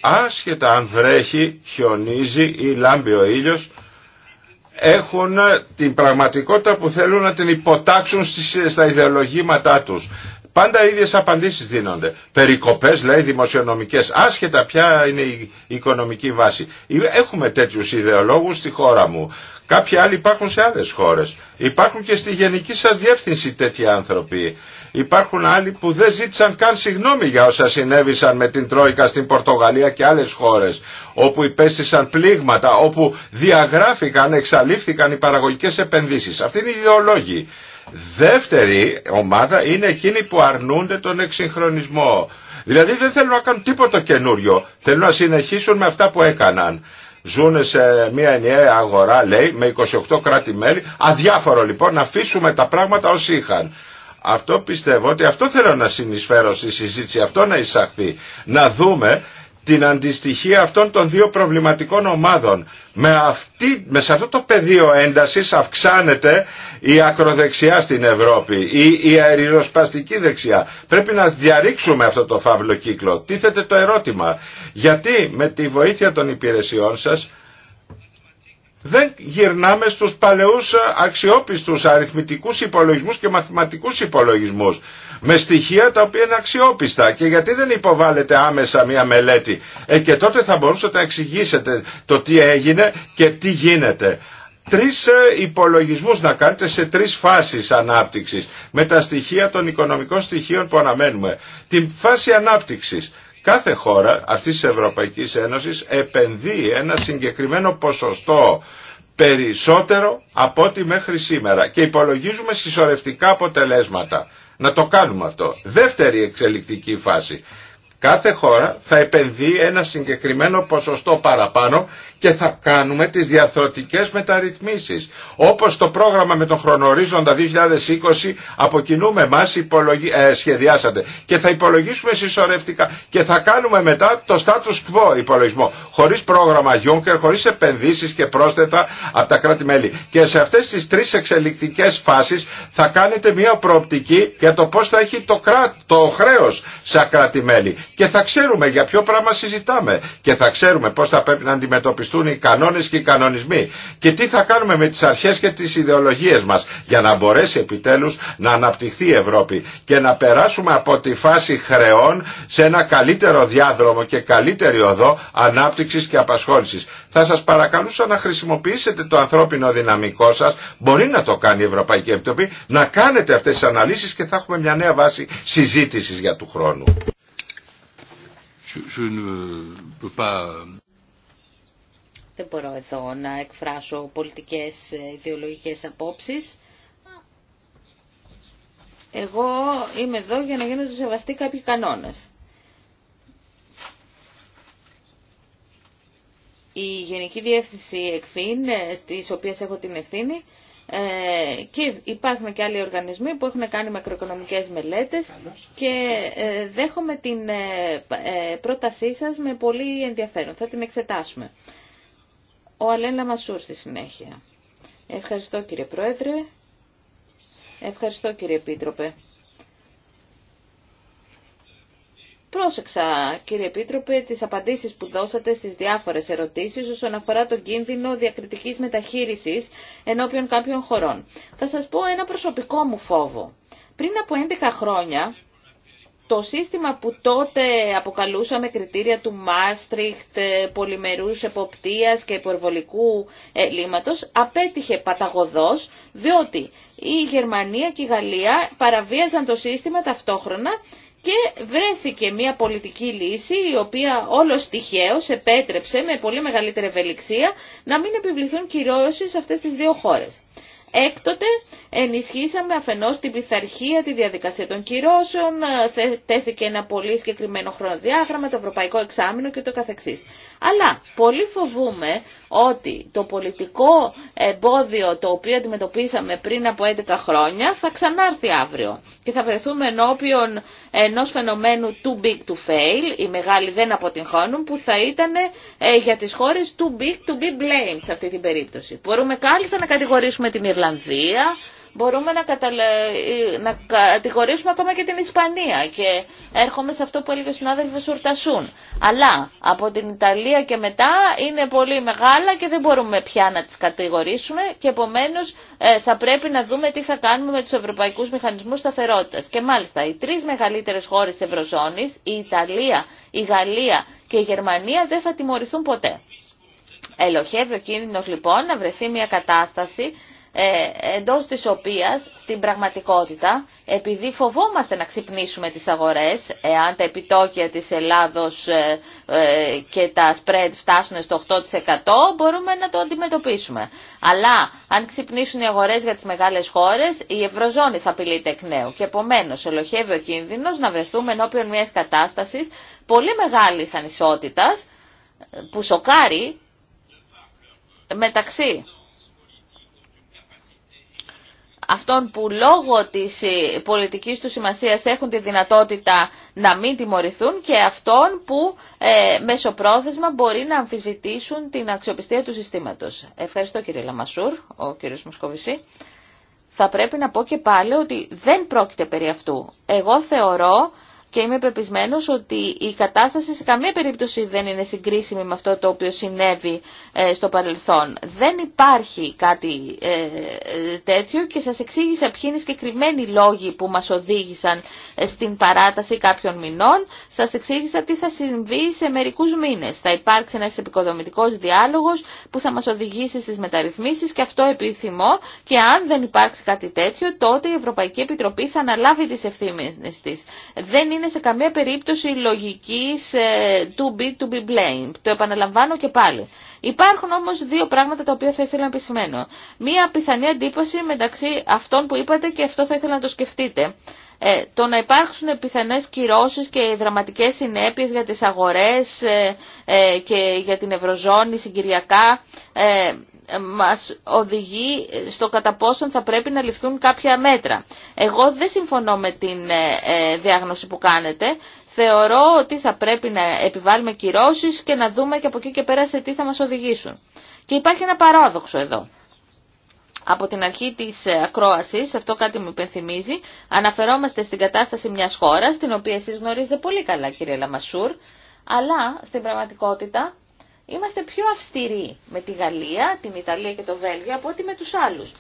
άσχετα αν βρέχει, χιονίζει ή λάμπει ο ήλιος, έχουν ε, την πραγματικότητα που θέλουν να την υποτάξουν στα ιδεολογήματά τους. Πάντα ίδιε ίδιες δίνονται. Περικοπές λέει δημοσιονομικές, άσχετα ποια είναι η οικονομική βάση. Έχουμε τέτοιους ιδεολόγους στη χώρα μου. Κάποιοι άλλοι υπάρχουν σε άλλες χώρες. Υπάρχουν και στη γενική σας διεύθυνση τέτοιοι άνθρωποι. Υπάρχουν άλλοι που δεν ζήτησαν καν συγγνώμη για όσα συνέβησαν με την Τρόικα στην Πορτογαλία και άλλες χώρες, όπου υπέστησαν πλήγματα, όπου διαγράφηκαν, εξαλείφθηκαν οι παραγωγικές επενδύσεις. Αυτή είναι η ιδεολόγη. Δεύτερη ομάδα είναι εκείνοι που αρνούνται τον εξυγχρονισμό. Δηλαδή δεν θέλουν να κάνουν τίποτα καινούριο. Θέλουν να συνεχίσουν με αυτά που έκαναν. Ζούνε σε μια ενιαία αγορά, λέει, με 28 κράτη-μέλη. Αδιάφορο λοιπόν να αφήσουμε τα πράγματα όσοι είχαν. Αυτό πιστεύω ότι αυτό θέλω να συνεισφέρω στη συζήτηση, αυτό να εισαχθεί. Να δούμε την αντιστοιχία αυτών των δύο προβληματικών ομάδων. Με, αυτή, με σε αυτό το πεδίο έντασης αυξάνεται η ακροδεξιά στην Ευρώπη ή η αεριοσπαστική δεξιά. Πρέπει να διαρρήξουμε αυτό το φαύλο κύκλο. Τίθεται το ερώτημα. Γιατί με τη βοήθεια των υπηρεσιών σας δεν γυρνάμε στους παλαιούς αξιόπιστους αριθμητικούς υπολογισμούς και μαθηματικούς υπολογισμούς με στοιχεία τα οποία είναι αξιόπιστα και γιατί δεν υποβάλλεται άμεσα μια μελέτη. Ε, και τότε θα μπορούσατε να εξηγήσετε το τι έγινε και τι γίνεται τρεις ε, υπολογισμούς να κάνετε σε τρεις φάσεις ανάπτυξης με τα στοιχεία των οικονομικών στοιχείων που αναμένουμε. Την φάση ανάπτυξης. Κάθε χώρα αυτής της Ευρωπαϊκής Ένωσης επενδύει ένα συγκεκριμένο ποσοστό περισσότερο από ό,τι μέχρι σήμερα και υπολογίζουμε συσσωρευτικά αποτελέσματα να το κάνουμε αυτό. Δεύτερη εξελικτική φάση. Κάθε χώρα θα επενδύει ένα συγκεκριμένο ποσοστό παραπάνω και θα κάνουμε τις διαθροτικές μεταρρυθμίσεις. Όπως το πρόγραμμα με τον χρονορίζοντα 2020 από κοινού με εμάς σχεδιάσατε και θα υπολογίσουμε συσσωρευτικά και θα κάνουμε μετά το status quo υπολογισμό χωρίς πρόγραμμα Juncker, χωρίς επενδύσεις και πρόσθετα από τα κράτη-μέλη. Και σε αυτές τις τρεις εξελικτικές φάσεις θα κάνετε μια προοπτική για το πώς θα έχει το, κρά... το χρέος σαν κράτη-μέλη και θα ξέρουμε για ποιο πράγμα συζητάμε και θα ξέρουμε πώς θα πρέπει να αντιμετωπίσουμε θεσπιστούν οι κανόνες και οι κανονισμοί και τι θα κάνουμε με τις αρχές και τις ιδεολογίες μας για να μπορέσει επιτέλους να αναπτυχθεί η Ευρώπη και να περάσουμε από τη φάση χρεών σε ένα καλύτερο διάδρομο και καλύτερη οδό ανάπτυξης και απασχόλησης. Θα σας παρακαλούσα να χρησιμοποιήσετε το ανθρώπινο δυναμικό σας, μπορεί να το κάνει η Ευρωπαϊκή Επιτροπή, να κάνετε αυτές τις αναλύσεις και θα έχουμε μια νέα βάση συζήτησης για του χρόνου. Δεν μπορώ εδώ να εκφράσω πολιτικές ε, ιδεολογικές απόψεις. Εγώ είμαι εδώ για να γίνονται σεβαστή κάποιοι κανόνες. Η Γενική Διεύθυνση ΕΚΦΗΝ, ε, στις οποίες έχω την ευθύνη, ε, και υπάρχουν και άλλοι οργανισμοί που έχουν κάνει μακροοικονομικές μελέτες και δέχομαι την πρότασή σας με πολύ ενδιαφέρον. Θα την εξετάσουμε. Ο Αλέλα Μασούρ στη συνέχεια. Ευχαριστώ κύριε Πρόεδρε. Ευχαριστώ κύριε Επίτροπε. Πρόσεξα, κύριε Επίτροπε, τις απαντήσεις που δώσατε στις διάφορες ερωτήσεις όσον αφορά τον κίνδυνο διακριτικής μεταχείρισης ενώπιον κάποιων χωρών. Θα σας πω ένα προσωπικό μου φόβο. Πριν από 11 χρόνια, το σύστημα που τότε αποκαλούσαμε κριτήρια του Μάστριχτ, ε, πολυμερούς εποπτείας και υπορβολικού ελλείμματος απέτυχε παταγωδός διότι η Γερμανία και η Γαλλία παραβίαζαν το σύστημα ταυτόχρονα και βρέθηκε μια πολιτική λύση η οποία όλο τυχαίω επέτρεψε με πολύ μεγαλύτερη ευελιξία να μην επιβληθούν κυρώσεις σε αυτές τις δύο χώρες. Έκτοτε ενισχύσαμε αφενός την πειθαρχία, τη διαδικασία των κυρώσεων, ε, τέθηκε ένα πολύ συγκεκριμένο χρονοδιάγραμμα, το ευρωπαϊκό εξάμεινο και το καθεξής. Αλλά πολύ φοβούμε ότι το πολιτικό εμπόδιο το οποίο αντιμετωπίσαμε πριν από 11 χρόνια θα ξανάρθει αύριο και θα βρεθούμε ενώπιον ενός φαινομένου too big to fail, οι μεγάλοι δεν αποτυγχώνουν, που θα ήταν ε, για τις χώρες too big to be blamed σε αυτή την περίπτωση. Μπορούμε κάλλιστα να κατηγορήσουμε την Ιρλανδία, μπορούμε να, καταλα... Ε, να κατηγορήσουμε ακόμα και την Ισπανία και έρχομαι σε αυτό που έλεγε ο συνάδελφος Ουρτασούν. Αλλά από την Ιταλία και μετά είναι πολύ μεγάλα και δεν μπορούμε πια να τις κατηγορήσουμε και επομένως ε, θα πρέπει να δούμε τι θα κάνουμε με τους ευρωπαϊκούς μηχανισμούς σταθερότητας. Και μάλιστα οι τρεις μεγαλύτερες χώρες της Ευρωζώνης, η Ιταλία, η Γαλλία και η Γερμανία δεν θα τιμωρηθούν ποτέ. Ελοχεύει ο κίνδυνος λοιπόν να βρεθεί μια κατάσταση ε, εντός της οποίας στην πραγματικότητα, επειδή φοβόμαστε να ξυπνήσουμε τις αγορές, εάν τα επιτόκια της Ελλάδος ε, ε, και τα spread φτάσουν στο 8% μπορούμε να το αντιμετωπίσουμε. Αλλά αν ξυπνήσουν οι αγορές για τις μεγάλες χώρες, η Ευρωζώνη θα απειλείται εκ νέου και επομένως ελοχεύει ο κίνδυνος να βρεθούμε ενώπιον μιας κατάστασης πολύ μεγάλης ανισότητας που σοκάρει μεταξύ αυτών που λόγω της ε, πολιτικής του σημασίας έχουν τη δυνατότητα να μην τιμωρηθούν και αυτών που ε, μεσοπρόθεσμα μπορεί να αμφισβητήσουν την αξιοπιστία του συστήματος. Ευχαριστώ κύριε Λαμασούρ, ο κύριος Μουσκοβησή. Θα πρέπει να πω και πάλι ότι δεν πρόκειται περί αυτού. Εγώ θεωρώ και είμαι πεπισμένος ότι η κατάσταση σε καμία περίπτωση δεν είναι συγκρίσιμη με αυτό το οποίο συνέβη ε, στο παρελθόν. Δεν υπάρχει κάτι ε, τέτοιο και σας εξήγησα ποιοι είναι οι συγκεκριμένοι λόγοι που μας οδήγησαν ε, στην παράταση κάποιων μηνών. Σας εξήγησα τι θα συμβεί σε μερικούς μήνες. Θα υπάρξει ένας επικοδομητικός διάλογος που θα μας οδηγήσει στις μεταρρυθμίσεις και αυτό επιθυμώ και αν δεν υπάρξει κάτι τέτοιο τότε η Ευρωπαϊκή Επιτροπή θα αναλάβει τις ευθύνες της. Δεν είναι σε καμία περίπτωση λογικής ε, to be to be blamed. Το επαναλαμβάνω και πάλι. Υπάρχουν όμως δύο πράγματα τα οποία θα ήθελα να επισημαίνω. Μία πιθανή αντίπαση μεταξύ αυτών που είπατε και αυτό θα ήθελα να το σκεφτείτε. Ε, το να υπάρξουν πιθανέ κυρώσεις και δραματικές συνέπειες για τις αγορές ε, ε, και για την Ευρωζώνη συγκυριακά μας οδηγεί στο κατά πόσον θα πρέπει να ληφθούν κάποια μέτρα. Εγώ δεν συμφωνώ με την ε, ε, διάγνωση που κάνετε. Θεωρώ ότι θα πρέπει να επιβάλλουμε κυρώσεις και να δούμε και από εκεί και πέρα σε τι θα μας οδηγήσουν. Και υπάρχει ένα παράδοξο εδώ. Από την αρχή της ε, ακρόασης, αυτό κάτι μου υπενθυμίζει, αναφερόμαστε στην κατάσταση μιας χώρας, την οποία εσείς γνωρίζετε πολύ καλά κύριε Λαμασούρ, αλλά στην πραγματικότητα είμαστε πιο αυστηροί με τη Γαλλία, την Ιταλία και το Βέλγιο από ότι με τους άλλους.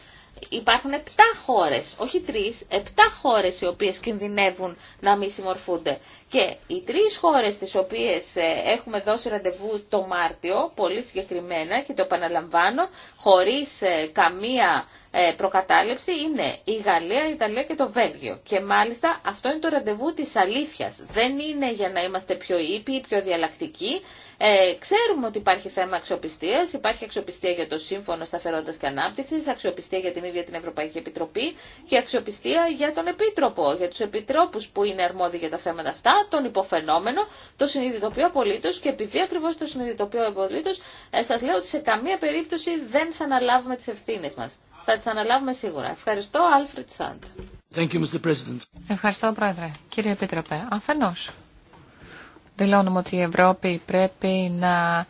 Υπάρχουν 7 χώρες, όχι 3, 7 χώρες οι οποίες κινδυνεύουν να μη συμμορφούνται. Και οι 3 χώρες τις οποίες ε, έχουμε δώσει ραντεβού το Μάρτιο, πολύ συγκεκριμένα και το επαναλαμβάνω, χωρίς ε, καμία ε, προκατάληψη, είναι η Γαλλία, η Ιταλία και το Βέλγιο. Και μάλιστα αυτό είναι το ραντεβού της αλήθειας. Δεν είναι για να είμαστε πιο ήπιοι, πιο διαλλακτικοί, ε, ξέρουμε ότι υπάρχει θέμα αξιοπιστία, υπάρχει αξιοπιστία για το Σύμφωνο Σταθερότητα και Ανάπτυξη, αξιοπιστία για την ίδια την Ευρωπαϊκή Επιτροπή και αξιοπιστία για τον Επίτροπο, για του επιτρόπου που είναι αρμόδιοι για τα θέματα αυτά, τον υποφαινόμενο, το συνειδητοποιώ απολύτω και επειδή ακριβώ το συνειδητοποιώ απολύτω, ε, σα λέω ότι σε καμία περίπτωση δεν θα αναλάβουμε τι ευθύνε μα. Θα τι αναλάβουμε σίγουρα. Ευχαριστώ, Άλφρετ Σάντ. Ευχαριστώ, Πρόεδρε. Κύριε Επίτροπε, αφενός δηλώνουμε ότι η Ευρώπη πρέπει να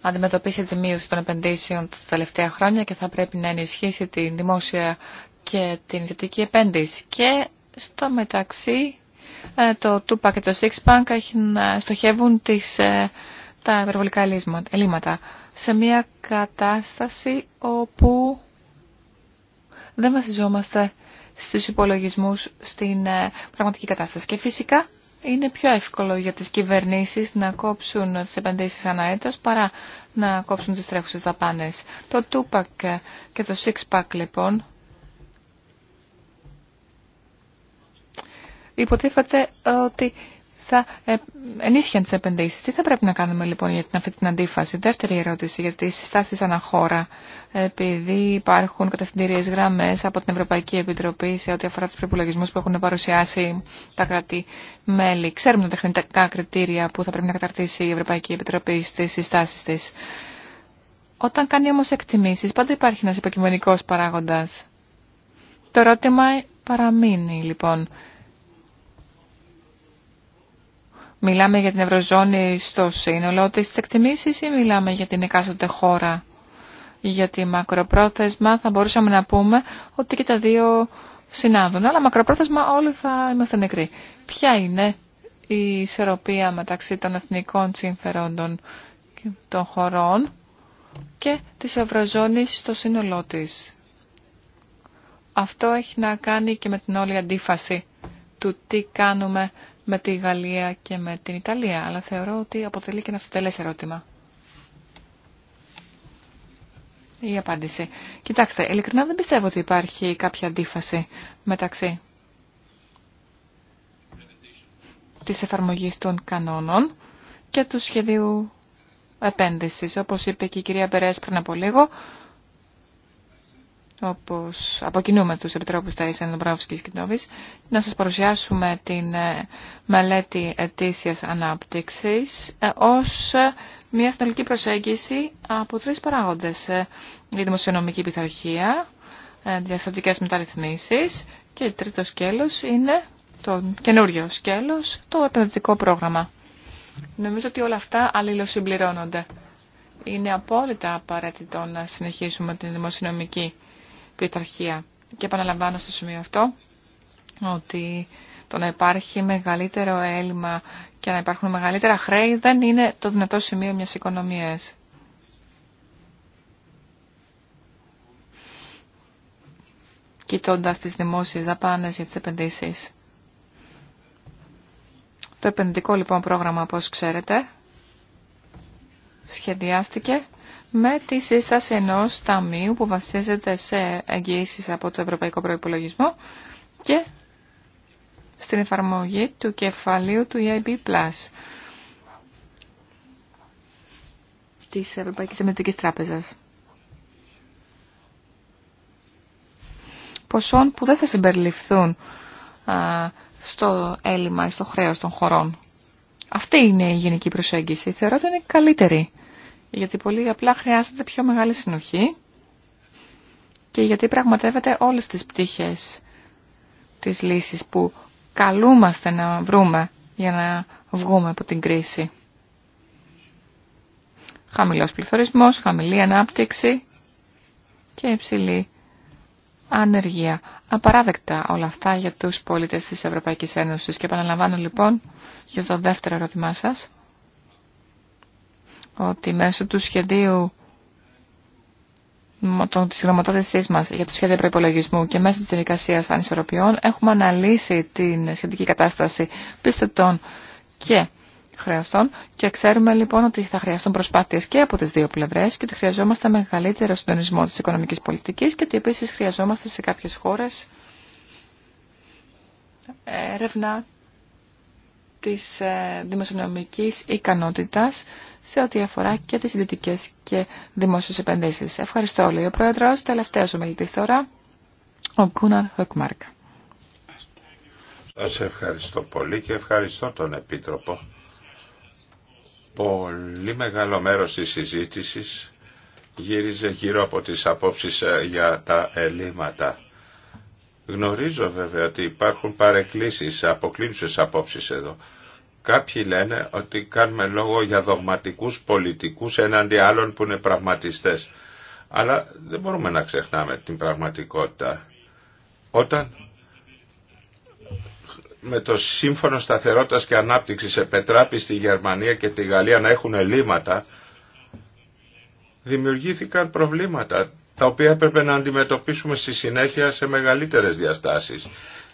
αντιμετωπίσει τη μείωση των επενδύσεων τα τελευταία χρόνια και θα πρέπει να ενισχύσει την δημόσια και την ιδιωτική επένδυση. Και στο μεταξύ ε, το 2 και το 6 στοχεύουν τις, ε, τα υπερβολικά ελλείμματα σε μια κατάσταση όπου δεν βασιζόμαστε στους υπολογισμούς στην ε, πραγματική κατάσταση. Και φυσικά είναι πιο εύκολο για τις κυβερνήσεις να κόψουν τις επενδύσεις ανά παρά να κόψουν τις τρέχουσες δαπάνες. Το 2 και το 6 λοιπόν υποτίθεται ότι θα ε, ενίσχυαν τι επενδύσεις. Τι θα πρέπει να κάνουμε λοιπόν για αυτή την αντίφαση. Δεύτερη ερώτηση για τις συστάσει αναχώρα. Επειδή υπάρχουν κατευθυντήριε γραμμέ από την Ευρωπαϊκή Επιτροπή σε ό,τι αφορά του προπολογισμού που έχουν παρουσιάσει τα κράτη-μέλη. Ξέρουμε τα τεχνητικά κριτήρια που θα πρέπει να καταρτήσει η Ευρωπαϊκή Επιτροπή στι συστάσει τη. Όταν κάνει όμω εκτιμήσει, πάντα υπάρχει ένα υποκειμενικό παράγοντα. Το ερώτημα παραμείνει λοιπόν. Μιλάμε για την Ευρωζώνη στο σύνολο της εκτιμήσεις ή μιλάμε για την εκάστοτε χώρα. Γιατί μακροπρόθεσμα θα μπορούσαμε να πούμε ότι και τα δύο συνάδουν. Αλλά μακροπρόθεσμα όλοι θα είμαστε νεκροί. Ποια είναι η ισορροπία μεταξύ των εθνικών συμφερόντων των χωρών και της Ευρωζώνης στο σύνολό της. Αυτό έχει να κάνει και με την όλη αντίφαση του τι κάνουμε με τη Γαλλία και με την Ιταλία, αλλά θεωρώ ότι αποτελεί και ένα αυτοτελές ερώτημα. Η απάντηση. Κοιτάξτε, ειλικρινά δεν πιστεύω ότι υπάρχει κάποια αντίφαση μεταξύ της εφαρμογής των κανόνων και του σχεδίου επένδυσης. Όπως είπε και η κυρία Περές πριν από λίγο, όπως αποκοινούμε τους επιτρόπους τα Ισαν και να σας παρουσιάσουμε την ε, μελέτη ετήσιας ανάπτυξης ε, ως ε, μια συνολική προσέγγιση από τρεις παράγοντες. Η δημοσιονομική πειθαρχία, διαστατικές μεταρρυθμίσεις και τρίτο σκέλος είναι το καινούριο σκέλος, το επενδυτικό πρόγραμμα. Νομίζω ότι όλα αυτά αλληλοσυμπληρώνονται. Είναι απόλυτα απαραίτητο να συνεχίσουμε την δημοσιονομική πειθαρχία. Και επαναλαμβάνω στο σημείο αυτό ότι το να υπάρχει μεγαλύτερο έλλειμμα και να υπάρχουν μεγαλύτερα χρέη δεν είναι το δυνατό σημείο μιας οικονομίας. Κοιτώντας τις δημόσιες δαπάνες για τις επενδύσεις. Το επενδυτικό λοιπόν πρόγραμμα, όπως ξέρετε, σχεδιάστηκε με τη σύσταση ενό ταμείου που βασίζεται σε εγγύησει από το Ευρωπαϊκό προπολογισμό και στην εφαρμογή του κεφαλίου του EIB+. της Ευρωπαϊκής τράπεζες Τράπεζας. Ποσών που δεν θα συμπεριληφθούν στο έλλειμμα ή στο χρέος των χωρών. Αυτή είναι η γενική προσέγγιση. Θεωρώ ότι είναι καλύτερη γιατί πολύ απλά χρειάζεται πιο μεγάλη συνοχή και γιατί πραγματεύεται όλες τις πτυχές της λύσης που καλούμαστε να βρούμε για να βγούμε από την κρίση. Χαμηλός πληθωρισμός, χαμηλή ανάπτυξη και υψηλή ανεργία. Απαράδεκτα όλα αυτά για τους πολίτες της Ευρωπαϊκής Ένωσης. Και επαναλαμβάνω λοιπόν για το δεύτερο ερώτημά σας ότι μέσω του σχεδίου τη γραμματότησή μα για το σχέδιο προπολογισμού και μέσω τη διαδικασία ανισορροπιών έχουμε αναλύσει την σχετική κατάσταση πιστωτών και χρεωστών και ξέρουμε λοιπόν ότι θα χρειαστούν προσπάθειε και από τι δύο πλευρέ και ότι χρειαζόμαστε μεγαλύτερο συντονισμό τη οικονομική πολιτική και ότι επίση χρειαζόμαστε σε κάποιε χώρε έρευνα της ε, δημοσιονομικής ικανότητας σε ό,τι αφορά και τις ιδιωτικές και δημόσιες επενδύσεις. Ευχαριστώ όλοι. Ο Πρόεδρος, τελευταίος ομιλητής τώρα, ο Κούναρ Χοκμάρκ. Σας ευχαριστώ πολύ και ευχαριστώ τον Επίτροπο. Πολύ μεγάλο μέρος της συζήτησης γύριζε γύρω από τις απόψεις ε, για τα ελλείμματα Γνωρίζω βέβαια ότι υπάρχουν παρεκκλήσεις, αποκλίνουσες απόψεις εδώ. Κάποιοι λένε ότι κάνουμε λόγο για δογματικούς πολιτικούς έναντι άλλων που είναι πραγματιστές. Αλλά δεν μπορούμε να ξεχνάμε την πραγματικότητα. Όταν με το Σύμφωνο Σταθερότητας και Ανάπτυξης επετράπη στη Γερμανία και τη Γαλλία να έχουν ελλείμματα, δημιουργήθηκαν προβλήματα τα οποία έπρεπε να αντιμετωπίσουμε στη συνέχεια σε μεγαλύτερες διαστάσεις.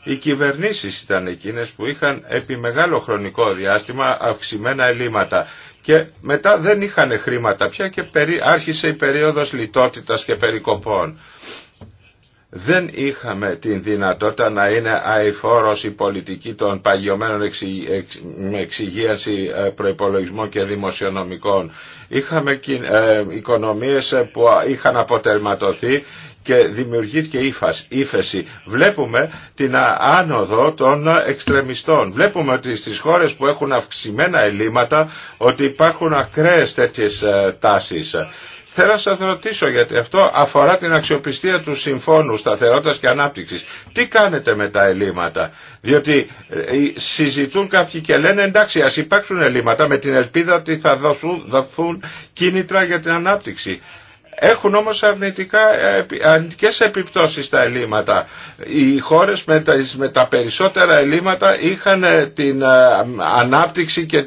Οι κυβερνήσεις ήταν εκείνες που είχαν επί μεγάλο χρονικό διάστημα αυξημένα ελλείμματα και μετά δεν είχαν χρήματα πια και άρχισε η περίοδος λιτότητας και περικοπών δεν είχαμε την δυνατότητα να είναι αηφόρος η πολιτική των παγιωμένων ε, προϋπολογισμών και δημοσιονομικών. Είχαμε ε, οικονομίες ε, που είχαν αποτελματωθεί και δημιουργήθηκε ύφεση. Βλέπουμε την άνοδο των εξτρεμιστών. Βλέπουμε ότι στις χώρες που έχουν αυξημένα ελλείμματα ότι υπάρχουν ακραίες τέτοιες τάσεις. Θέλω να σας ρωτήσω γιατί αυτό αφορά την αξιοπιστία του Συμφώνου Σταθερότητας και Ανάπτυξης. Τι κάνετε με τα ελλείμματα. Διότι ε, συζητούν κάποιοι και λένε εντάξει ας υπάρξουν ελλείμματα με την ελπίδα ότι θα δοθούν κίνητρα για την ανάπτυξη έχουν όμως αρνητικά, ε, αρνητικές επιπτώσεις τα ελλείμματα. Οι χώρες με τα, με τα περισσότερα ελλείμματα είχαν ε, την ε, ανάπτυξη και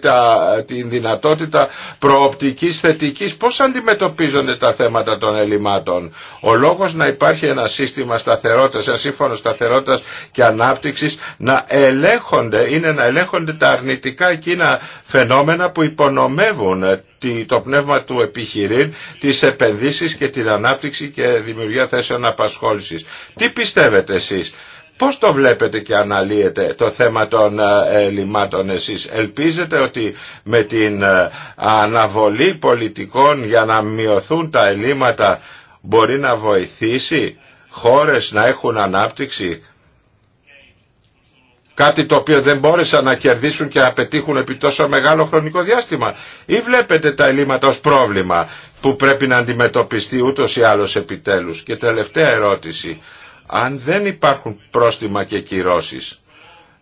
την δυνατότητα προοπτικής θετικής. Πώς αντιμετωπίζονται τα θέματα των ελλημάτων. Ο λόγος να υπάρχει ένα σύστημα σταθερότητας, ένα σύμφωνο σταθερότητας και ανάπτυξης να ελέγχονται, είναι να ελέγχονται τα αρνητικά εκείνα φαινόμενα που υπονομεύουν το πνεύμα του επιχειρήν, τις επενδύσεις και την ανάπτυξη και δημιουργία θέσεων απασχόλησης. Τι πιστεύετε εσείς, πώς το βλέπετε και αναλύετε το θέμα των ε, ελλημάτων εσείς. Ελπίζετε ότι με την ε, αναβολή πολιτικών για να μειωθούν τα ελλείμματα μπορεί να βοηθήσει χώρες να έχουν ανάπτυξη κάτι το οποίο δεν μπόρεσαν να κερδίσουν και να πετύχουν επί τόσο μεγάλο χρονικό διάστημα. Ή βλέπετε τα ελλείμματα ως πρόβλημα που πρέπει να αντιμετωπιστεί ούτως ή άλλως επιτέλους. Και τελευταία ερώτηση, αν δεν υπάρχουν πρόστιμα και κυρώσεις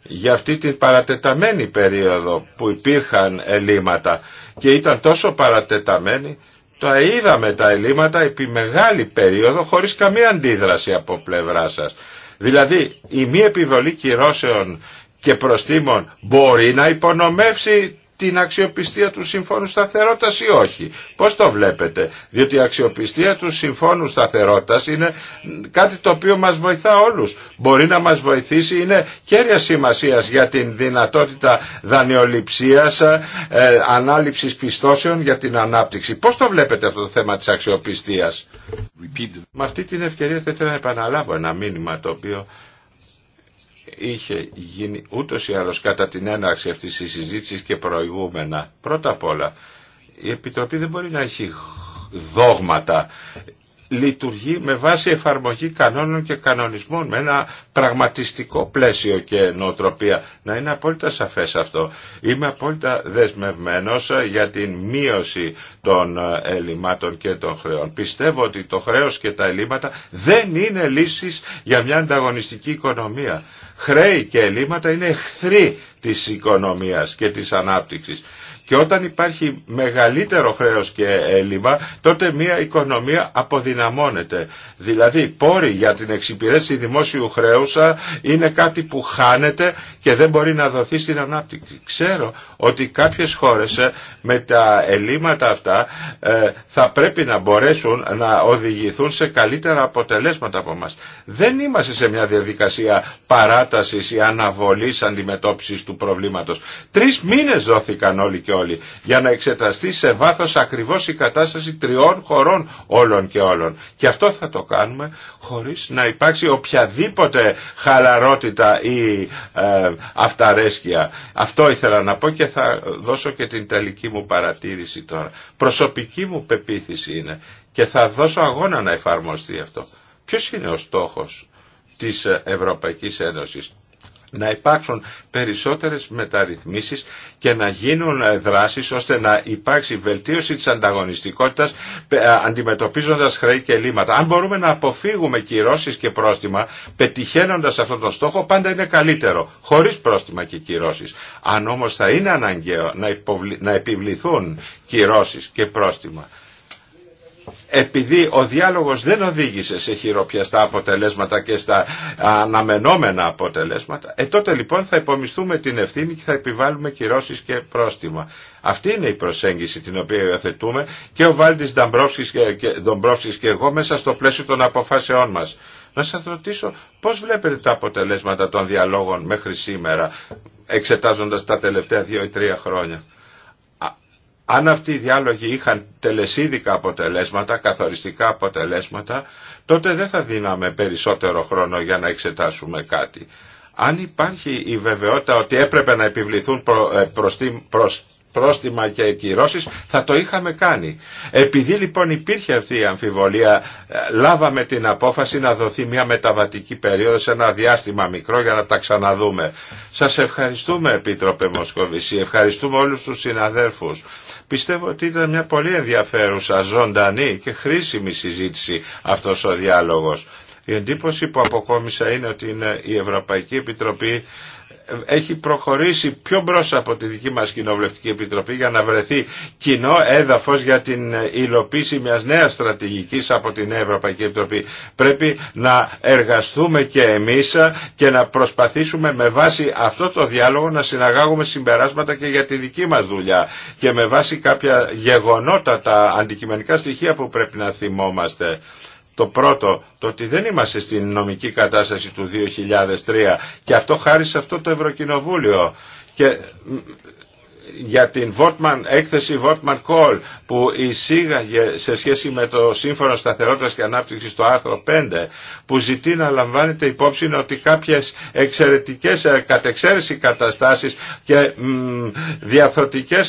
για αυτή την παρατεταμένη περίοδο που υπήρχαν ελλείμματα και ήταν τόσο παρατεταμένη, τα είδαμε τα ελλείμματα επί μεγάλη περίοδο χωρίς καμία αντίδραση από πλευρά σας. Δηλαδή η μη επιβολή κυρώσεων και προστήμων μπορεί να υπονομεύσει την αξιοπιστία του Συμφώνου Σταθερότητας ή όχι. Πώς το βλέπετε. Διότι η αξιοπιστία του Συμφώνου Σταθερότητας είναι κάτι το οποίο μας βοηθά όλους. Μπορεί να μας βοηθήσει, είναι κέρια σημασίας για την δυνατότητα δανειοληψίας, ε, πιστώσεων για την ανάπτυξη. Πώς το βλέπετε αυτό το θέμα της αξιοπιστίας. Με αυτή την ευκαιρία θα να επαναλάβω ένα μήνυμα το οποίο είχε γίνει ούτως ή άλλως κατά την έναρξη αυτής της συζήτησης και προηγούμενα. Πρώτα απ' όλα, η Επιτροπή δεν μπορεί να έχει δόγματα. Λειτουργεί με βάση εφαρμογή κανόνων και κανονισμών, με ένα πραγματιστικό πλαίσιο και νοοτροπία. Να είναι απόλυτα σαφές αυτό. Είμαι απόλυτα δεσμευμένος για την μείωση των ελλημάτων και των χρεών. Πιστεύω ότι το χρέος και τα ελλείμματα δεν είναι λύσεις για μια ανταγωνιστική οικονομία χρέη και ελλείμματα είναι εχθροί της οικονομίας και της ανάπτυξης. Και όταν υπάρχει μεγαλύτερο χρέος και έλλειμμα, τότε μια οικονομία αποδυναμώνεται. Δηλαδή, πόροι για την εξυπηρέτηση δημόσιου χρέους είναι κάτι που χάνεται και δεν μπορεί να δοθεί στην ανάπτυξη. Ξέρω ότι κάποιες χώρες ε, με τα ελλείμματα αυτά ε, θα πρέπει να μπορέσουν να οδηγηθούν σε καλύτερα αποτελέσματα από μας. Δεν είμαστε σε μια διαδικασία παράτασης ή αναβολής αντιμετώπισης του προβλήματος. Τρεις μήνες δόθηκαν όλοι για να εξεταστεί σε βάθος ακριβώς η κατάσταση τριών χωρών όλων και όλων. Και αυτό θα το κάνουμε χωρίς να υπάρξει οποιαδήποτε χαλαρότητα ή ε, αυταρέσκεια. Αυτό ήθελα να πω και θα δώσω και την τελική μου παρατήρηση τώρα. Προσωπική μου πεποίθηση είναι και θα δώσω αγώνα να εφαρμοστεί αυτό. Ποιος είναι ο στόχος της Ευρωπαϊκής Ένωσης να υπάρξουν περισσότερες μεταρρυθμίσεις και να γίνουν ε, δράσεις ώστε να υπάρξει βελτίωση της ανταγωνιστικότητας ε, αντιμετωπίζοντας χρέη και λύματα. Αν μπορούμε να αποφύγουμε κυρώσεις και πρόστιμα πετυχαίνοντας αυτόν τον στόχο πάντα είναι καλύτερο, χωρίς πρόστιμα και κυρώσεις. Αν όμως θα είναι αναγκαίο να επιβληθούν κυρώσεις και πρόστιμα επειδή ο διάλογος δεν οδήγησε σε χειροπιαστά αποτελέσματα και στα αναμενόμενα αποτελέσματα, ε, τότε λοιπόν θα υπομισθούμε την ευθύνη και θα επιβάλλουμε κυρώσεις και πρόστιμα. Αυτή είναι η προσέγγιση την οποία υιοθετούμε και ο Βάλτης Νταμπρόφσκης και, και, και εγώ μέσα στο πλαίσιο των αποφάσεών μας. Να σας ρωτήσω πώς βλέπετε τα αποτελέσματα των διαλόγων μέχρι σήμερα εξετάζοντας τα τελευταία δύο ή τρία χρόνια αν αυτοί οι διάλογοι είχαν τελεσίδικα αποτελέσματα, καθοριστικά αποτελέσματα, τότε δεν θα δίναμε περισσότερο χρόνο για να εξετάσουμε κάτι. Αν υπάρχει η βεβαιότητα ότι έπρεπε να επιβληθούν προ, ε, προς, προς πρόστιμα και κυρώσεις θα το είχαμε κάνει. Επειδή λοιπόν υπήρχε αυτή η αμφιβολία ε, λάβαμε την απόφαση να δοθεί μια μεταβατική περίοδο σε ένα διάστημα μικρό για να τα ξαναδούμε. Σας ευχαριστούμε Επίτροπε Μοσκοβισή, ευχαριστούμε όλους τους συναδέλφους. Πιστεύω ότι ήταν μια πολύ ενδιαφέρουσα, ζωντανή και χρήσιμη συζήτηση αυτός ο διάλογος. Η εντύπωση που αποκόμισα είναι ότι η Ευρωπαϊκή Επιτροπή έχει προχωρήσει πιο μπρος από τη δική μας Κοινοβουλευτική Επιτροπή για να βρεθεί κοινό έδαφος για την υλοποίηση μιας νέας στρατηγικής από την Ευρωπαϊκή Επιτροπή. Πρέπει να εργαστούμε και εμείς και να προσπαθήσουμε με βάση αυτό το διάλογο να συναγάγουμε συμπεράσματα και για τη δική μας δουλειά και με βάση κάποια γεγονότα τα αντικειμενικά στοιχεία που πρέπει να θυμόμαστε. Το πρώτο, το ότι δεν είμαστε στην νομική κατάσταση του 2003 και αυτό χάρη σε αυτό το Ευρωκοινοβούλιο. Και για την έκθεση Βόρτμαν Call που εισήγαγε σε σχέση με το Σύμφωνο Σταθερότητας και Ανάπτυξης το άρθρο 5 που ζητεί να λαμβάνεται υπόψη ότι κάποιες εξαιρετικές ε, κατεξαίρεση καταστάσεις και μ,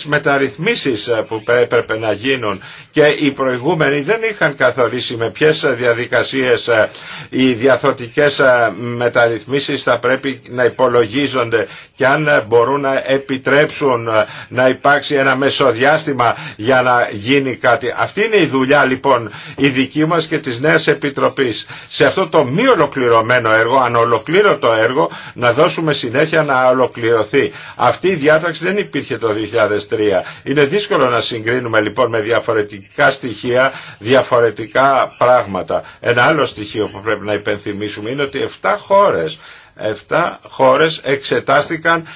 μεταρρυθμίσει ε, που έπρεπε να γίνουν και οι προηγούμενοι δεν είχαν καθορίσει με ποιες διαδικασίες ε, οι διαθωτικές μεταρρυθμίσεις θα πρέπει να υπολογίζονται και αν μπορούν να επιτρέψουν να υπάρξει ένα μεσοδιάστημα για να γίνει κάτι. Αυτή είναι η δουλειά λοιπόν η δική μας και της νέας επιτροπής. Σε αυτό το μη ολοκληρωμένο έργο, αν το έργο, να δώσουμε συνέχεια να ολοκληρωθεί. Αυτή η διάταξη δεν υπήρχε το 2003. Είναι δύσκολο να συγκρίνουμε λοιπόν με διαφορετικά στοιχεία, διαφορετικά πράγματα. Ένα άλλο στοιχείο που πρέπει να υπενθυμίσουμε είναι ότι 7 χώρες 7 χώρες εξετάστηκαν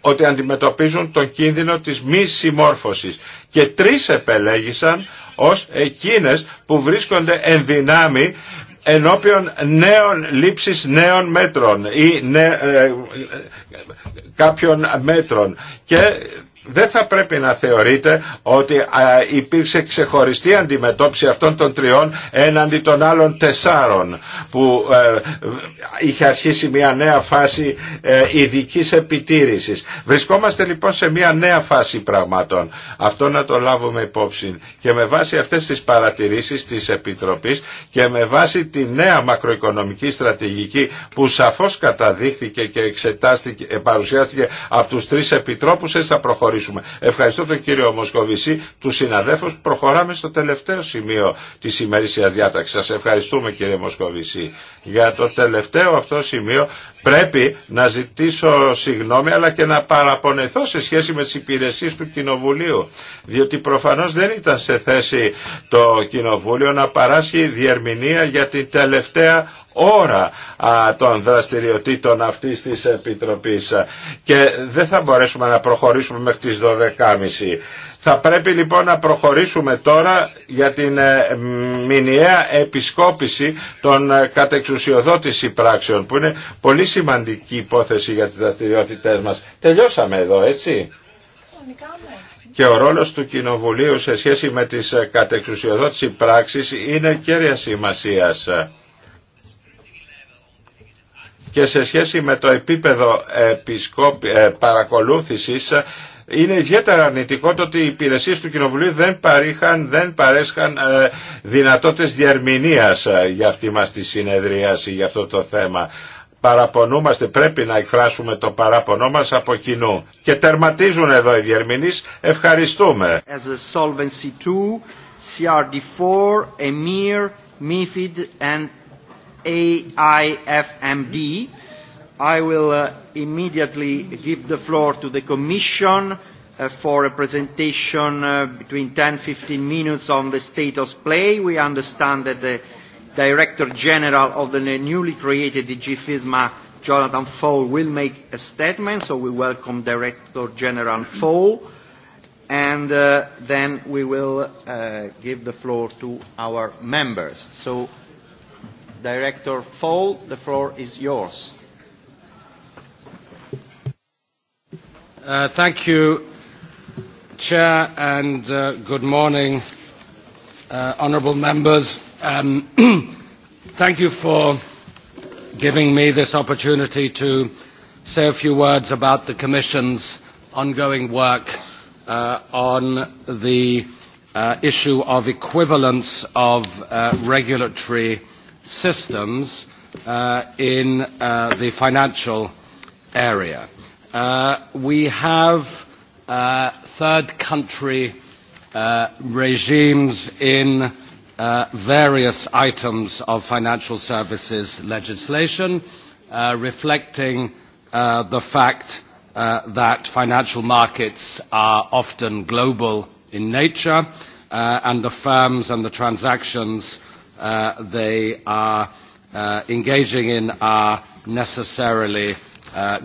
ότι αντιμετωπίζουν τον κίνδυνο της μη συμμόρφωσης και τρεις επελέγησαν ως εκείνες που βρίσκονται εν δυνάμει ενώπιον νέων λήψης νέων μέτρων ή νέ, ε, ε, κάποιων μέτρων και δεν θα πρέπει να θεωρείτε ότι υπήρξε ξεχωριστή αντιμετώπιση αυτών των τριών έναντι των άλλων τεσσάρων που ε, είχε αρχίσει μια νέα φάση ε, ειδική επιτήρησης. Βρισκόμαστε λοιπόν σε μια νέα φάση πραγμάτων. Αυτό να το λάβουμε υπόψη και με βάση αυτές τις παρατηρήσεις της Επιτροπής και με βάση τη νέα μακροοικονομική στρατηγική που σαφώς καταδείχθηκε και εξετάστηκε, παρουσιάστηκε από τους τρεις επιτρόπους, θα προχωρήσουμε προχωρήσουμε. Ευχαριστώ τον κύριο Μοσκοβισή, του συναδέφους. Προχωράμε στο τελευταίο σημείο της ημερήσια διάταξη. Σα ευχαριστούμε κύριε Μοσκοβισή. Για το τελευταίο αυτό σημείο πρέπει να ζητήσω συγγνώμη αλλά και να παραπονεθώ σε σχέση με τις υπηρεσίες του Κοινοβουλίου διότι προφανώς δεν ήταν σε θέση το Κοινοβούλιο να παράσει διερμηνία για την τελευταία ώρα α, των δραστηριοτήτων αυτής της Επιτροπής και δεν θα μπορέσουμε να προχωρήσουμε μέχρι τις 12.30 θα πρέπει λοιπόν να προχωρήσουμε τώρα για την ε, μηνιαία επισκόπηση των ε, κατεξουσιοδότηση πράξεων που είναι πολύ σημαντική υπόθεση για τις δραστηριότητές μας. Τελειώσαμε εδώ έτσι. Και ο ρόλος του Κοινοβουλίου σε σχέση με τις ε, κατεξουσιοδότηση πράξεις είναι κέρια σημασίας και σε σχέση με το επίπεδο παρακολούθησης είναι ιδιαίτερα αρνητικό το ότι οι υπηρεσίε του Κοινοβουλίου δεν παρήχαν, δεν παρέσχαν ε, δυνατότητε διαρμηνία ε, για αυτή μα τη συνεδρίαση, για αυτό το θέμα. Παραπονούμαστε, πρέπει να εκφράσουμε το παράπονό μας από κοινού. Και τερματίζουν εδώ οι διερμηνείς, ευχαριστούμε. I will immediately give the floor to the Commission for a presentation between 10-15 minutes on the state of play. We understand that the Director General of the newly created DG FISMA, Jonathan Fowle, will make a statement, so we welcome Director General Fowle. And then we will give the floor to our members. So, Director Fall, the floor is yours. Thank you, Chair, and good morning, honourable members. Thank you for giving me this opportunity to say a few words about the Commission's ongoing work on the issue of equivalence of regulatory systems in the financial area we have third country regimes in various items of financial services legislation, reflecting the fact that financial markets are often global in nature and the firms and the transactions they are engaging in are necessarily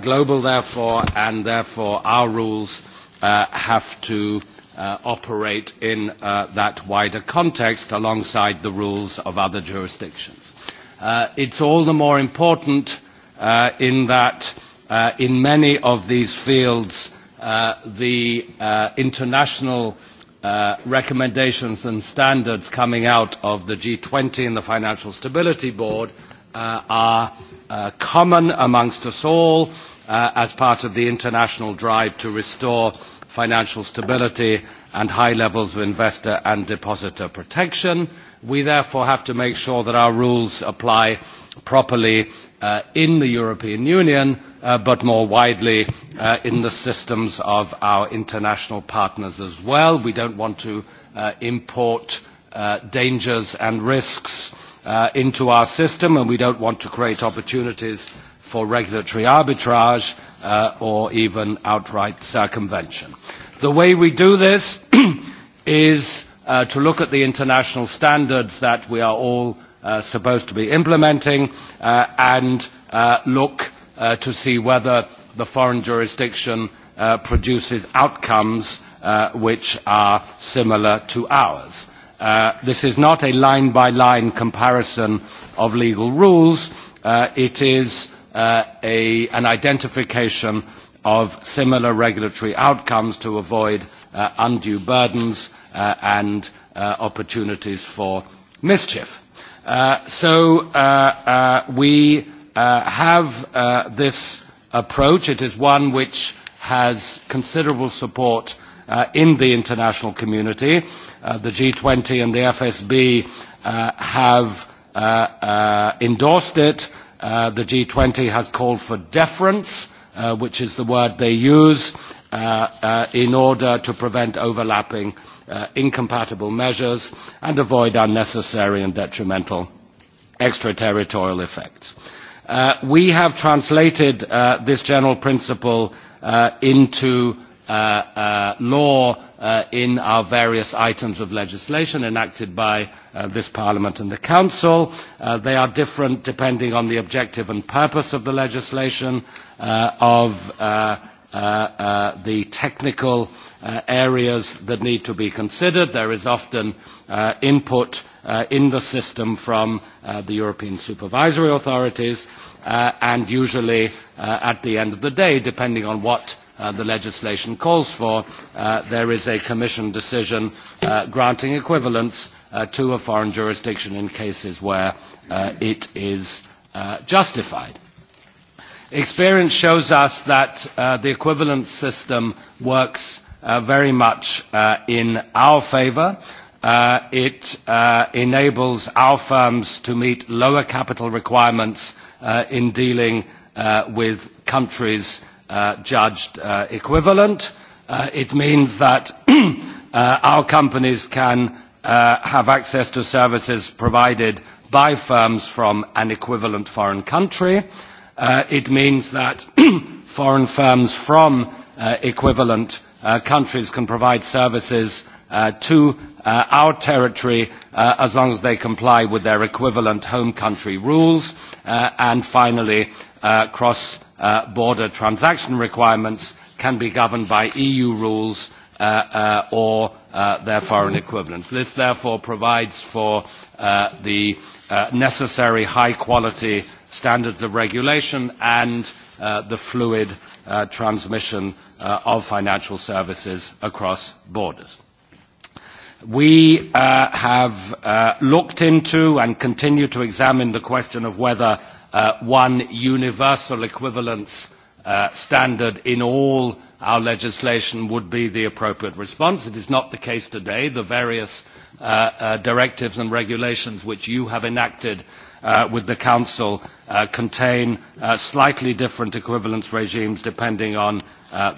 global, therefore, and therefore our rules have to operate in that wider context alongside the rules of other jurisdictions. It is all the more important in that in many of these fields the international recommendations and standards coming out of the G20 and the Financial Stability Board are common amongst us all as part of the international drive to restore financial stability and high levels of investor and depositor protection. We therefore have to make sure that our rules apply properly in the European Union, but more widely in the systems of our international partners as well. We don't want to import dangers and risks into our system and we don't want to create opportunities for regulatory arbitrage or even outright circumvention. The way we do this is to look at the international standards that we are all supposed to be implementing and look to see whether the foreign jurisdiction produces outcomes which are similar to ours. This is not a line-by-line comparison of legal rules. It is an identification of similar regulatory outcomes to avoid undue burdens and opportunities for mischief. So we have this approach. It is one which has considerable support in the international community the G20 and the FSB have endorsed it. The G20 has called for deference, which is the word they use, in order to prevent overlapping incompatible measures and avoid unnecessary and detrimental extraterritorial effects. We have translated this general principle into law in our various items of legislation enacted by this Parliament and the Council. They are different depending on the objective and purpose of the legislation, of the technical areas that need to be considered. There is often input in the system from the European supervisory authorities and usually at the end of the day, depending on what the legislation calls for, there is a Commission decision granting equivalence to a foreign jurisdiction in cases where it is justified. Experience shows us that the equivalence system works very much in our favour. It enables our firms to meet lower capital requirements in dealing with countries judged equivalent. It means that our companies can have access to services provided by firms from an equivalent foreign country. It means that foreign firms from equivalent countries can provide services to our territory as long as they comply with their equivalent home country rules. And finally, cross border transaction requirements can be governed by EU rules or their foreign equivalents. This therefore provides for the necessary high quality standards of regulation and the fluid transmission of financial services across borders. We have looked into and continue to examine the question of whether one universal equivalence standard in all our legislation would be the appropriate response. It is not the case today. The various directives and regulations which you have enacted with the Council contain slightly different equivalence regimes depending on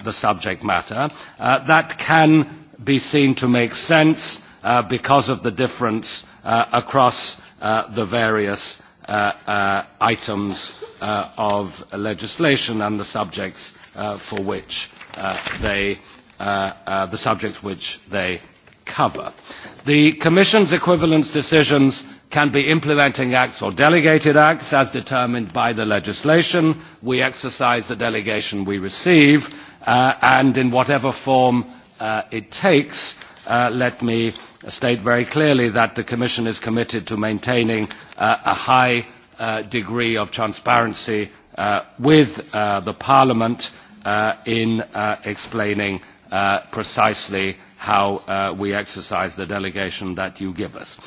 the subject matter. That can be seen to make sense because of the difference across the various items of legislation and the subjects for which they the subjects which they cover. The Commission's equivalence decisions can be implementing acts or delegated acts as determined by the legislation. We exercise the delegation we receive and in whatever form it takes, let me state very clearly that the Commission is committed to maintaining a high degree of transparency with Parliament in explaining precisely how we exercise the delegation that you give us.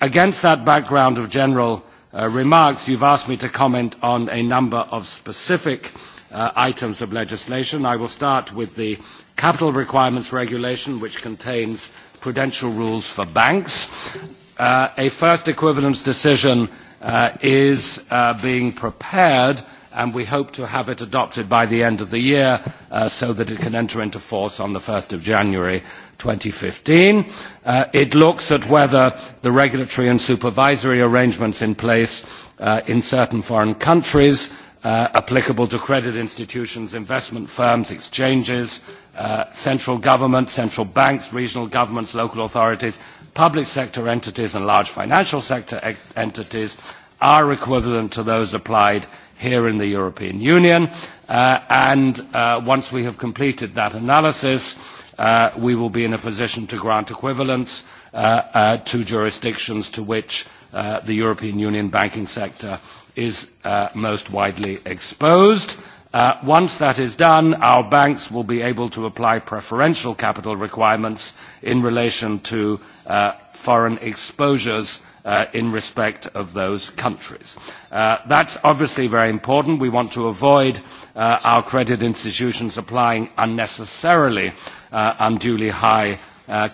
against that background of general remarks, you have asked me to comment on a number of specific items of legislation. I will start with the capital requirements regulation which contains prudential rules for banks. A first equivalence decision is being prepared and we hope to have it adopted by the end of the year so that it can enter into force on the 1st of January 2015. It looks at whether the regulatory and supervisory arrangements in place in certain foreign countries applicable to credit institutions, investment firms, exchanges central government, central banks, regional governments, local authorities, public sector entities and large financial sector entities are equivalent to those applied here in the European Union. And once we have completed that analysis, we will be in a position to grant equivalence to jurisdictions to which the European Union banking sector is most widely exposed. Once that is done, our banks will be able to apply preferential capital requirements in relation to foreign exposures in respect of those countries. That is obviously very important. We want to avoid our credit institutions applying unnecessarily unduly high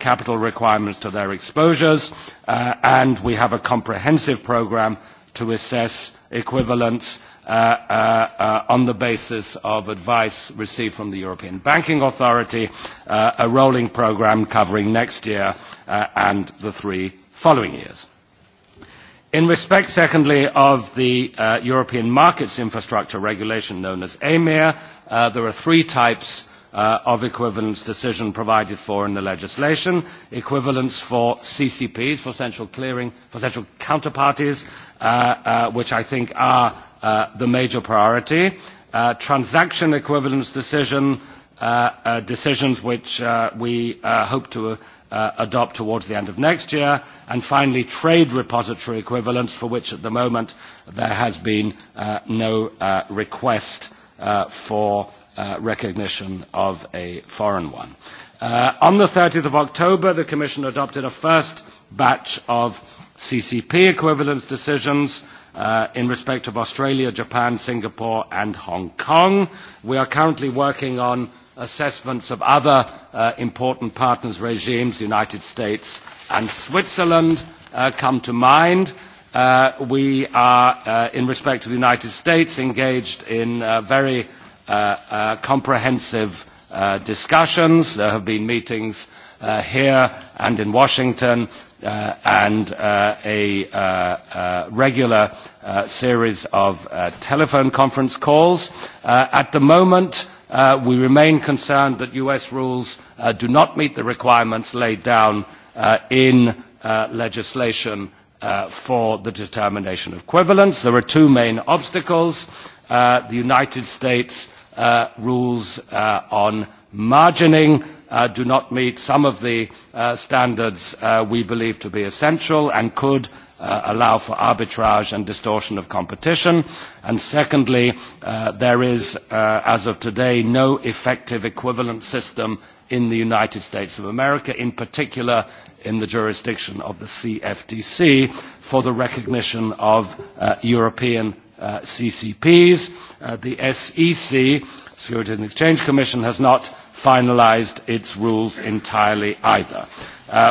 capital requirements to their exposures, and we have a comprehensive programme to assess equivalence on the basis of advice received from the European Banking Authority, a rolling programme covering next year and the three following years. In respect, secondly, of the European Markets Infrastructure Regulation known as EMIR, there are three types of equivalence decision provided for in the legislation. Equivalence for CCPs, for central clearing, for central counterparties, which I think are the major priority. Transaction equivalence decision decisions which we hope to adopt towards the end of next year, and finally trade repository equivalence for which at the moment there has been no request for recognition of a foreign one. On the 30th of October, the Commission adopted a first batch of CCP equivalence decisions in respect of Australia, Japan, Singapore and Hong Kong. We are currently working on assessments of other important partners regimes, the United States and Switzerland come to mind. We are, in respect of the United States, engaged in very comprehensive discussions. There have been meetings here and in Washington and a regular series of telephone conference calls. At the moment, we remain concerned that US rules do not meet the requirements laid down in legislation for the determination of equivalence. There are two main obstacles. The United States rules on margining do not meet some of the standards we believe to be essential and could allow for arbitrage and distortion of competition. And secondly, there is, as of today, no effective equivalent system in the United States of America, in particular in the jurisdiction of the CFTC, for the recognition of European CCPs. The SEC, Securities and Exchange Commission, has not finalised its rules entirely either.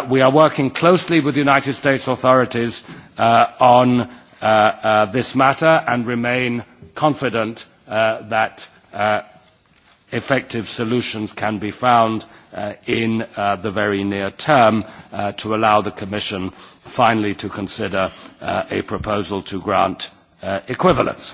We are working closely with the United States authorities on this matter and remain confident that effective solutions can be found in the very near term to allow the Commission finally to consider a proposal to grant equivalence.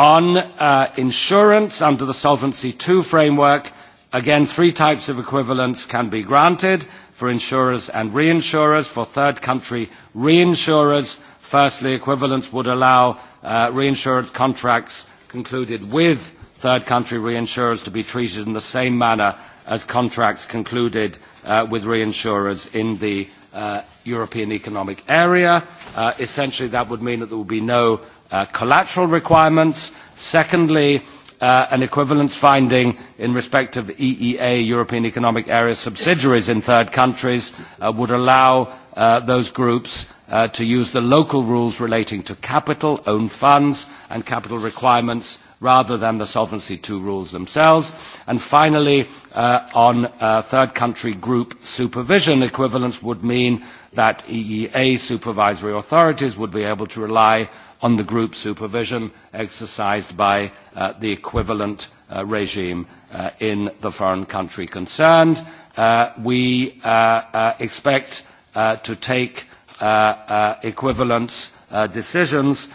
On insurance under the Solvency II framework, again three types of equivalence can be granted for insurers and reinsurers. For third country reinsurers, firstly equivalence would allow reinsurance contracts concluded with third country reinsurers to be treated in the same manner as contracts concluded with reinsurers in the European Economic Area. Essentially, that would mean that there would be no collateral requirements. Secondly, an equivalence finding in respect of EEA, European Economic Area subsidiaries in third countries would allow those groups to use the local rules relating to capital, own funds, and capital requirements rather than the Solvency II rules themselves. And finally, on third country group supervision, equivalence would mean that EEA supervisory authorities would be able to rely on the group supervision exercised by the equivalent regime in the foreign country concerned. We expect to take equivalence decisions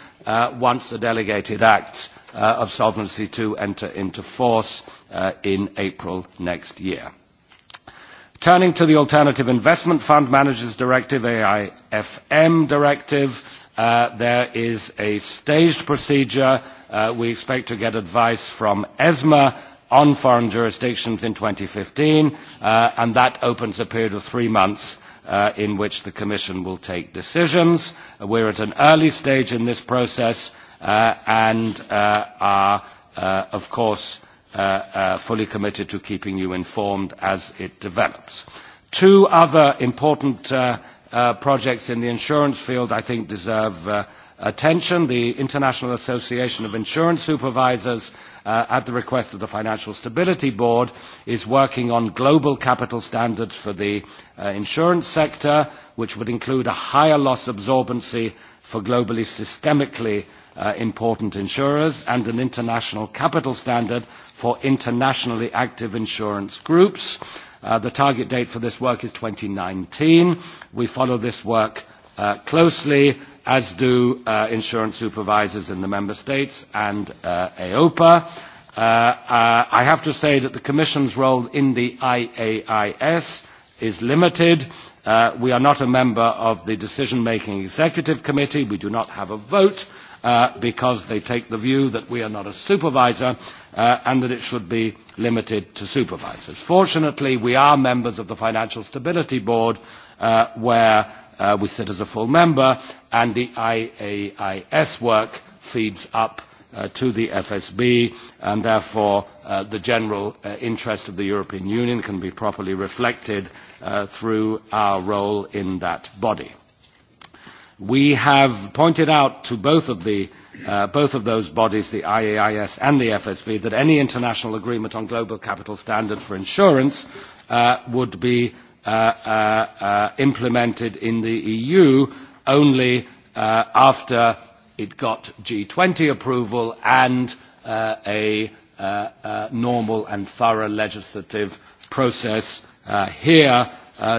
once the delegated acts of Solvency II enter into force in April next year. Turning to the Alternative Investment Fund Managers Directive, AIFM Directive, there is a staged procedure. We expect to get advice from ESMA on foreign jurisdictions in 2015, and that opens a period of three months in which the Commission will take decisions. We are at an early stage in this process, and are, of course, fully committed to keeping you informed as it develops. Two other important projects in the insurance field I think deserve attention. The International Association of Insurance Supervisors, at the request of the Financial Stability Board, is working on global capital standards for the insurance sector, which would include a higher loss absorbency for globally systemically important insurers and an international capital standard for internationally active insurance groups. The target date for this work is 2019. We follow this work closely, as do insurance supervisors in the member states and AOPA. I have to say that the Commission's role in the IAIS is limited. We are not a member of the Decision-Making Executive Committee. We do not have a vote because they take the view that we are not a supervisor and that it should be limited to supervisors. Fortunately, we are members of the Financial Stability Board where we sit as a full member and the IAIS work feeds up to the FSB and therefore the general interest of the European Union can be properly reflected through our role in that body. We have pointed out to both of those bodies, the IAIS and the FSB, that any international agreement on global capital standard for insurance would be implemented in the EU only after it got G20 approval and a normal and thorough legislative process here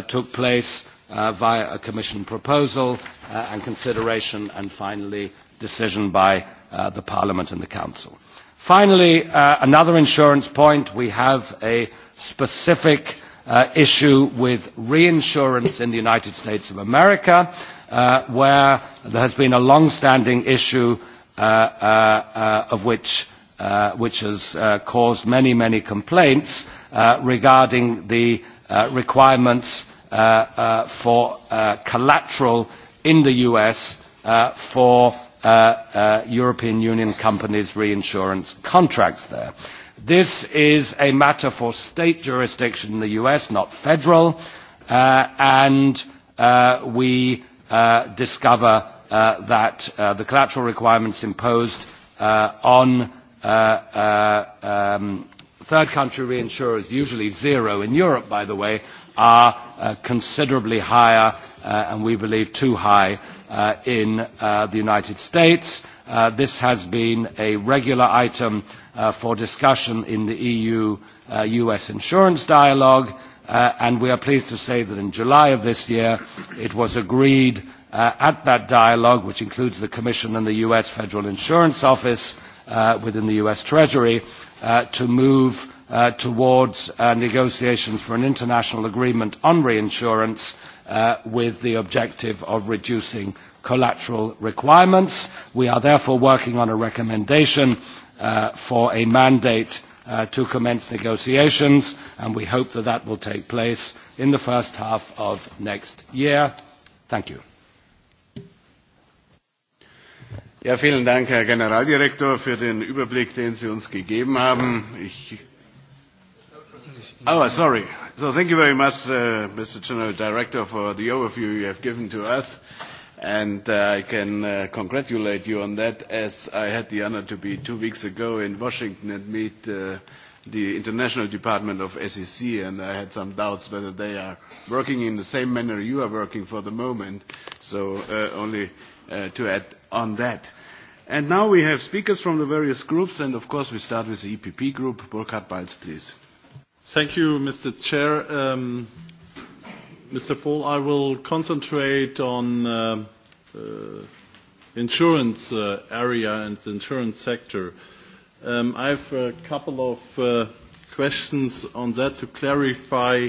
took place via a Commission proposal and consideration and finally decision by the Parliament and the Council. Finally, another insurance point, we have a specific issue with reinsurance in the United States of America where there has been a long-standing issue of which has caused many, many complaints regarding the requirements for collateral in the US for European Union companies' reinsurance contracts there. This is a matter for state jurisdiction in the US, not federal, and we discover that the collateral requirements imposed on third country reinsurers, usually zero in Europe, by the way, are considerably higher and we believe too high in the United States. This has been a regular item for discussion in the EU-US insurance dialogue and we are pleased to say that in July of this year it was agreed at that dialogue, which includes the Commission and the US Federal Insurance Office within the US Treasury, to move towards negotiations for an international agreement on reinsurance with the objective of reducing collateral requirements. We are therefore working on a recommendation for a mandate to commence negotiations and we hope that that will take place in the first half of next year. Thank you. Herr Generaldirektor, für den Überblick, den Sie gegeben haben. Oh, sorry. So thank you very much, Mr. General Director, for the overview you have given to us. And I can congratulate you on that, as I had the honor to be two weeks ago in Washington and meet the International Department of SEC, and I had some doubts whether they are working in the same manner you are working for the moment. So only to add on that. And now we have speakers from the various groups, and of course we start with the EPP group. Burkhard Balz, please. Thank you, Mr. Chair. Mr. Paul, I will concentrate on insurance area and the insurance sector. I have a couple of questions on that to clarify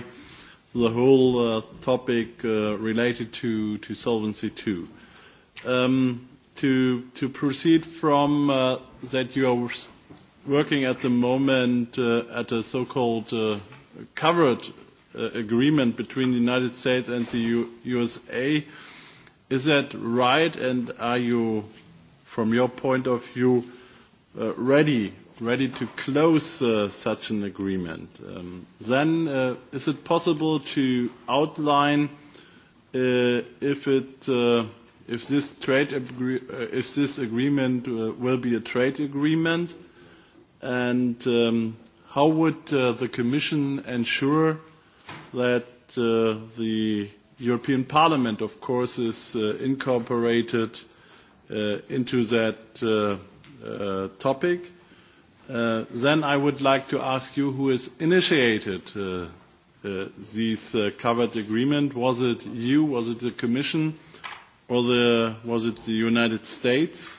the whole topic related to to Solvency II. To proceed from that you are working at the moment at a so-called covered agreement between the United States and the USA. Is that right? And are you, from your point of view, ready ready to close such an agreement? Then, is it possible to outline if it if this trade if this agreement will be a trade agreement? And how would the Commission ensure that the European Parliament, of course, is incorporated into that topic? Then I would like to ask you who has initiated this covered agreement. Was it you? Was it the Commission? Or was it the United States?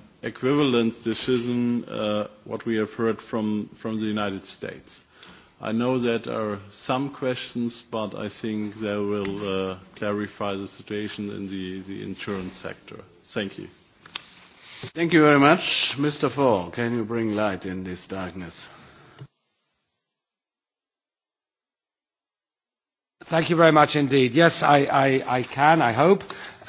equivalence decision what we have heard from from the United States. I know that are some questions, but I think they will clarify the situation in the the insurance sector. Thank you. Thank you very much. Mr. Fall, can you bring light in this darkness? Thank you very much indeed. Yes, I I I can, I hope.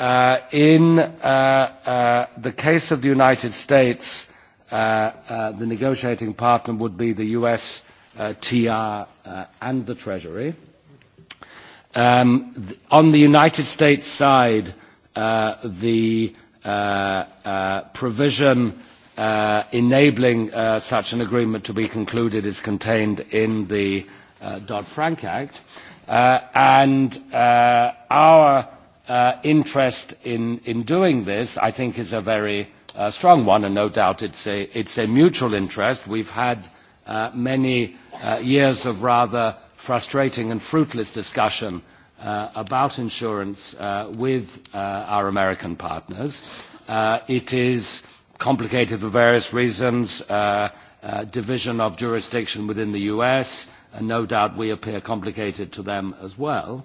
In the case of the United States, the negotiating partner would be the US TR and the Treasury. On the United States side, the provision enabling such an agreement to be concluded is contained in the Dodd-Frank Act, and our interest in doing this, I think, is a very strong one, and no doubt it's a mutual interest. We've had many years of rather frustrating and fruitless discussion about insurance with our American partners. It is complicated for various reasons, division of jurisdiction within the U.S., and no doubt we appear complicated to them as well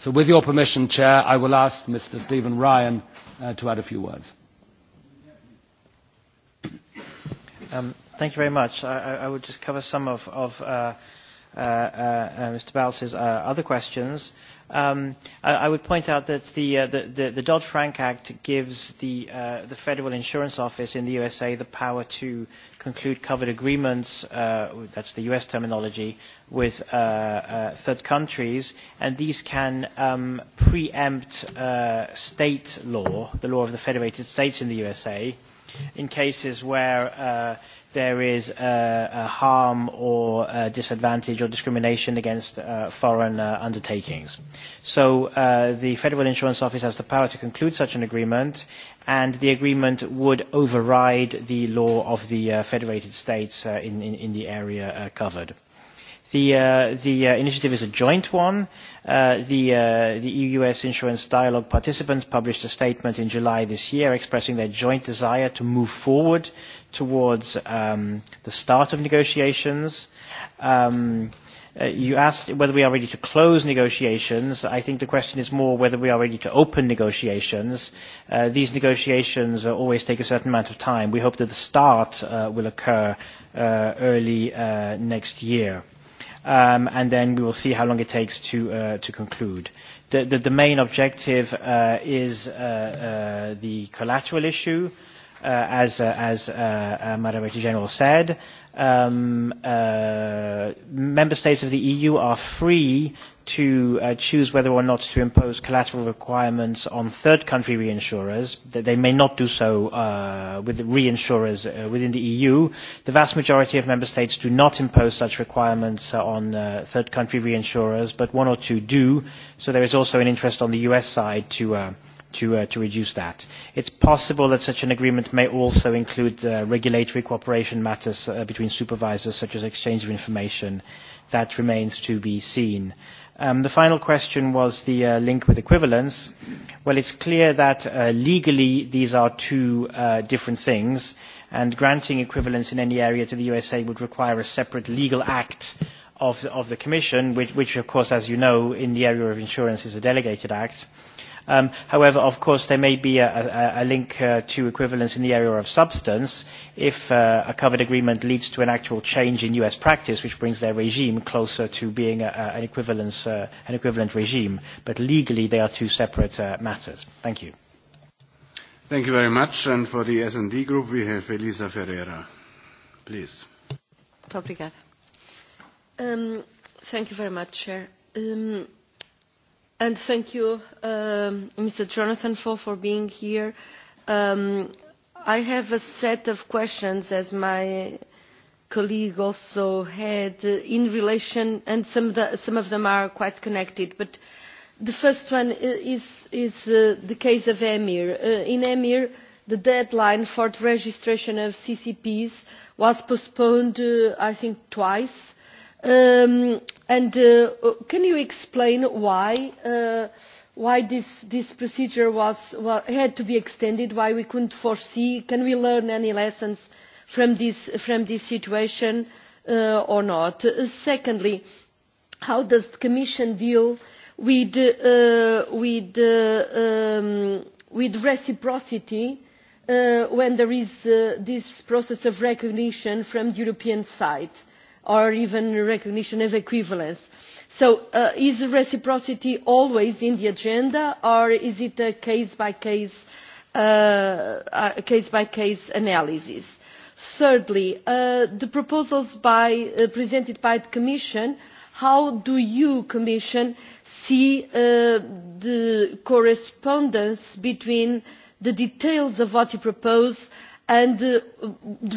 So with your permission, Chair, I will ask Mr. Stephen Ryan to add a few words. Thank you very much. I would just cover some of Mr. Balz's other questions. I would point out that the Dodd-Frank Act gives the Federal Insurance Office in the USA the power to conclude covered agreements, that's the US terminology, with third countries, and these can preempt state law, the law of the Federated States in the USA, in cases where there is a harm or disadvantage or discrimination against foreign undertakings. So the Federal Insurance Office has the power to conclude such an agreement and the agreement would override the law of the Federated States in the area covered. The the initiative is a joint one. The the EU-US Insurance Dialogue participants published a statement in July this year expressing their joint desire to move forward towards the start of negotiations. You asked whether we are ready to close negotiations. I think the question is more whether we are ready to open negotiations. These negotiations always take a certain amount of time. We hope that the start will occur early next year and then we will see how long it takes to to conclude. The the main objective is the collateral issue, as as Madam Attorney General said member states of the EU are free to choose whether or not to impose collateral requirements on third country reinsurers, that they may not do so with reinsurers within the EU. The vast majority of member states do not impose such requirements on third country reinsurers, but one or two do, so there is also an interest on the US side to to reduce that. It's possible that such an agreement may also include regulatory cooperation matters between supervisors, such as exchange of information. That remains to be seen. The final question was the link with equivalence. Well, it's clear that legally these are two different things, and granting equivalence in any area to the USA would require a separate legal act of the Commission, which, of course, as you know, in the area of insurance is a delegated act. However, of course, there may be a link to equivalence in the area of substance if a covered agreement leads to an actual change in U.S. practice, which brings their regime closer to being an an equivalent regime. But legally, they are two separate matters. Thank you. Thank you very much. And for the S&D Group, we have Elisa Ferreira. Please. Thank you very much, Chair. And thank you, Mr. Jonathan, for being here. I have a set of questions, as my colleague also had, in relation, and some of them are quite connected. But the first one is the case of EMIR. In EMIR, the deadline for the registration of CCPs was postponed, I think, twice And can you explain why why this procedure was had to be extended? Why we couldn't foresee? Can we learn any lessons from this situation or not? Secondly, how does the Commission deal with reciprocity when there is this process of recognition from the European side? or even recognition of equivalence. So is reciprocity always in the agenda or is it a case-by-case case-by-case analysis? Thirdly, the proposals presented by the Commission, how do you, Commission, see the correspondence between the details of what you propose and the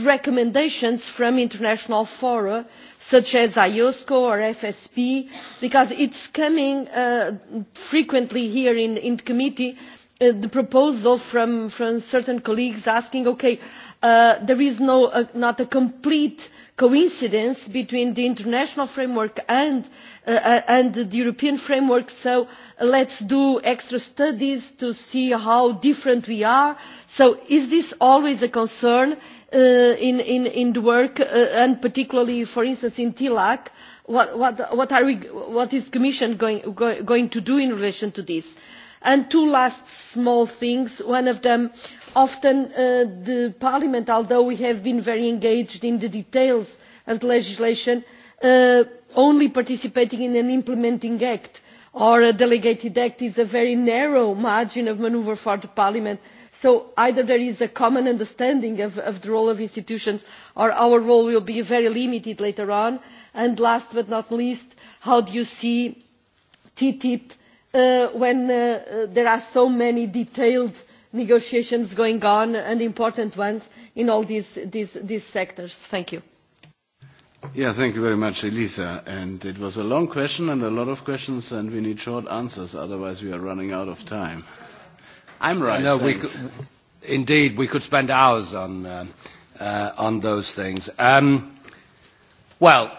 recommendations from international fora such as IOSCO or FSP, because it's coming frequently here in the committee, the proposal from certain colleagues asking, okay, there is not a complete coincidence between the international framework and the European framework, so let's do extra studies to see how different we are. So is this always a concern in the work, and particularly, for instance, in TILAC? What is the Commission going to do in relation to this? and two last small things one of them often the parliament although we have been very engaged in the details of the legislation only participating in an implementing act or a delegated act is a very narrow margin of manoeuvre for parliament so either there is a common understanding of the role of institutions or our role will be very limited later on. and last but not least how do you see ttip when there are so many detailed negotiations going on and important ones in all these sectors. Thank you. Yeah, thank you very much, Elisa. And it was a long question and a lot of questions, and we need short answers, otherwise we are running out of time. I'm right. we indeed, we could spend hours on on those things. well,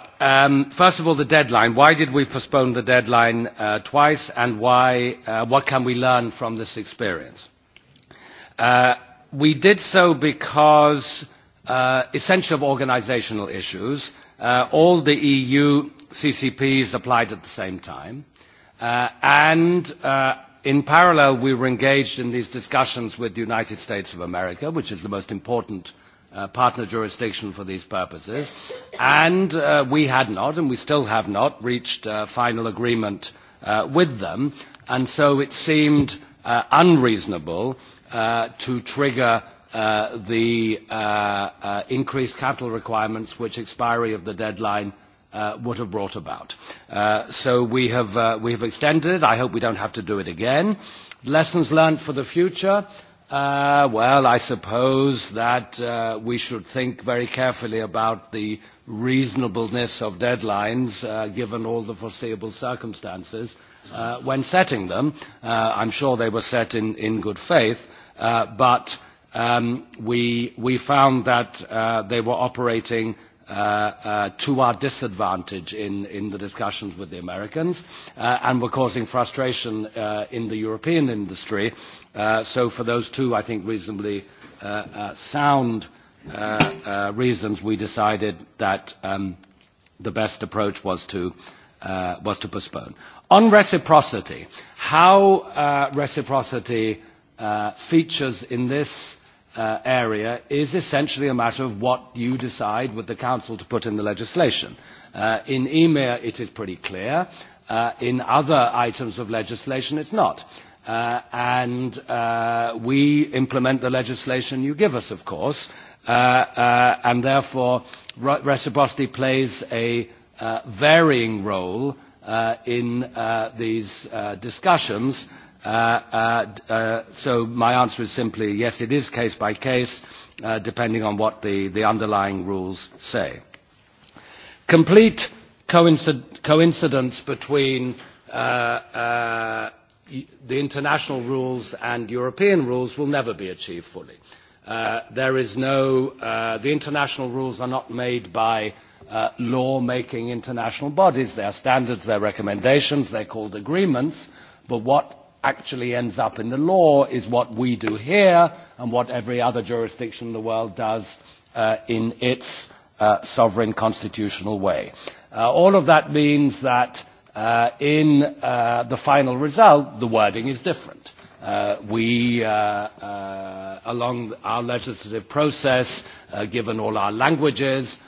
First of all, the deadline. Why did we postpone the deadline twice, and why? What can we learn from this experience? We did so because essential organisational issues. All the EU CCPs applied at the same time, and in parallel we were engaged in these discussions with the United States of America, which is the most important partner jurisdiction for these purposes. And we had not, and we still have not, reached final agreement with them. And so it seemed unreasonable to trigger the increased capital requirements which expiry of the deadline would have brought about. So we have extended. I hope we don't have to do it again. Lessons learned for the future. Uh Well, I suppose that we should think very carefully about the reasonableness of deadlines, given all the foreseeable circumstances. When setting them, I'm sure they were set in good faith, but we found that they were operating to our disadvantage in the discussions with the Americans and were causing frustration in the European industry So for those two, I think, reasonably sound reasons, we decided that the best approach was to was to postpone. On reciprocity, how reciprocity features in this area is essentially a matter of what you decide with the Council to put in the legislation. In EMEA, it is pretty clear. In other items of legislation, it's not and we implement the legislation you give us, of course, and therefore reciprocity plays a varying role in these discussions. So my answer is simply yes, it is case by case, depending on what the underlying rules say. Complete coincidence between the international rules and European rules will never be achieved fully. There is no, the international rules are not made by law-making international bodies. They are standards, they are recommendations, they are called agreements, but what actually ends up in the law is what we do here and what every other jurisdiction in the world does in its sovereign constitutional way. All of that means that In the final result, the wording is different. We, along our legislative process, given all our languages,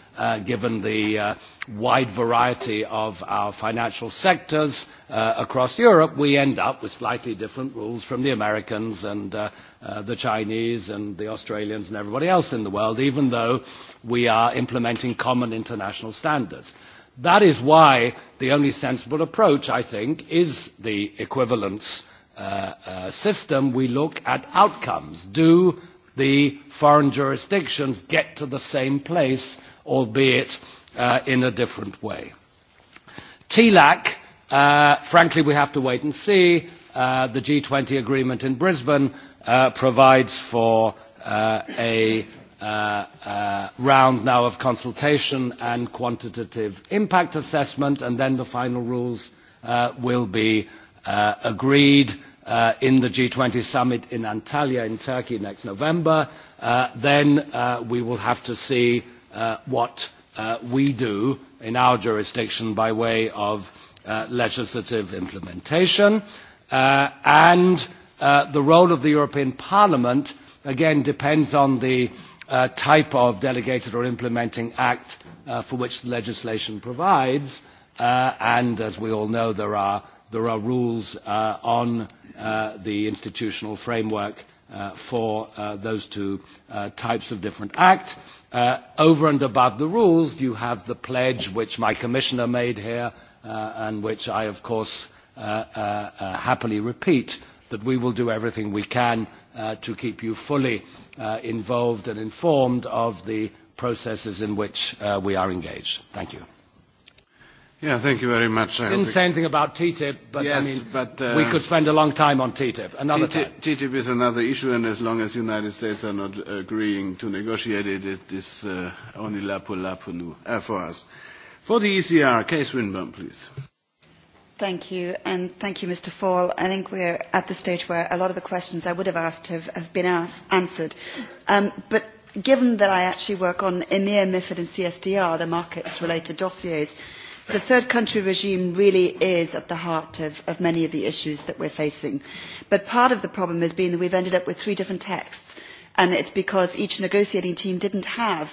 given the wide variety of our financial sectors across Europe, we end up with slightly different rules from the Americans and the Chinese and the Australians and everybody else in the world, even though we are implementing common international standards. That is why the only sensible approach, I think, is the equivalence system. We look at outcomes. Do the foreign jurisdictions get to the same place, albeit in a different way? TLAC, frankly, we have to wait and see. The G20 agreement in Brisbane provides for a round now of consultation and quantitative impact assessment, and then the final rules will be agreed in the G20 summit in Antalya in Turkey next November. Then we will have to see what we do in our jurisdiction by way of legislative implementation. And the role of the European Parliament, again, depends on the type of delegated or implementing act for which the legislation provides and as we all know there are there are rules on the institutional framework for those two types of different acts. Over and above the rules, you have the pledge which my commissioner made here and which I, of course, happily repeat, that we will do everything we can to keep you fully involved and informed of the processes in which we are engaged. Thank you. Yeah, thank you very much. I didn't say anything about TTIP, but I mean, we could spend a long time on TTIP. Another time. TTIP is another issue, and as long as the United States are not agreeing to negotiate it, it is only la pour la for us. For the ECR, Case Winburn, please. Thank you, and thank you, Mr. Fall. I think we are at the stage where a lot of the questions I would have asked have, been answered. but given that I actually work on EMIR, MIFID, and CSDR, the markets-related dossiers, the third country regime really is at the heart of, many of the issues that we are facing. But part of the problem has been that we have ended up with three different texts, and it is because each negotiating team did not have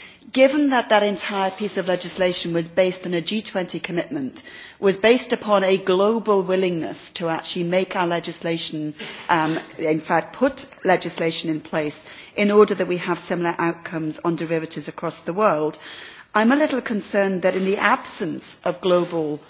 given that that entire piece of legislation was based on a G20 commitment, was based upon a global willingness to actually make our legislation, in fact put legislation in place in order that we have similar outcomes on derivatives across the world, I am a little concerned that in the absence of global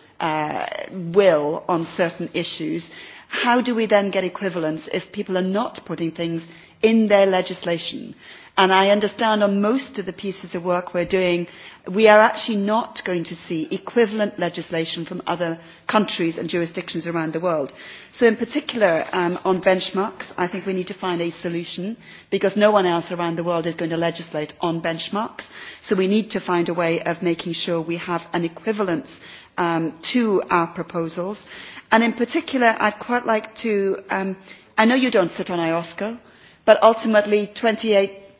will on certain issues, how do we then get equivalence if people are not putting things in their legislation? and i understand on most of the pieces of work we are doing we are actually not going to see equivalent legislation from other countries and jurisdictions around the world. so in particular on benchmarks i think we need to find a solution because no one else around the world is going to legislate on benchmarks so we need to find a way of making sure we have an equivalence to our proposals and in particular i quite like to i know you do not sit on iosco but ultimately twenty eight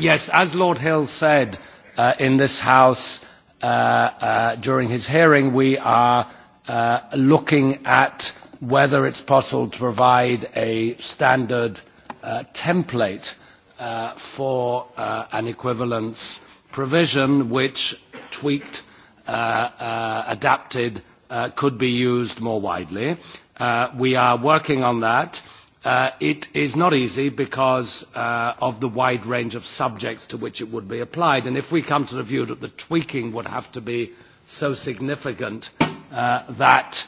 Yes, as Lord Hill said in this House during his hearing, we are looking at whether it's possible to provide a standard template for an equivalence provision which, tweaked, adapted, could be used more widely. We are working on that. It is not easy because of the wide range of subjects to which it would be applied, and if we come to the view that the tweaking would have to be so significant that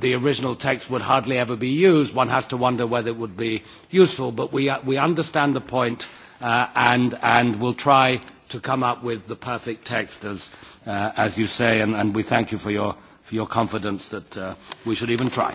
the original text would hardly ever be used, one has to wonder whether it would be useful. But we understand the point and will try to come up with the perfect text, as you say, and we thank you for your confidence that we should even try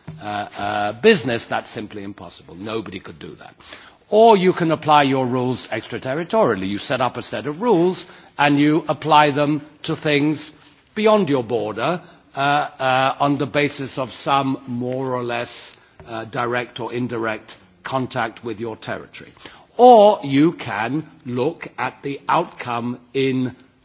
business, that's simply impossible. Nobody could do that. Or you can apply your rules extraterritorially. You set up a set of rules and you apply them to things beyond your border on the basis of some more or less direct or indirect contact with your territory. Or you can look at the outcome in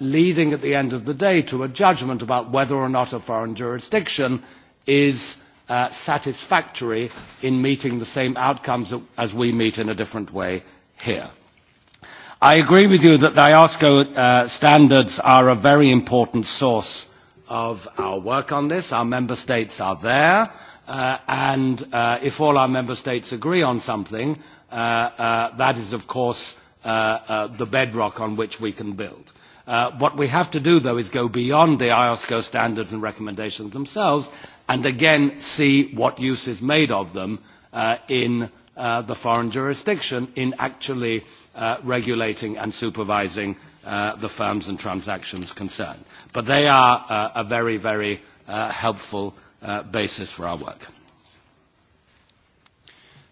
leading at the end of the day to a judgment about whether or not a foreign jurisdiction is satisfactory in meeting the same outcomes as we meet in a different way here. I agree with you that the IOSCO standards are a very important source of our work on this. Our member states are there, and if all our member states agree on something, that is, of course, the bedrock on which we can build. What we have to do, though, is go beyond the IOSCO standards and recommendations themselves and, again, see what use is made of them in the foreign jurisdiction in actually regulating and supervising the firms and transactions concerned. But they are a very, very helpful basis for our work.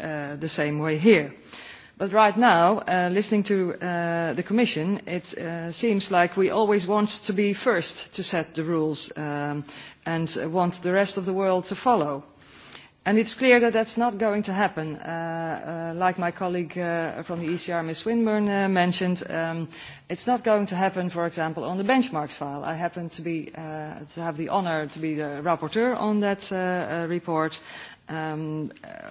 the same way here. But right now, listening to the Commission, it seems like we always want to be first to set the rules and want the rest of the world to follow. And it's clear that that's not going to happen. Like my colleague from the ECR, Ms. Swinburne, mentioned, It's not going to happen, for example, on the benchmarks file. I happen to be to have the honour to be the rapporteur on that report.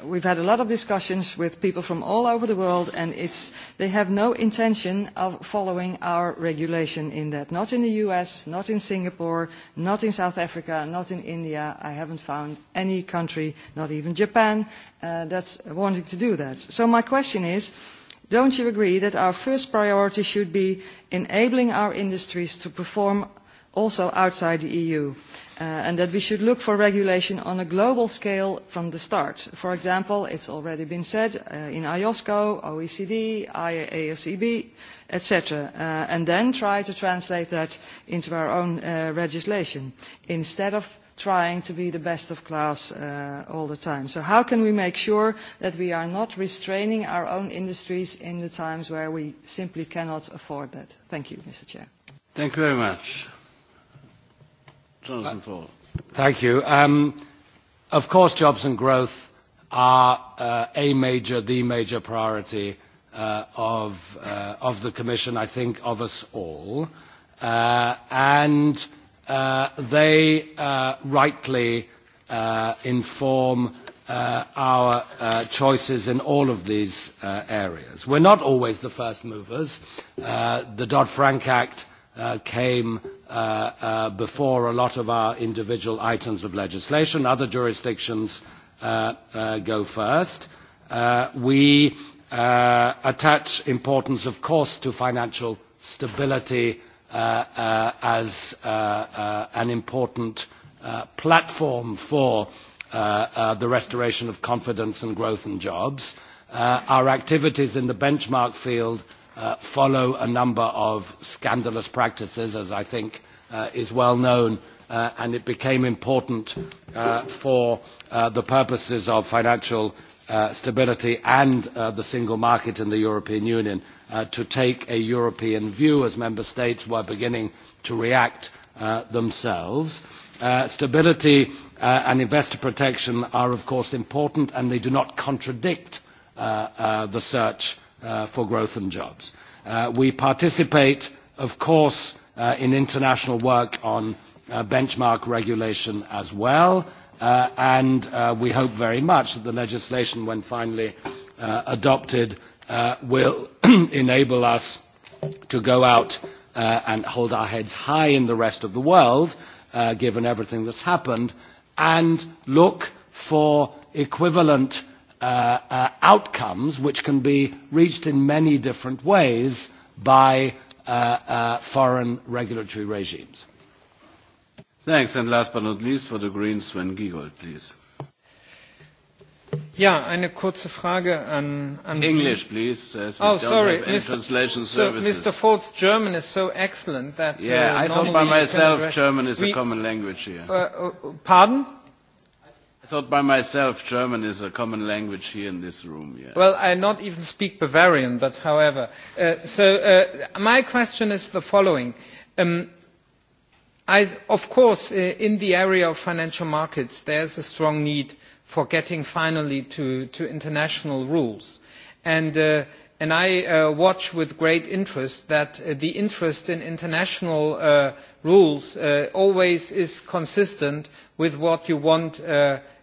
We've had a lot of discussions with people from all over the world, and it's they have no intention of following our regulation in that. Not in the US, not in Singapore, not in South Africa, not in India. I haven't found any country, not even Japan, that's wanting to do that. So my question is Don't you agree that our first priority should be enabling our industries to perform also outside the EU and that we should look for regulation on a global scale from the start? For example, has already been said in IOSCO, OECD, iasb etc. And then try to translate that into our own legislation instead of trying to be the best of class all the time. So how can we make sure that we are not restraining our own industries in the times where we simply cannot afford that? Thank you, Mr. Chair. Thank you very much. Jonathan Ford. Thank you. Of course, jobs and growth are a major, the major priority of the Commission, I think, of us all. And they rightly inform our choices in all of these areas. We're not always the first movers. The Dodd-Frank Act came before a lot of our individual items of legislation. Other jurisdictions go first. We attach importance, of course, to financial stability as an important platform for the restoration of confidence and growth and jobs. Our activities in the benchmark field follow a number of scandalous practices, as I think is well known, and it became important for the purposes of financial stability and the single market in the European Union to take a European view as member states were beginning to react themselves. Stability and investor protection are of course important and they do not contradict the search for growth and jobs. We participate of course in international work on benchmark regulation as well and we hope very much that the legislation when finally adopted will enable us to go out and hold our heads high in the rest of the world, given everything that's happened, and look for equivalent outcomes which can be reached in many different ways by foreign regulatory regimes. Thanks. And last but not least, for the Greens, Sven Giegold, please. Yeah, eine kurze Frage an, an English, please. As we oh, sorry, Mr. Translation so Mr. Folt's German is so excellent that. Yeah, I thought by myself German is a common language here. pardon? I thought by myself German is a common language here in this room. Yeah. Well, I not even speak Bavarian, but however, so my question is the following. I, Of course, in the area of financial markets, there's a strong need for getting finally to international rules. And I watch with great interest that the interest in international rules always is consistent with what you want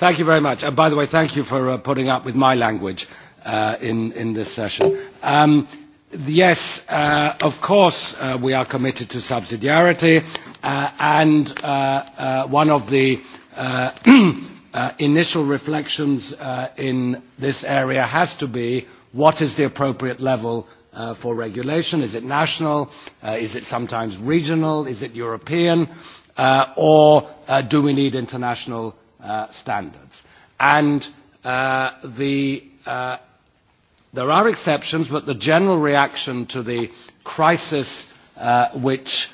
Thank you very much. And by the way, thank you for putting up with my language in this session. Yes, of course, we are committed to subsidiarity, and one of the initial reflections in this area has to be what is the appropriate level for regulation? Is it national? Is it sometimes regional? Is it European? Or do we need international standards. And there are exceptions, but the general reaction to the crisis which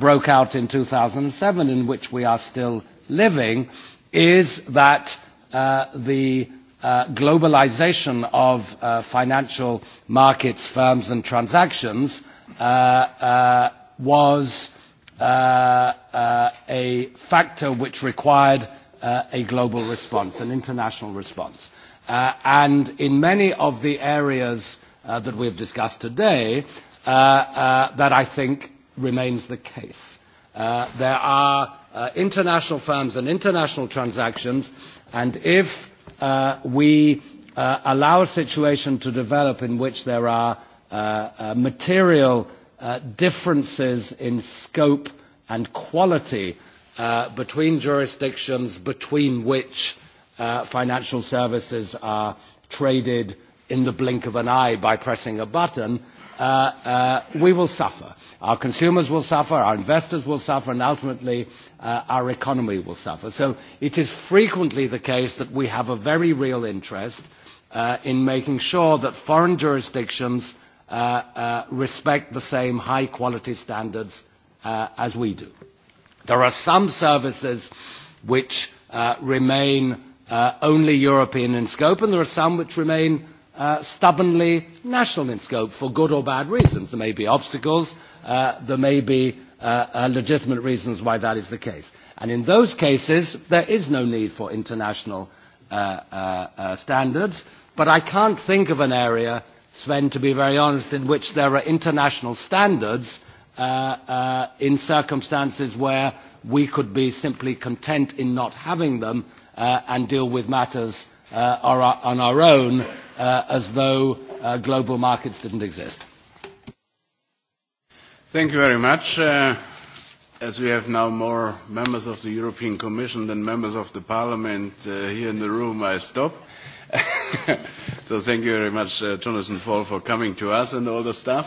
broke out in 2007, in which we are still living, is that the globalization of financial markets, firms and transactions was a factor which required a global response, an international response. And in many of the areas that we have discussed today, that I think remains the case. There are international firms and international transactions, and if we allow a situation to develop in which there are material differences in scope and quality between jurisdictions between which financial services are traded in the blink of an eye by pressing a button, we will suffer. Our consumers will suffer, our investors will suffer, and ultimately our economy will suffer. So it is frequently the case that we have a very real interest in making sure that foreign jurisdictions respect the same high quality standards as we do. There are some services which remain only European in scope and there are some which remain stubbornly national in scope for good or bad reasons. There may be obstacles, there may be legitimate reasons why that is the case. And in those cases there is no need for international standards, but I can't think of an area, Sven, to be very honest, in which there are international standards in circumstances where we could be simply content in not having them and deal with matters on our own as though global markets didn't exist. Thank you very much. As we have now more members of the European Commission than members of the Parliament here in the room, I stop. So thank you very much, Jonathan Fall, for coming to us and all the stuff